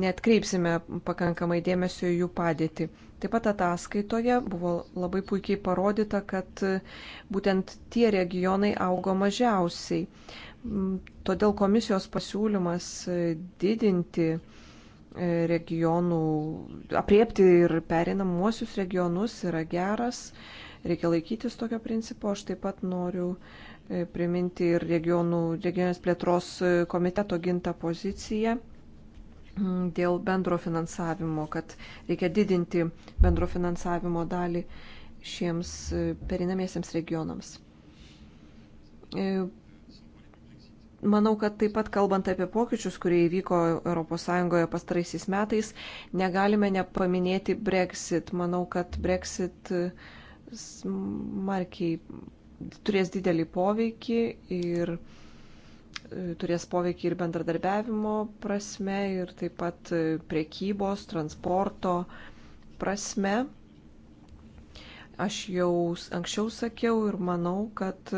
netkreipsime pakankamai dėmesio į jų padėtį. Taip pat ataskaitoje buvo labai puikiai parodyta, kad e, būtent tie regionai augo mažiausiai. Todėl komisijos pasiūlymas e, didinti e, regionų, apriepti ir perinamuosius regionus yra geras. Reikia laikytis tokio principo. Aš taip pat noriu uh, priminti ir regionų, regionės plėtros komiteto gintą poziciją dėl bendro finansavimo, kad reikia didinti bendro finansavimo dalį šiems perinamiesiems regionams. E, manau, kad taip pat kalbant apie pokyčius, kurie įvyko ES pastaraisiais metais, negalime nepaminėti Brexit. Manau, kad Brexit smarkiai turės didelį poveikį ir e, turės poveikį ir bendradarbiavimo prasme, ir taip pat e, priekybos, transporto prasme. Aš jau anksčiau sakiau ir manau, kad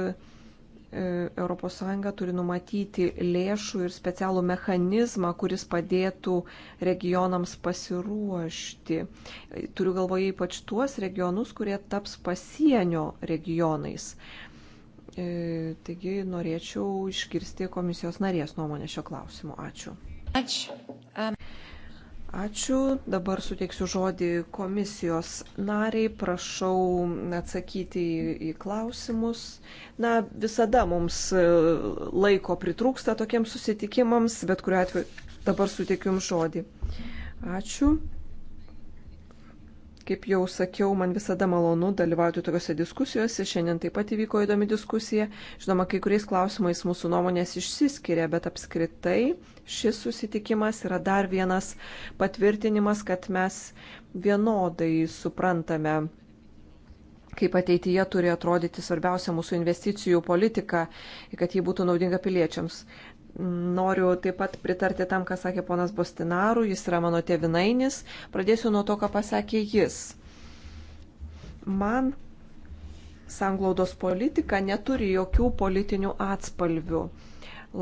ES turi numatyti lėšų ir specialų mechanizmą, kuris padėtų regionams pasiruošti. E, turiu galvoje ypač tuos regionus, kurie taps pasienio regionais. E, taigi norėčiau išgirsti komisijos narės nuomonę šio klausimu. Ačiū. Ačiū. Um. Ačiū. Dabar suteiksiu žodį komisijos nariai. Prašau atsakyti į, į klausimus. Na, visada mums e, laiko pritrūksta tokiems susitikimams, bet kuriuo atveju dabar suteikiu jums žodį. Ačiū. Kaip jau sakiau, man visada malonu dalyvauti tokiuose diskusijose. Šiandien taip pat įvyko įdomi diskusija. Žinoma, kai kuriais klausimais mūsų nuomonės išsiskiria, bet apskritai šis susitikimas yra dar vienas patvirtinimas, kad mes vienodai suprantame, kaip ateityje turi atrodyti svarbiausia mūsų investicijų politika ir kad ji būtų naudinga piliečiams. Noriu taip pat pritarti tam, ką sakė ponas Bostinaru, jis yra mano tėvinainis. Pradėsiu nuo to, ką pasakė jis. Man sanglaudos politika neturi jokių politinių atspalvių.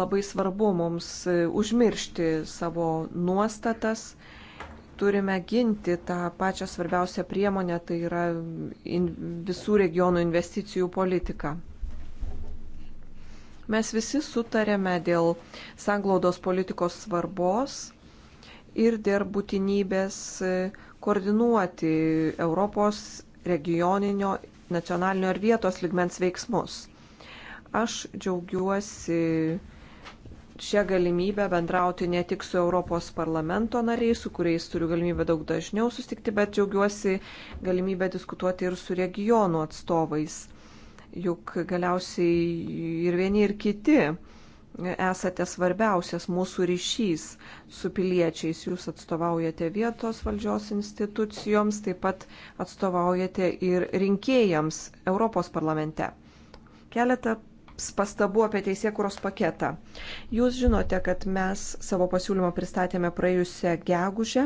Labai svarbu mums e, užmiršti savo nuostatas. Turime ginti tą pačią svarbiausią priemonę, tai yra visų regionų investicijų politika. Mes visi sutarėme dėl sanglaudos politikos svarbos ir dėl būtinybės e, koordinuoti Europos regioninio, nacionalinio ir vietos ligmens veiksmus. Aš džiaugiuosi šią galimybę bendrauti ne tik su Europos parlamento nariais, su kuriais turiu galimybę daug dažniau susitikti, bet džiaugiuosi galimybę diskutuoti ir su regionų atstovais juk galiausiai ir vieni, ir kiti esate svarbiausias mūsų ryšys su piliečiais. Jūs atstovaujate vietos valdžios institucijoms, taip pat atstovaujate ir rinkėjams Europos parlamente. Keletą pastabų apie teisėkuros paketą. Jūs žinote, kad mes savo pasiūlymą pristatėme praėjusią gegužę.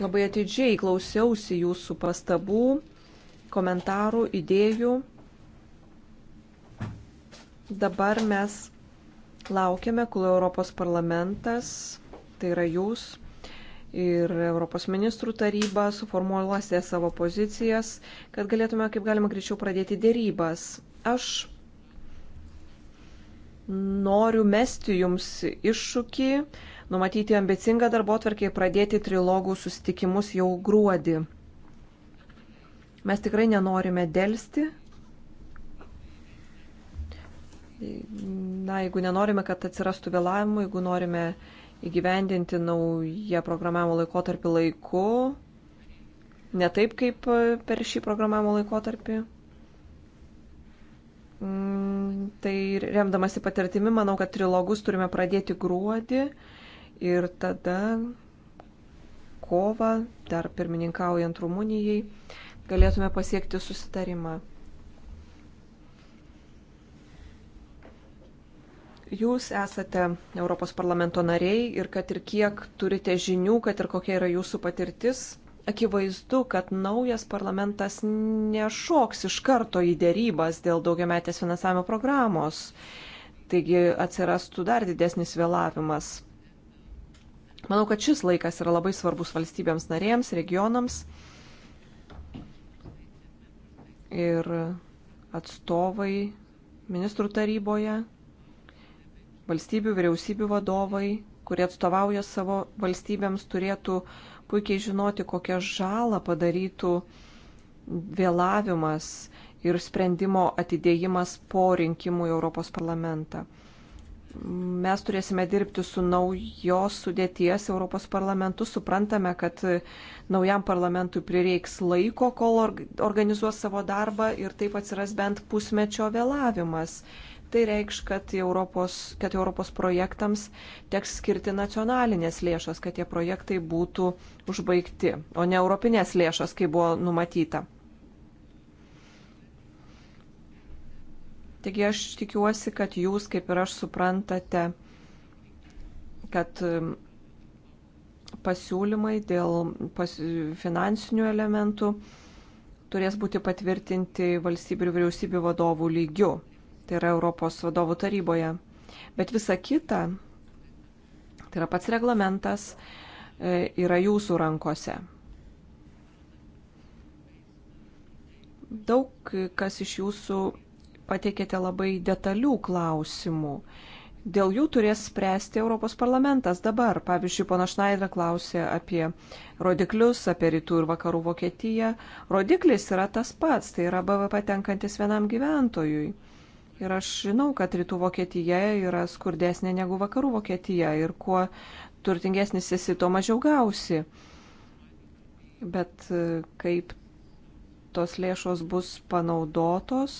Labai atidžiai klausiausi jūsų pastabų komentarų, idėjų. Dabar mes laukiame, kol Europos parlamentas, tai yra jūs ir Europos ministrų taryba, suformuoluosite savo pozicijas, kad galėtume kaip galima greičiau pradėti dėrybas. Aš noriu mesti jums iššūkį, numatyti ambicingą darbo tvarkį, pradėti trilogų susitikimus jau gruodį. Mes tikrai nenorime dėlsti. Na, jeigu nenorime, kad atsirastų vėlavimų, jeigu norime įgyvendinti naują programavimo laikotarpį laiku, ne taip kaip per šį programavimo laikotarpį. Mm, tai remdamasi patirtimi, manau, kad trilogus turime pradėti gruodį ir tada kovą, dar pirmininkaujant Rumunijai, galėtume pasiekti susitarimą. Jūs esate Europos parlamento nariai ir kad ir kiek turite žinių, kad ir kokia yra jūsų patirtis, akivaizdu, kad naujas parlamentas nešoks iš karto į dėrybas dėl daugiametės finansavimo programos. Taigi atsirastų dar didesnis vėlavimas. Manau, kad šis laikas yra labai svarbus valstybėms narėms, regionams ir atstovai ministrų taryboje, valstybių, vyriausybių vadovai, kurie atstovauja savo valstybėms, turėtų puikiai žinoti, kokią žalą padarytų vėlavimas ir sprendimo atidėjimas po rinkimų į Europos parlamentą mes turėsime dirbti su naujos sudėties Europos parlamentu. Suprantame, kad naujam parlamentui prireiks laiko, kol organizuos savo darbą ir taip atsiras bent pusmečio vėlavimas. Tai reikš, kad Europos, kad Europos projektams teks skirti nacionalinės lėšas, kad tie projektai būtų užbaigti, o ne europinės lėšas, kaip buvo numatyta. Taigi aš tikiuosi, kad jūs, kaip ir aš, suprantate, kad um, pasiūlymai dėl pas, finansinių elementų turės būti patvirtinti valstybių ir vyriausybių vadovų lygių, tai yra Europos vadovų taryboje. Bet visa kita, tai yra pats reglamentas, e, yra jūsų rankose. Daug kas iš jūsų pateikėte labai detalių klausimų. Dėl jų turės spręsti Europos parlamentas dabar. Pavyzdžiui, pana Šnaidra klausė apie rodiklius, apie rytų ir vakarų Vokietiją. Rodiklis yra tas pats, tai yra BVP tenkantis vienam gyventojui. Ir aš žinau, kad rytų Vokietija yra skurdesnė negu vakarų Vokietija ir kuo turtingesnis esi, tuo mažiau gausi. Bet e, kaip tos lėšos bus panaudotos,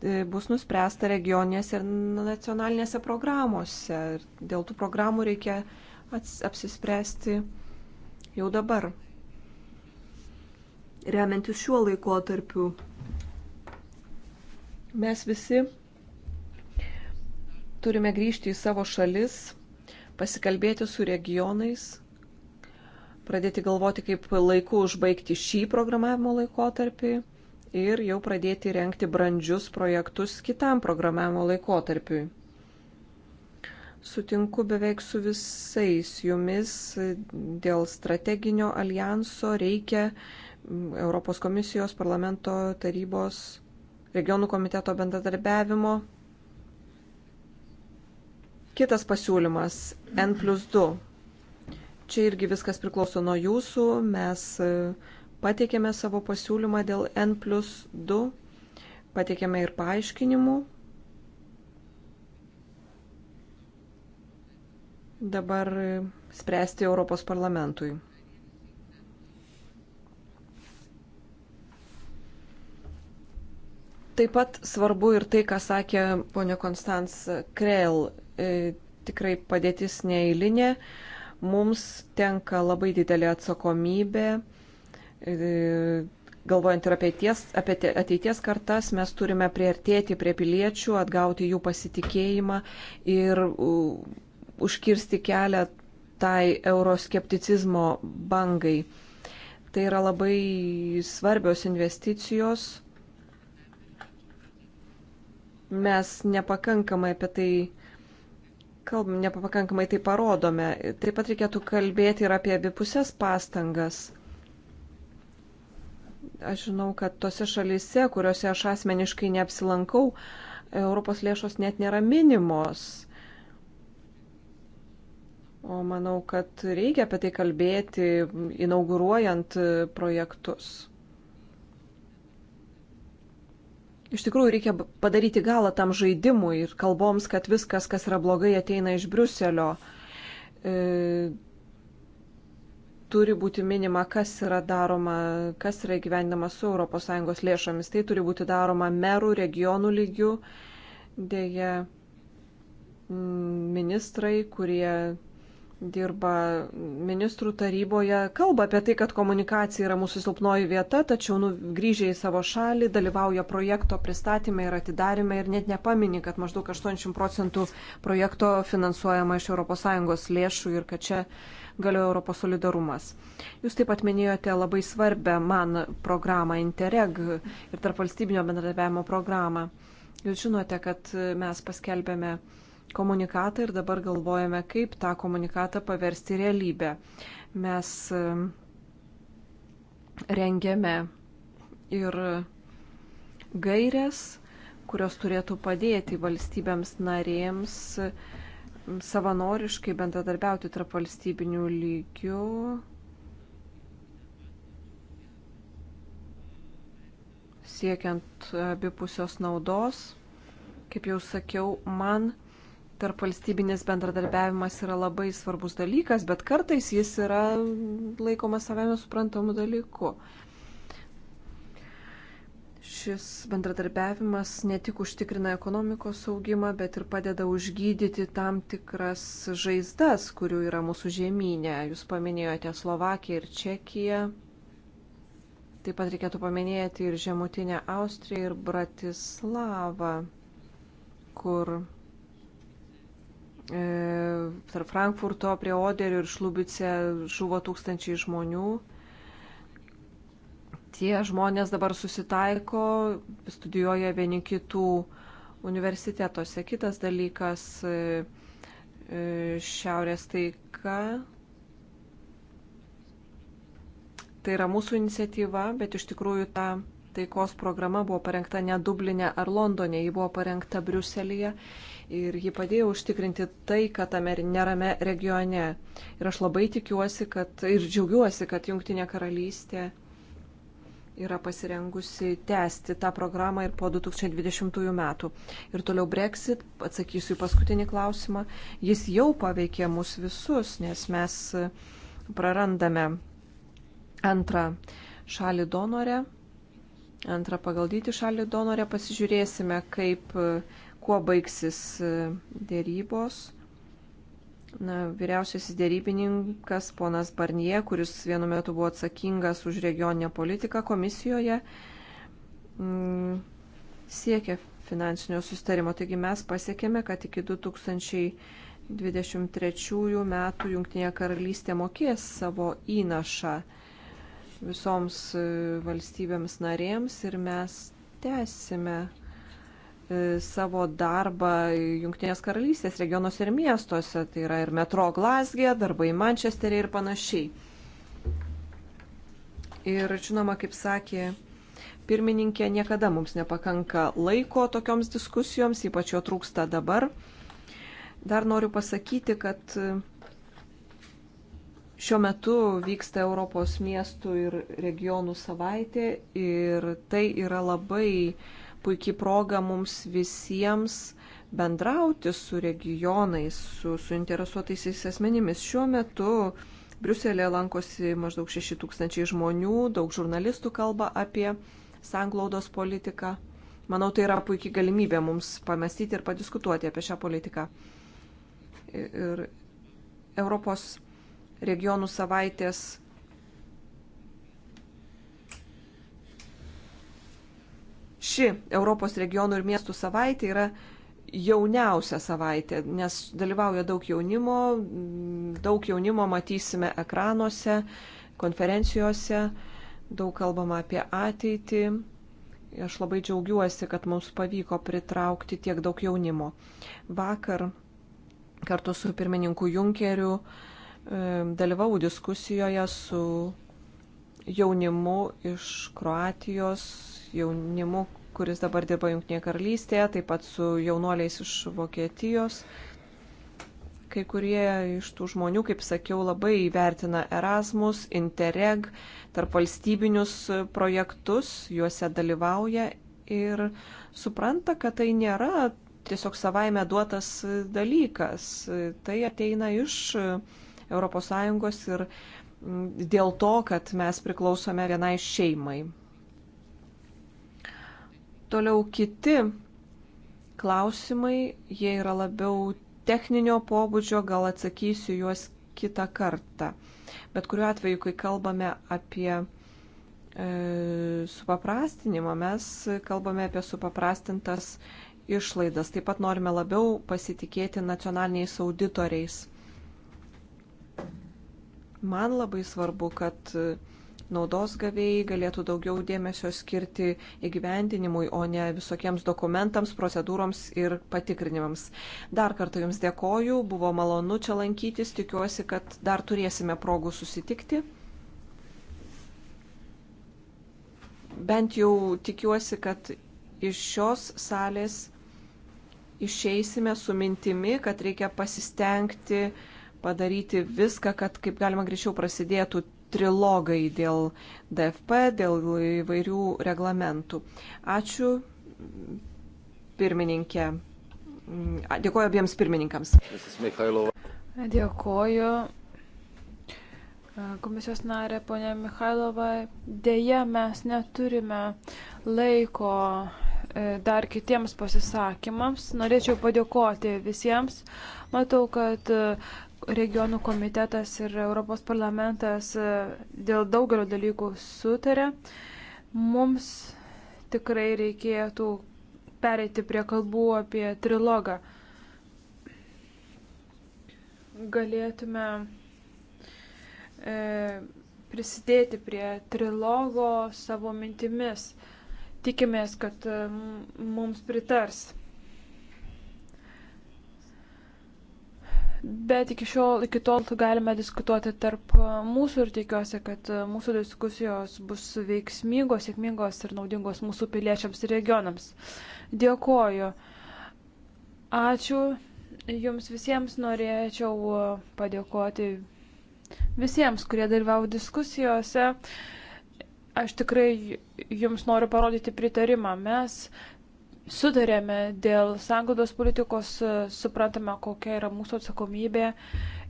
E, bus nuspręsta regioninėse ir nacionalinėse programuose. Ir dėl tų programų reikia apsispręsti jau dabar. Remiantis šiuo laikotarpiu, mes visi turime grįžti į savo šalis, pasikalbėti su regionais, pradėti galvoti, kaip laiku užbaigti šį programavimo laikotarpį ir jau pradėti renkti brandžius projektus kitam programavimo laikotarpiui. Sutinku beveik su visais jumis dėl strateginio alijanso reikia Europos komisijos, parlamento tarybos, regionų komiteto bendradarbiavimo. Kitas pasiūlymas N plus 2. Čia irgi viskas priklauso nuo jūsų. Mes Pateikėme savo pasiūlymą dėl N plus 2, pateikėme ir paaiškinimų. Dabar spręsti Europos parlamentui. Taip pat svarbu ir tai, ką sakė ponė Konstans Krell. E, tikrai padėtis neįlinė. Mums tenka labai didelė atsakomybė E, galvojant ir apie, ties, apie ateities kartas, mes turime priartėti prie piliečių, atgauti jų pasitikėjimą ir užkirsti kelią tai euroskepticizmo bangai. Tai yra labai svarbios investicijos. Mes nepakankamai apie tai kalbam, nepakankamai tai parodome. Taip pat reikėtų kalbėti ir apie abipusės pastangas Aš žinau, kad tose šalise, kuriuose aš asmeniškai neapsilankau, Europos lėšos net nėra minimos. O manau, kad reikia apie tai kalbėti, inauguruojant projektus. Iš tikrųjų, reikia padaryti galą tam žaidimui ir kalboms, kad viskas, kas yra blogai, ateina iš Bruselio. E, turi būti minima, kas yra daroma, kas yra įgyvendama su ES lėšomis. Tai turi būti daroma merų, regionų lygių. Deja, mm, ministrai, kurie dirba ministrų taryboje, kalba apie tai, kad komunikacija yra mūsų silpnoji vieta, tačiau nu, grįžę į savo šalį dalyvauja projekto pristatymė ir atidarymė ir net nepamini, kad maždaug 80 procentų projekto finansuojama iš ES lėšų ir kad čia galioja Europos solidarumas. Jūs taip pat minėjote labai svarbę man programą Interreg ir tarp valstybinio bendradarbiavimo programą. Jūs žinote, kad mes paskelbėme komunikatą ir dabar galvojame, kaip tą komunikatą paversti realybę. Mes e, rengiame ir gairias, kurios turėtų padėti valstybėms narėms e, savanoriškai bendradarbiauti tarp valstybinių lygių. siekiant abipusios naudos. Kaip jau sakiau, man tarp valstybinis bendradarbiavimas yra labai svarbus dalykas, bet kartais jis yra laikomas savame suprantamu dalyku. Šis bendradarbiavimas ne tik užtikrina ekonomikos augimą, bet ir padeda užgydyti tam tikras žaizdas, kurių yra mūsų žemynė. Jūs paminėjote Slovakiją ir Čekiją. Taip pat reikėtų paminėti ir Žemutinę Austriją ir Bratislavą, kur E, tarp Frankfurto prie Oderio ir Šlubice žuvo tūkstančiai žmonių. Tie žmonės dabar susitaiko, studijuoja vieni kitų universitetuose. Kitas dalykas e, - e, šiaurės taika. Tai yra mūsų iniciatyva, bet iš tikrųjų ta taikos programa buvo parengta ne Dublinė ar Londonė, ji buvo parengta Briuselėje ir ji padėjo užtikrinti taiką tame nerame regione. Ir aš labai tikiuosi, kad ir džiaugiuosi, kad Junktinė karalystė yra pasirengusi tęsti tą programą ir po 2020 metų. Ir toliau Brexit, atsakysiu į paskutinį klausimą, jis jau paveikė mus visus, nes mes prarandame antrą šalį donorę, antrą pagal dydį šalį donorę, pasižiūrėsime, kaip kuo baigsis e, dėrybos. Na, vyriausiasis dėrybininkas ponas Barnie, kuris vienu metu buvo atsakingas už regioninę politiką komisijoje, m, mm, siekia finansinio sustarimo. Taigi mes pasiekėme, kad iki 2023 metų Junktinė karalystė mokės savo įnašą visoms e, valstybėms narėms ir mes tęsime E, savo darbą Junktinės karalystės regionuose ir miestuose, tai yra ir metro Glasgė, darbai Mančesterė ir panašiai. Ir žinoma, kaip sakė pirmininkė, niekada mums nepakanka laiko tokioms diskusijoms, ypač jo trūksta dabar. Dar noriu pasakyti, kad e, šiuo metu vyksta Europos miestų ir regionų savaitė ir tai yra labai uh, puikiai proga mums visiems bendrauti su regionais, su suinteresuotaisiais asmenimis. Šiuo metu Briuselėje lankosi maždaug 6 tūkstančiai žmonių, daug žurnalistų kalba apie sanglaudos politiką. Manau, tai yra puikiai galimybė mums pamastyti ir padiskutuoti apie šią politiką. Ir Europos regionų savaitės Ši Europos regionų ir miestų savaitė yra jauniausia savaitė, nes dalyvauja daug jaunimo, daug jaunimo matysime ekranuose, konferencijose, daug kalbama apie ateitį. Aš labai džiaugiuosi, kad mums pavyko pritraukti tiek daug jaunimo. Vakar kartu su pirmininku Junkeriu e, dalyvau diskusijoje su jaunimu iš Kroatijos, jaunimu, kuris dabar dirba Junktinėje karalystėje, taip pat su jaunuoliais iš Vokietijos. Kai kurie iš tų žmonių, kaip sakiau, labai įvertina Erasmus, Interreg, tarp valstybinius projektus, juose dalyvauja ir supranta, kad tai nėra tiesiog savaime duotas dalykas. Tai ateina iš ES ir dėl to, kad mes priklausome vienai šeimai. Toliau kiti klausimai, jie yra labiau techninio pobūdžio, gal atsakysiu juos kitą kartą. Bet kuriuo atveju, kai kalbame apie e, supaprastinimą, mes kalbame apie supaprastintas išlaidas. Taip pat norime labiau pasitikėti nacionaliniais auditoriais. Man labai svarbu, kad e, naudos gavėjai galėtų daugiau dėmesio skirti įgyvendinimui, o ne visokiems dokumentams, procedūroms ir patikrinimams. Dar kartą Jums dėkoju, buvo malonu čia lankytis, tikiuosi, kad dar turėsime progų susitikti. Bent jau tikiuosi, kad iš šios salės išeisime su mintimi, kad reikia pasistengti padaryti viską, kad kaip galima greičiau prasidėtų trilogai dėl DFP, dėl įvairių reglamentų. Ačiū pirmininkė. Dėkoju abiems pirmininkams. Dėkoju. Komisijos narė, ponė Mikhailova, dėja mes neturime laiko e, dar kitiems pasisakymams. Norėčiau padėkoti visiems. Matau, kad regionų komitetas ir Europos parlamentas e, dėl daugelio dalykų sutarė. Mums tikrai reikėtų pereiti prie kalbų apie trilogą. Galėtume e, prisidėti prie trilogo savo mintimis. Tikimės, kad mums pritars. Bet iki, šiol, iki tol galime diskutuoti tarp mūsų ir tikiuosi, kad mūsų diskusijos bus veiksmingos, sėkmingos ir naudingos mūsų piliečiams ir regionams. Dėkoju. Ačiū Jums visiems. Norėčiau padėkoti visiems, kurie dalyvavo diskusijose. Aš tikrai Jums noriu parodyti pritarimą. Mes sutarėme dėl sangodos politikos, suprantame, kokia yra mūsų atsakomybė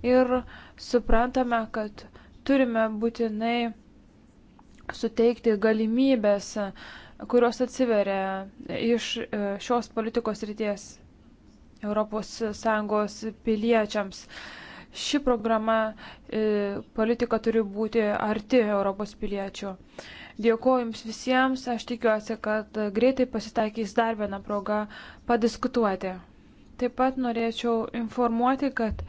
ir suprantame, kad turime būtinai suteikti galimybės, kurios atsiveria iš e, šios politikos ryties ES piliečiams. Ši programa, e, politika turi būti arti Europos piliečių. Dėkuoju Jums visiems, aš tikiuosi, kad greitai pasitaikys dar vieną progą padiskutuoti. Taip pat norėčiau informuoti, kad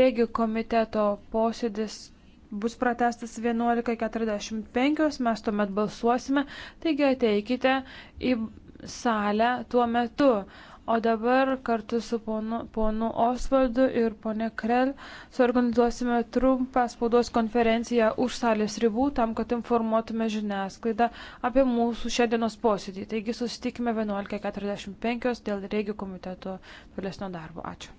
Regi komiteto posėdis bus pratestas 11.45, mes tuomet balsuosime, taigi ateikite į salę tuo metu. O dabar kartu su ponu, ponu Osvaldu ir pone Krell suorganizuosime trumpą spaudos konferenciją už salės ribų tam, kad informuotume žiniasklaidą apie mūsų šiandienos posėdį. Taigi susitikime 11.45 dėl regijų komiteto tolesnio darbo. Ačiū.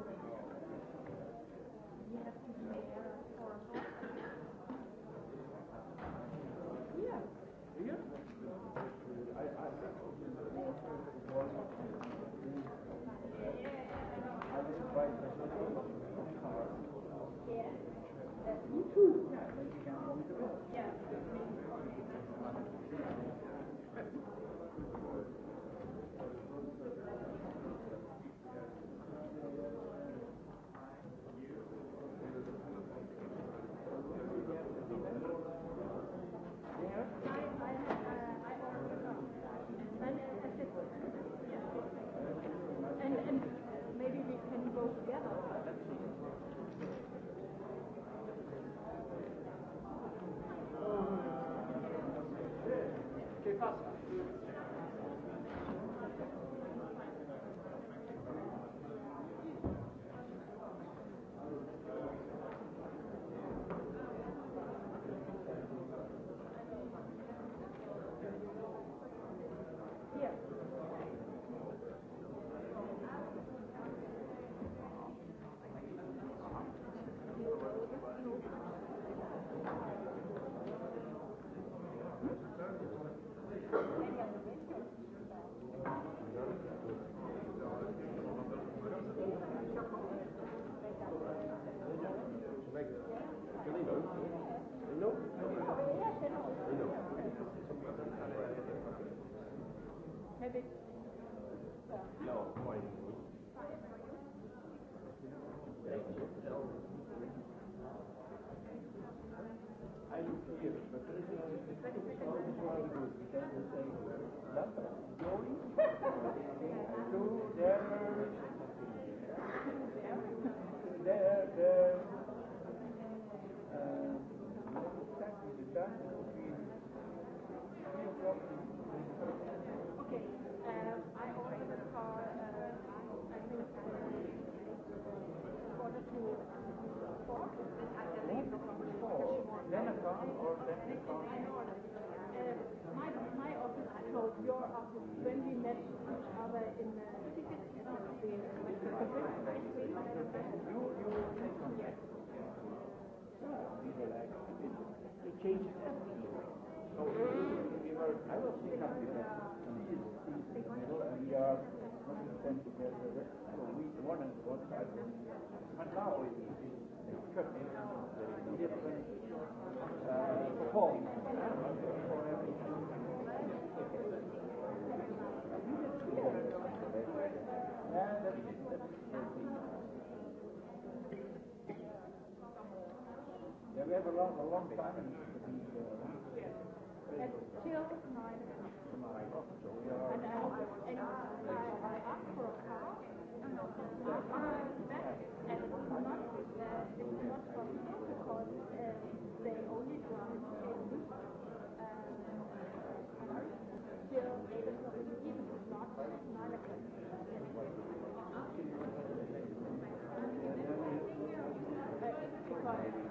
Yeah. your of the when we met each other in the it changes everything. So we were I was thinking of this and he is in the middle and we are not in the sense of the rest for a week one and one side. But now it is cut in different uh, performance. have a long, a long time in uh, At till nine o'clock. And I, um, and I, I asked for a car. No, no, I'm back, and it's not, uh, it's not possible because uh, they only drive a week. Till eight o'clock in the evening, not nine o'clock. Because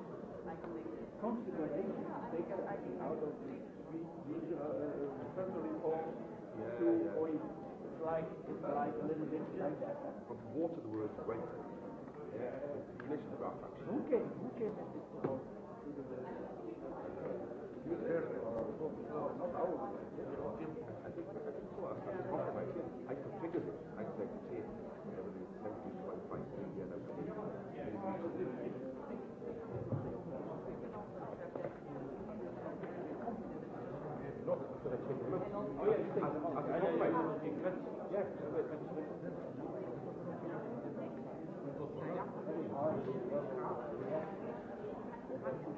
considerations taken out of these, these uh, further reforms yeah, to yeah. or it's like it's like a little bit like that. From water the word to waste. Yeah. Commission about that. Who came who came at this point to the word? You there or no, not our I think I think so I have to compromise. I could figure this. Thank you.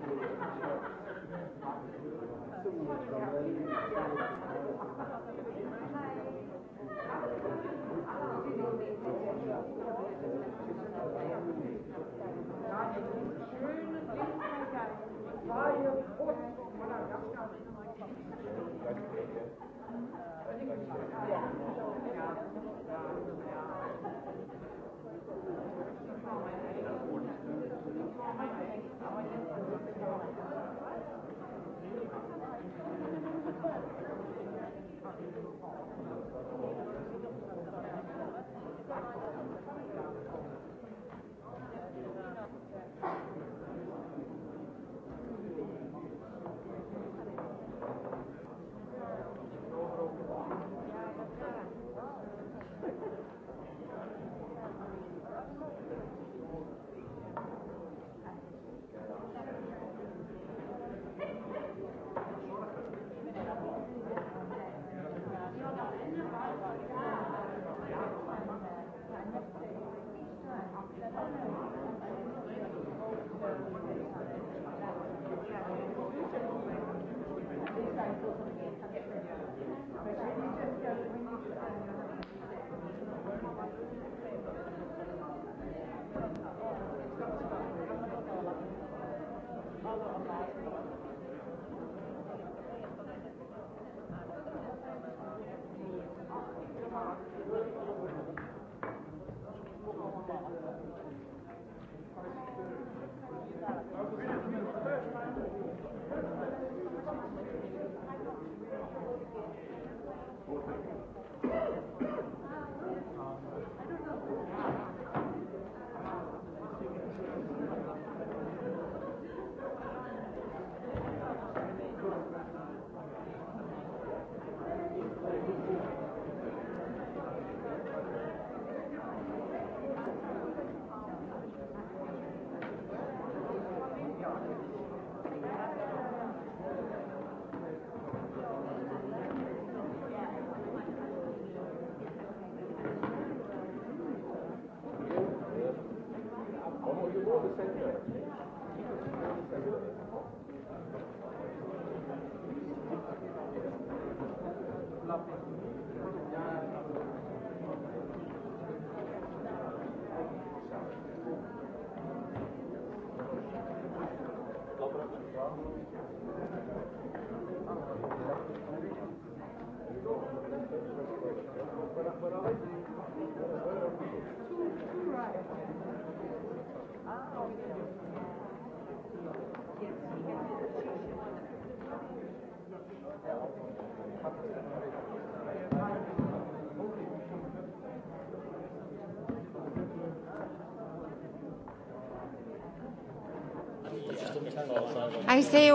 Taigi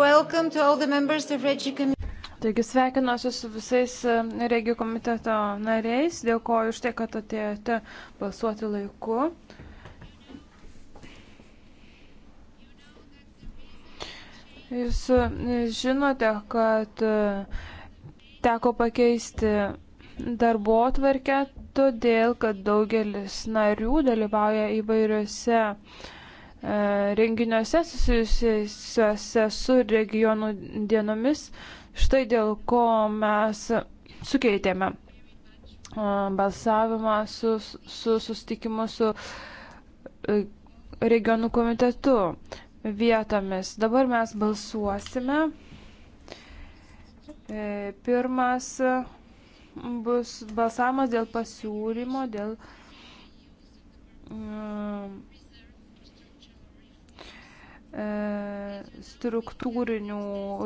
sveikinuosi su visais e, regijų komiteto nariais, dėkoju už tai, kad atėjote balsuoti laiku. Jūs e, žinote, kad e, teko pakeisti darbo atvarkę, todėl kad daugelis narių dalyvauja įvairiuose e, renginiuose susijusiuose su regionų dienomis. Štai dėl ko mes sukeitėme balsavimą su, su susitikimu su regionų komitetu vietomis. Dabar mes balsuosime. E, pirmas bus balsavimas dėl pasiūlymo, dėl e, struktūrinių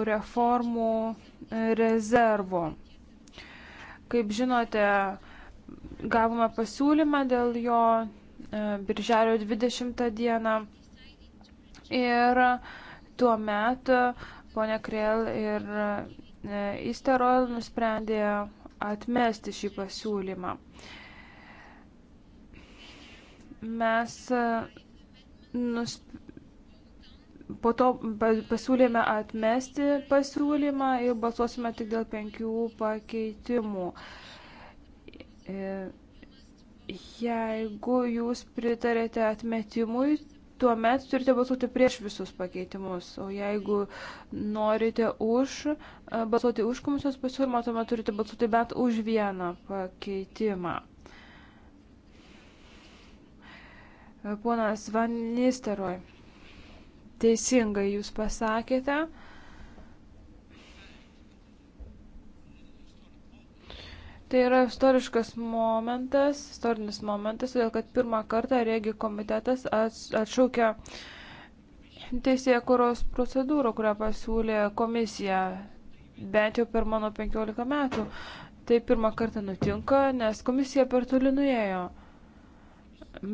reformų rezervo. Kaip žinote, gavome pasiūlymą dėl jo e, birželio 20 dieną. Ir tuo metu e, ponia Krell ir e, Isterol nusprendė atmesti šį pasiūlymą. Mes e, nusp... po to pasiūlėme atmesti pasiūlymą ir balsuosime tik dėl penkių pakeitimų. Jeigu jūs pritarėte atmetimui, tuomet turite balsuoti prieš visus pakeitimus. O jeigu norite už, e, balsuoti už komisijos pasiūlymą, tuomet turite balsuoti bent už vieną pakeitimą. E, ponas Van Nisteroj, teisingai jūs pasakėte. Tai yra istoriškas momentas, istorinis momentas, todėl kad pirmą kartą Regi komitetas atšaukia teisėje kuros procedūrą, kurią pasiūlė komisija bent jau per mano 15 metų. Tai pirmą kartą nutinka, nes komisija per toli nuėjo.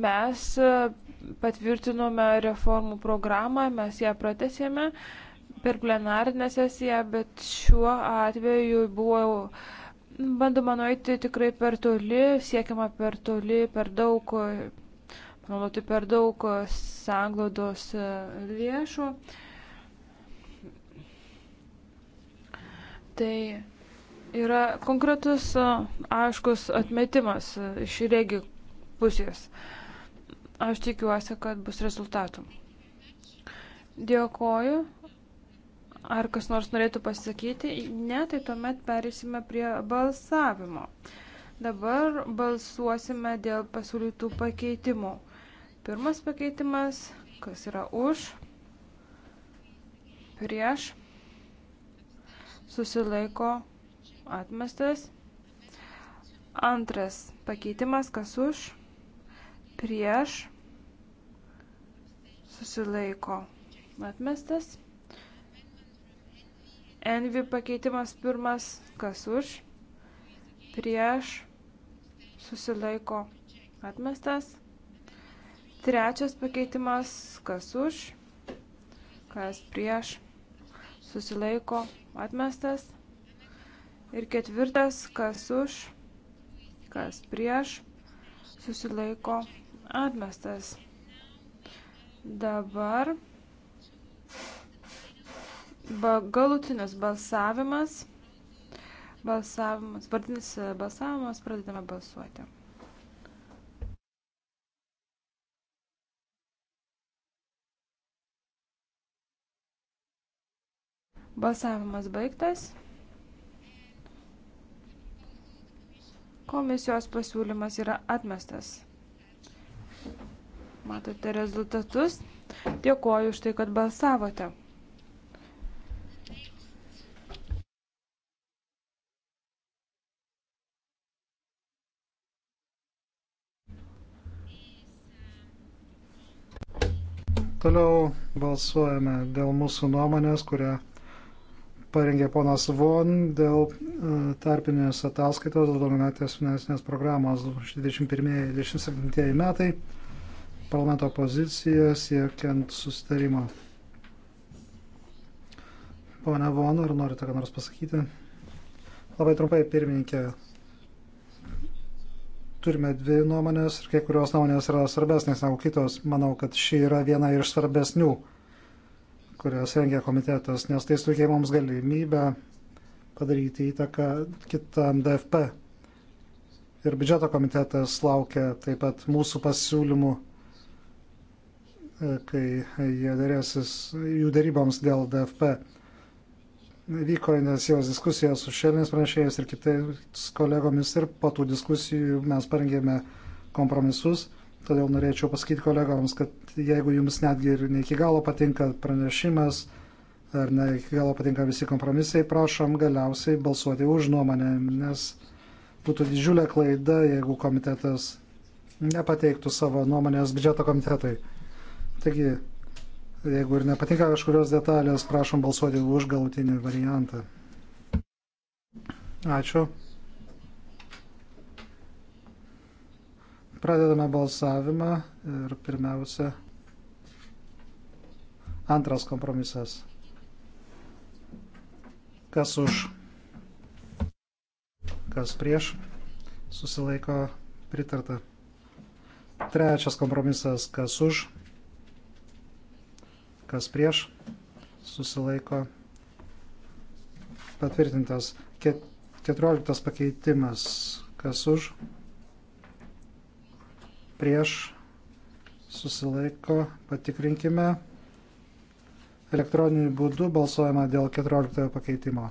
Mes patvirtinome reformų programą, mes ją pratesėme per plenarinę sesiją, bet šiuo atveju buvo Bandoma nueiti tikrai per toli, siekiama per toli, per daug, panaudoti per daug sanglaudos e, lėšų. Tai yra konkretus, e, aiškus atmetimas e, iš regi pusės. Aš tikiuosi, kad bus rezultatų. Dėkoju. Ar kas nors norėtų pasakyti? Ne, tai tuomet perėsime prie balsavimo. Dabar balsuosime dėl pasiūlytų pakeitimų. Pirmas pakeitimas, kas yra už, prieš, susilaiko, atmestas. Antras pakeitimas, kas už, prieš, susilaiko, atmestas. Envi pakeitimas pirmas, kas už, prieš, susilaiko atmestas. Trečias pakeitimas, kas už, kas prieš, susilaiko atmestas. Ir ketvirtas, kas už, kas prieš, susilaiko atmestas. Dabar ba, galutinis balsavimas. Balsavimas, vardinis e, balsavimas, pradedame balsuoti. Balsavimas baigtas. Komisijos pasiūlymas yra atmestas. Matote rezultatus. Dėkuoju už tai, kad balsavote. Toliau balsuojame dėl mūsų nuomonės, kurią parengė ponas Von dėl e, tarpinės ataskaitos dėl dominatės finansinės programos 21-27 metai parlamento poziciją siekiant susitarimo. Pone Von, ar norite ką nors pasakyti? Labai trumpai, pirmininkė, turime dvi nuomonės ir kai kurios nuomonės yra svarbesnės negu kitos. Manau, kad ši yra viena iš svarbesnių, kurias rengia komitetas, nes tai suteikia mums galimybę padaryti įtaką kitam DFP. Ir biudžeto komitetas laukia taip pat mūsų pasiūlymų, e, kai jie dėrėsis jų daryboms dėl DFP vyko intensyvios diskusijos su šelniais pranešėjais ir kitais kolegomis ir po tų diskusijų mes parengėme kompromisus. Todėl norėčiau pasakyti kolegoms, kad jeigu jums netgi ir ne iki galo patinka pranešimas ar ne iki galo patinka visi kompromisai, prašom galiausiai balsuoti už nuomonę, nes būtų didžiulė klaida, jeigu komitetas nepateiktų savo nuomonės biudžeto komitetui. Taigi Jeigu ir nepatinka kažkurios detalės, prašom balsuoti už galutinį variantą. Ačiū. Pradedame balsavimą ir pirmiausia antras kompromisas. Kas už, kas prieš, susilaiko pritarta. Trečias kompromisas, kas už, kas prieš, susilaiko patvirtintas. 14 pakeitimas, kas už, prieš, susilaiko, patikrinkime. Elektroniniu būdu balsuojama dėl 14 pakeitimo.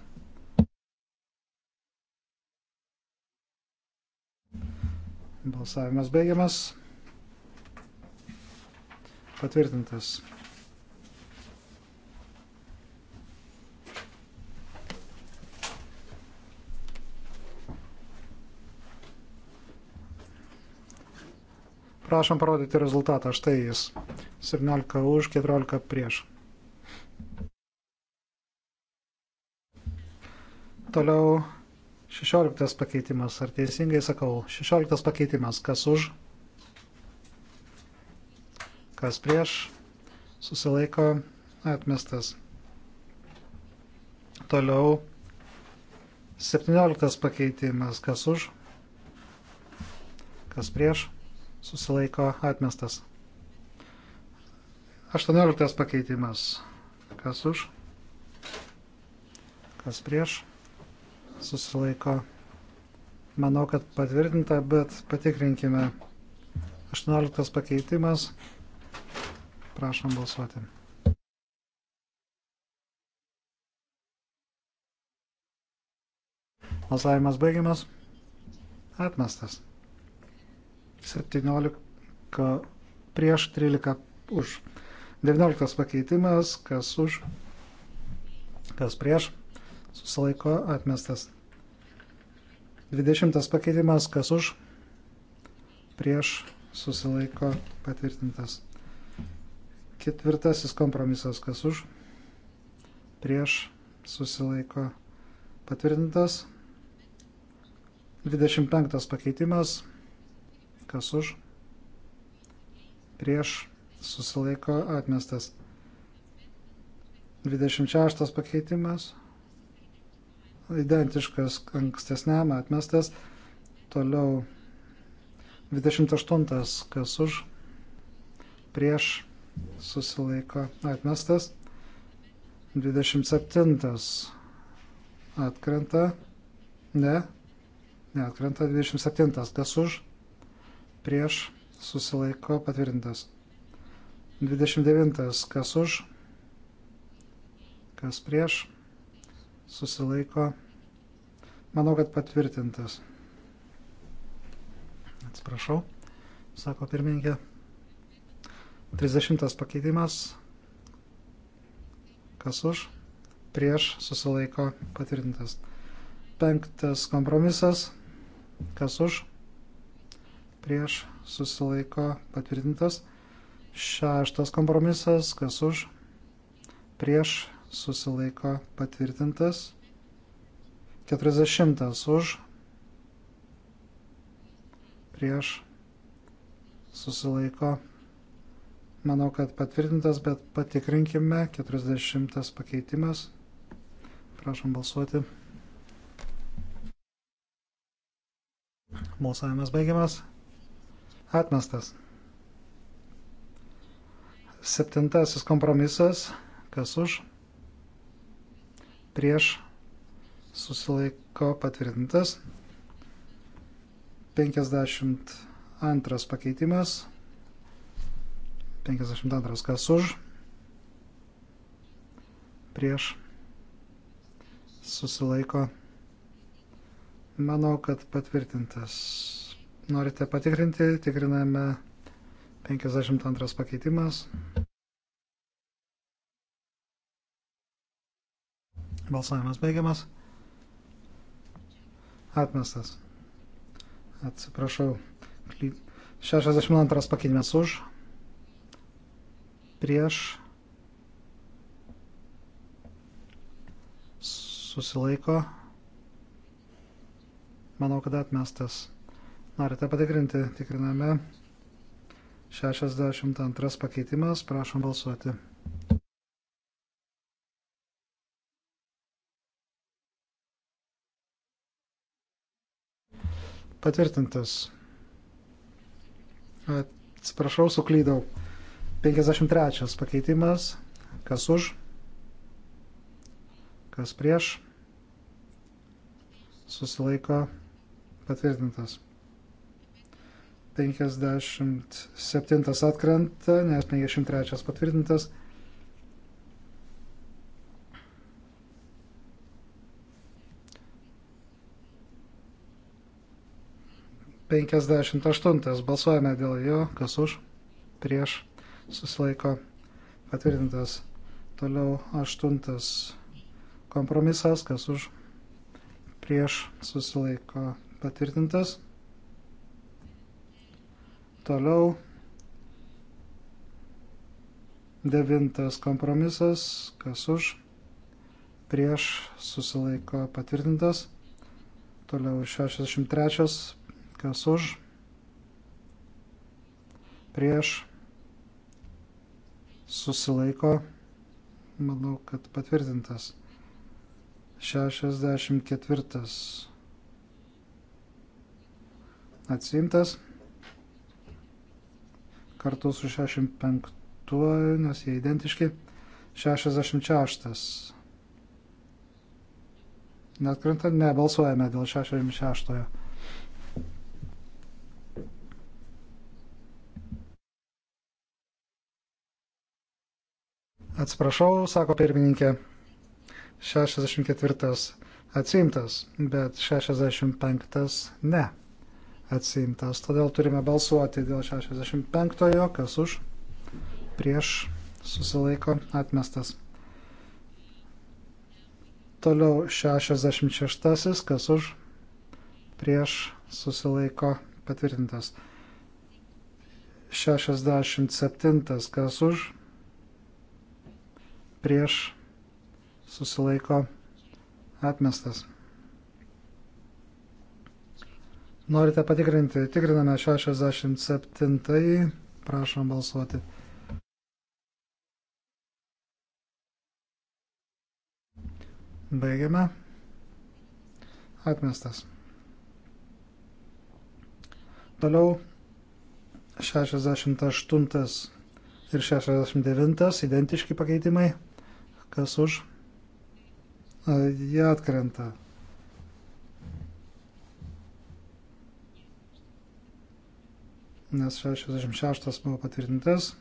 Balsavimas baigiamas. Patvirtintas. Prašom parodyti rezultatą. Štai jis. 17 už, 14 prieš. Toliau 16 pakeitimas. Ar teisingai sakau? 16 pakeitimas. Kas už? Kas prieš? Susilaiko atmestas. Toliau 17 pakeitimas. Kas už? Kas prieš? susilaiko atmestas. 18 pakeitimas. Kas už? Kas prieš? Susilaiko. Manau, kad patvirtinta, bet patikrinkime. 18 pakeitimas. Prašom balsuoti. Balsavimas baigiamas. Atmestas. 17 prieš 13 už. 19 pakeitimas, kas už, kas prieš, susilaiko atmestas. 20 pakeitimas, kas už, prieš, susilaiko patvirtintas. Ketvirtasis kompromisas, kas už, prieš, susilaiko patvirtintas. 25 pakeitimas, kas už, prieš susilaiko atmestas. 26 pakeitimas, identiškas ankstesniam atmestas, toliau 28 kas už, prieš susilaiko atmestas, 27 atkrenta, ne, neatkrenta 27 kas už, prieš susilaiko patvirtintas. 29. Kas už, kas prieš susilaiko. Manau, kad patvirtintas. Atsiprašau, sako pirmininkė. 30 pakeitimas. Kas už? Prieš susilaiko patvirtintas. Penktas kompromisas. Kas už? prieš susilaiko patvirtintas. Šeštas kompromisas, kas už, prieš susilaiko patvirtintas. Keturiasdešimtas už, prieš susilaiko. Manau, kad patvirtintas, bet patikrinkime. 40 pakeitimas. Prašom balsuoti. Balsavimas baigiamas. Atmestas. Septintasis kompromisas. Kas už? Prieš susilaiko patvirtintas. 52 pakeitimas. 52 kas už. Prieš susilaiko. Manau, kad patvirtintas norite patikrinti, tikriname 52 pakeitimas. Balsavimas baigiamas. Atmestas. Atsiprašau. 62 pakeitimas už. Prieš. Susilaiko. Manau, kad atmestas. Norite patikrinti? Tikriname. 62 pakeitimas. Prašom balsuoti. Patvirtintas. Atsiprašau, suklydau. 53 pakeitimas. Kas už? Kas prieš? Susilaiko. Patvirtintas. 57 atkrenta, nes 53 patvirtintas. Penkiasdešimt aštuntas. Balsuojame dėl jo, kas už, prieš, susilaiko, patvirtintas. Toliau aštuntas kompromisas, kas už, prieš, susilaiko, patvirtintas. Toliau devintas kompromisas, kas už, prieš susilaiko patvirtintas. Toliau 63, kas už, prieš susilaiko, manau, kad patvirtintas. 64 atsimtas kartu su 65, nes jie identiški. 66. Net krenta, ne, balsuojame dėl 66. Atsiprašau, sako pirmininkė. 64 atsiimtas, bet 65 ne atsimtas. Todėl turime balsuoti dėl 65-ojo, kas už, prieš, susilaiko, atmestas. Toliau 66-asis, kas už, prieš, susilaiko, patvirtintas. 67-as, kas už, prieš, susilaiko, atmestas. Norite patikrinti? Tikriname 67. Prašom balsuoti. Baigiame. Atmestas. Toliau 68 ir 69 identiški pakeitimai. Kas už? Jie atkrenta. nes 66 buvo patvirtintas,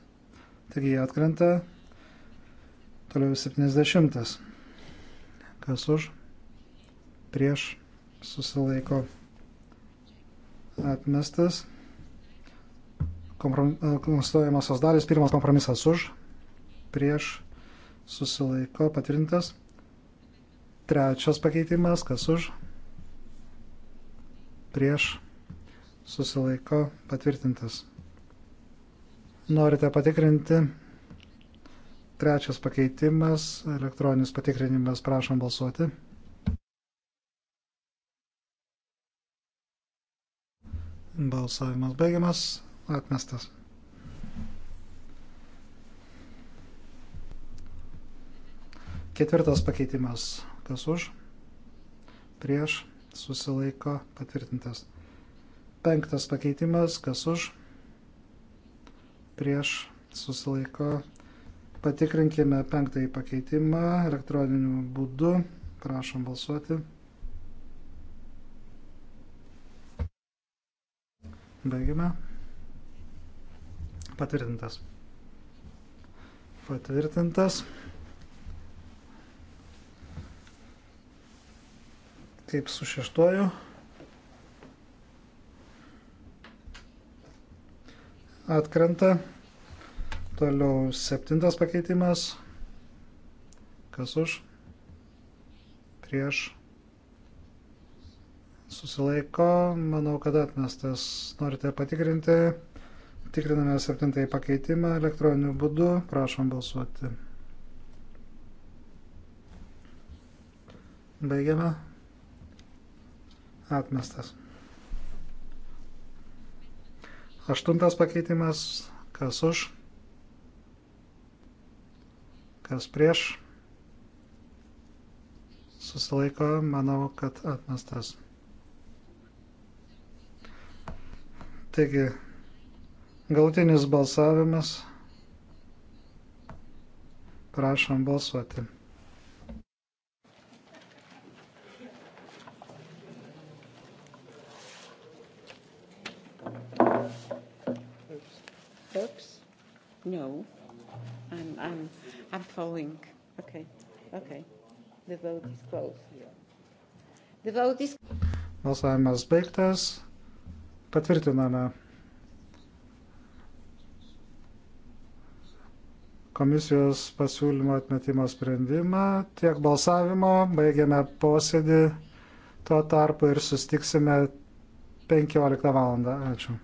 taigi jie atkrenta. Toliau 70. Kas už? Prieš susilaiko atmestas. E, konstruojamosios dalis, pirmas kompromisas už, prieš susilaiko patvirtintas. Trečias pakeitimas, kas už, prieš susilaiko patvirtintas. Norite patikrinti? Trečias pakeitimas, elektroninis patikrinimas, prašom balsuoti. Balsavimas baigiamas, atmestas. Ketvirtas pakeitimas, kas už, prieš, susilaiko, patvirtintas. Penktas pakeitimas, kas už, prieš susilaiko. Patikrinkime penktąjį pakeitimą elektroniniu būdu. Prašom balsuoti. Baigime. Patvirtintas. Patvirtintas. Kaip su šeštuoju. atkrenta. Toliau septintas pakeitimas. Kas už? Prieš. Susilaiko. Manau, kad atmestas. Norite patikrinti. Tikriname septintąjį pakeitimą elektroniniu būdu. Prašom balsuoti. Baigiame. Atmestas. Aštuntas pakeitimas, kas už, kas prieš, susilaiko, manau, kad atmestas. Taigi, galutinis balsavimas. Prašom balsuoti. Cox? No. I'm, I'm, I'm following. Okay. Okay. The vote is closed. The vote is... Balsavimas baigtas. Patvirtiname. Komisijos pasiūlymo atmetimo sprendimą. Tiek balsavimo. Baigiame posėdį. Tuo tarpu ir sustiksime 15 val. Ačiū.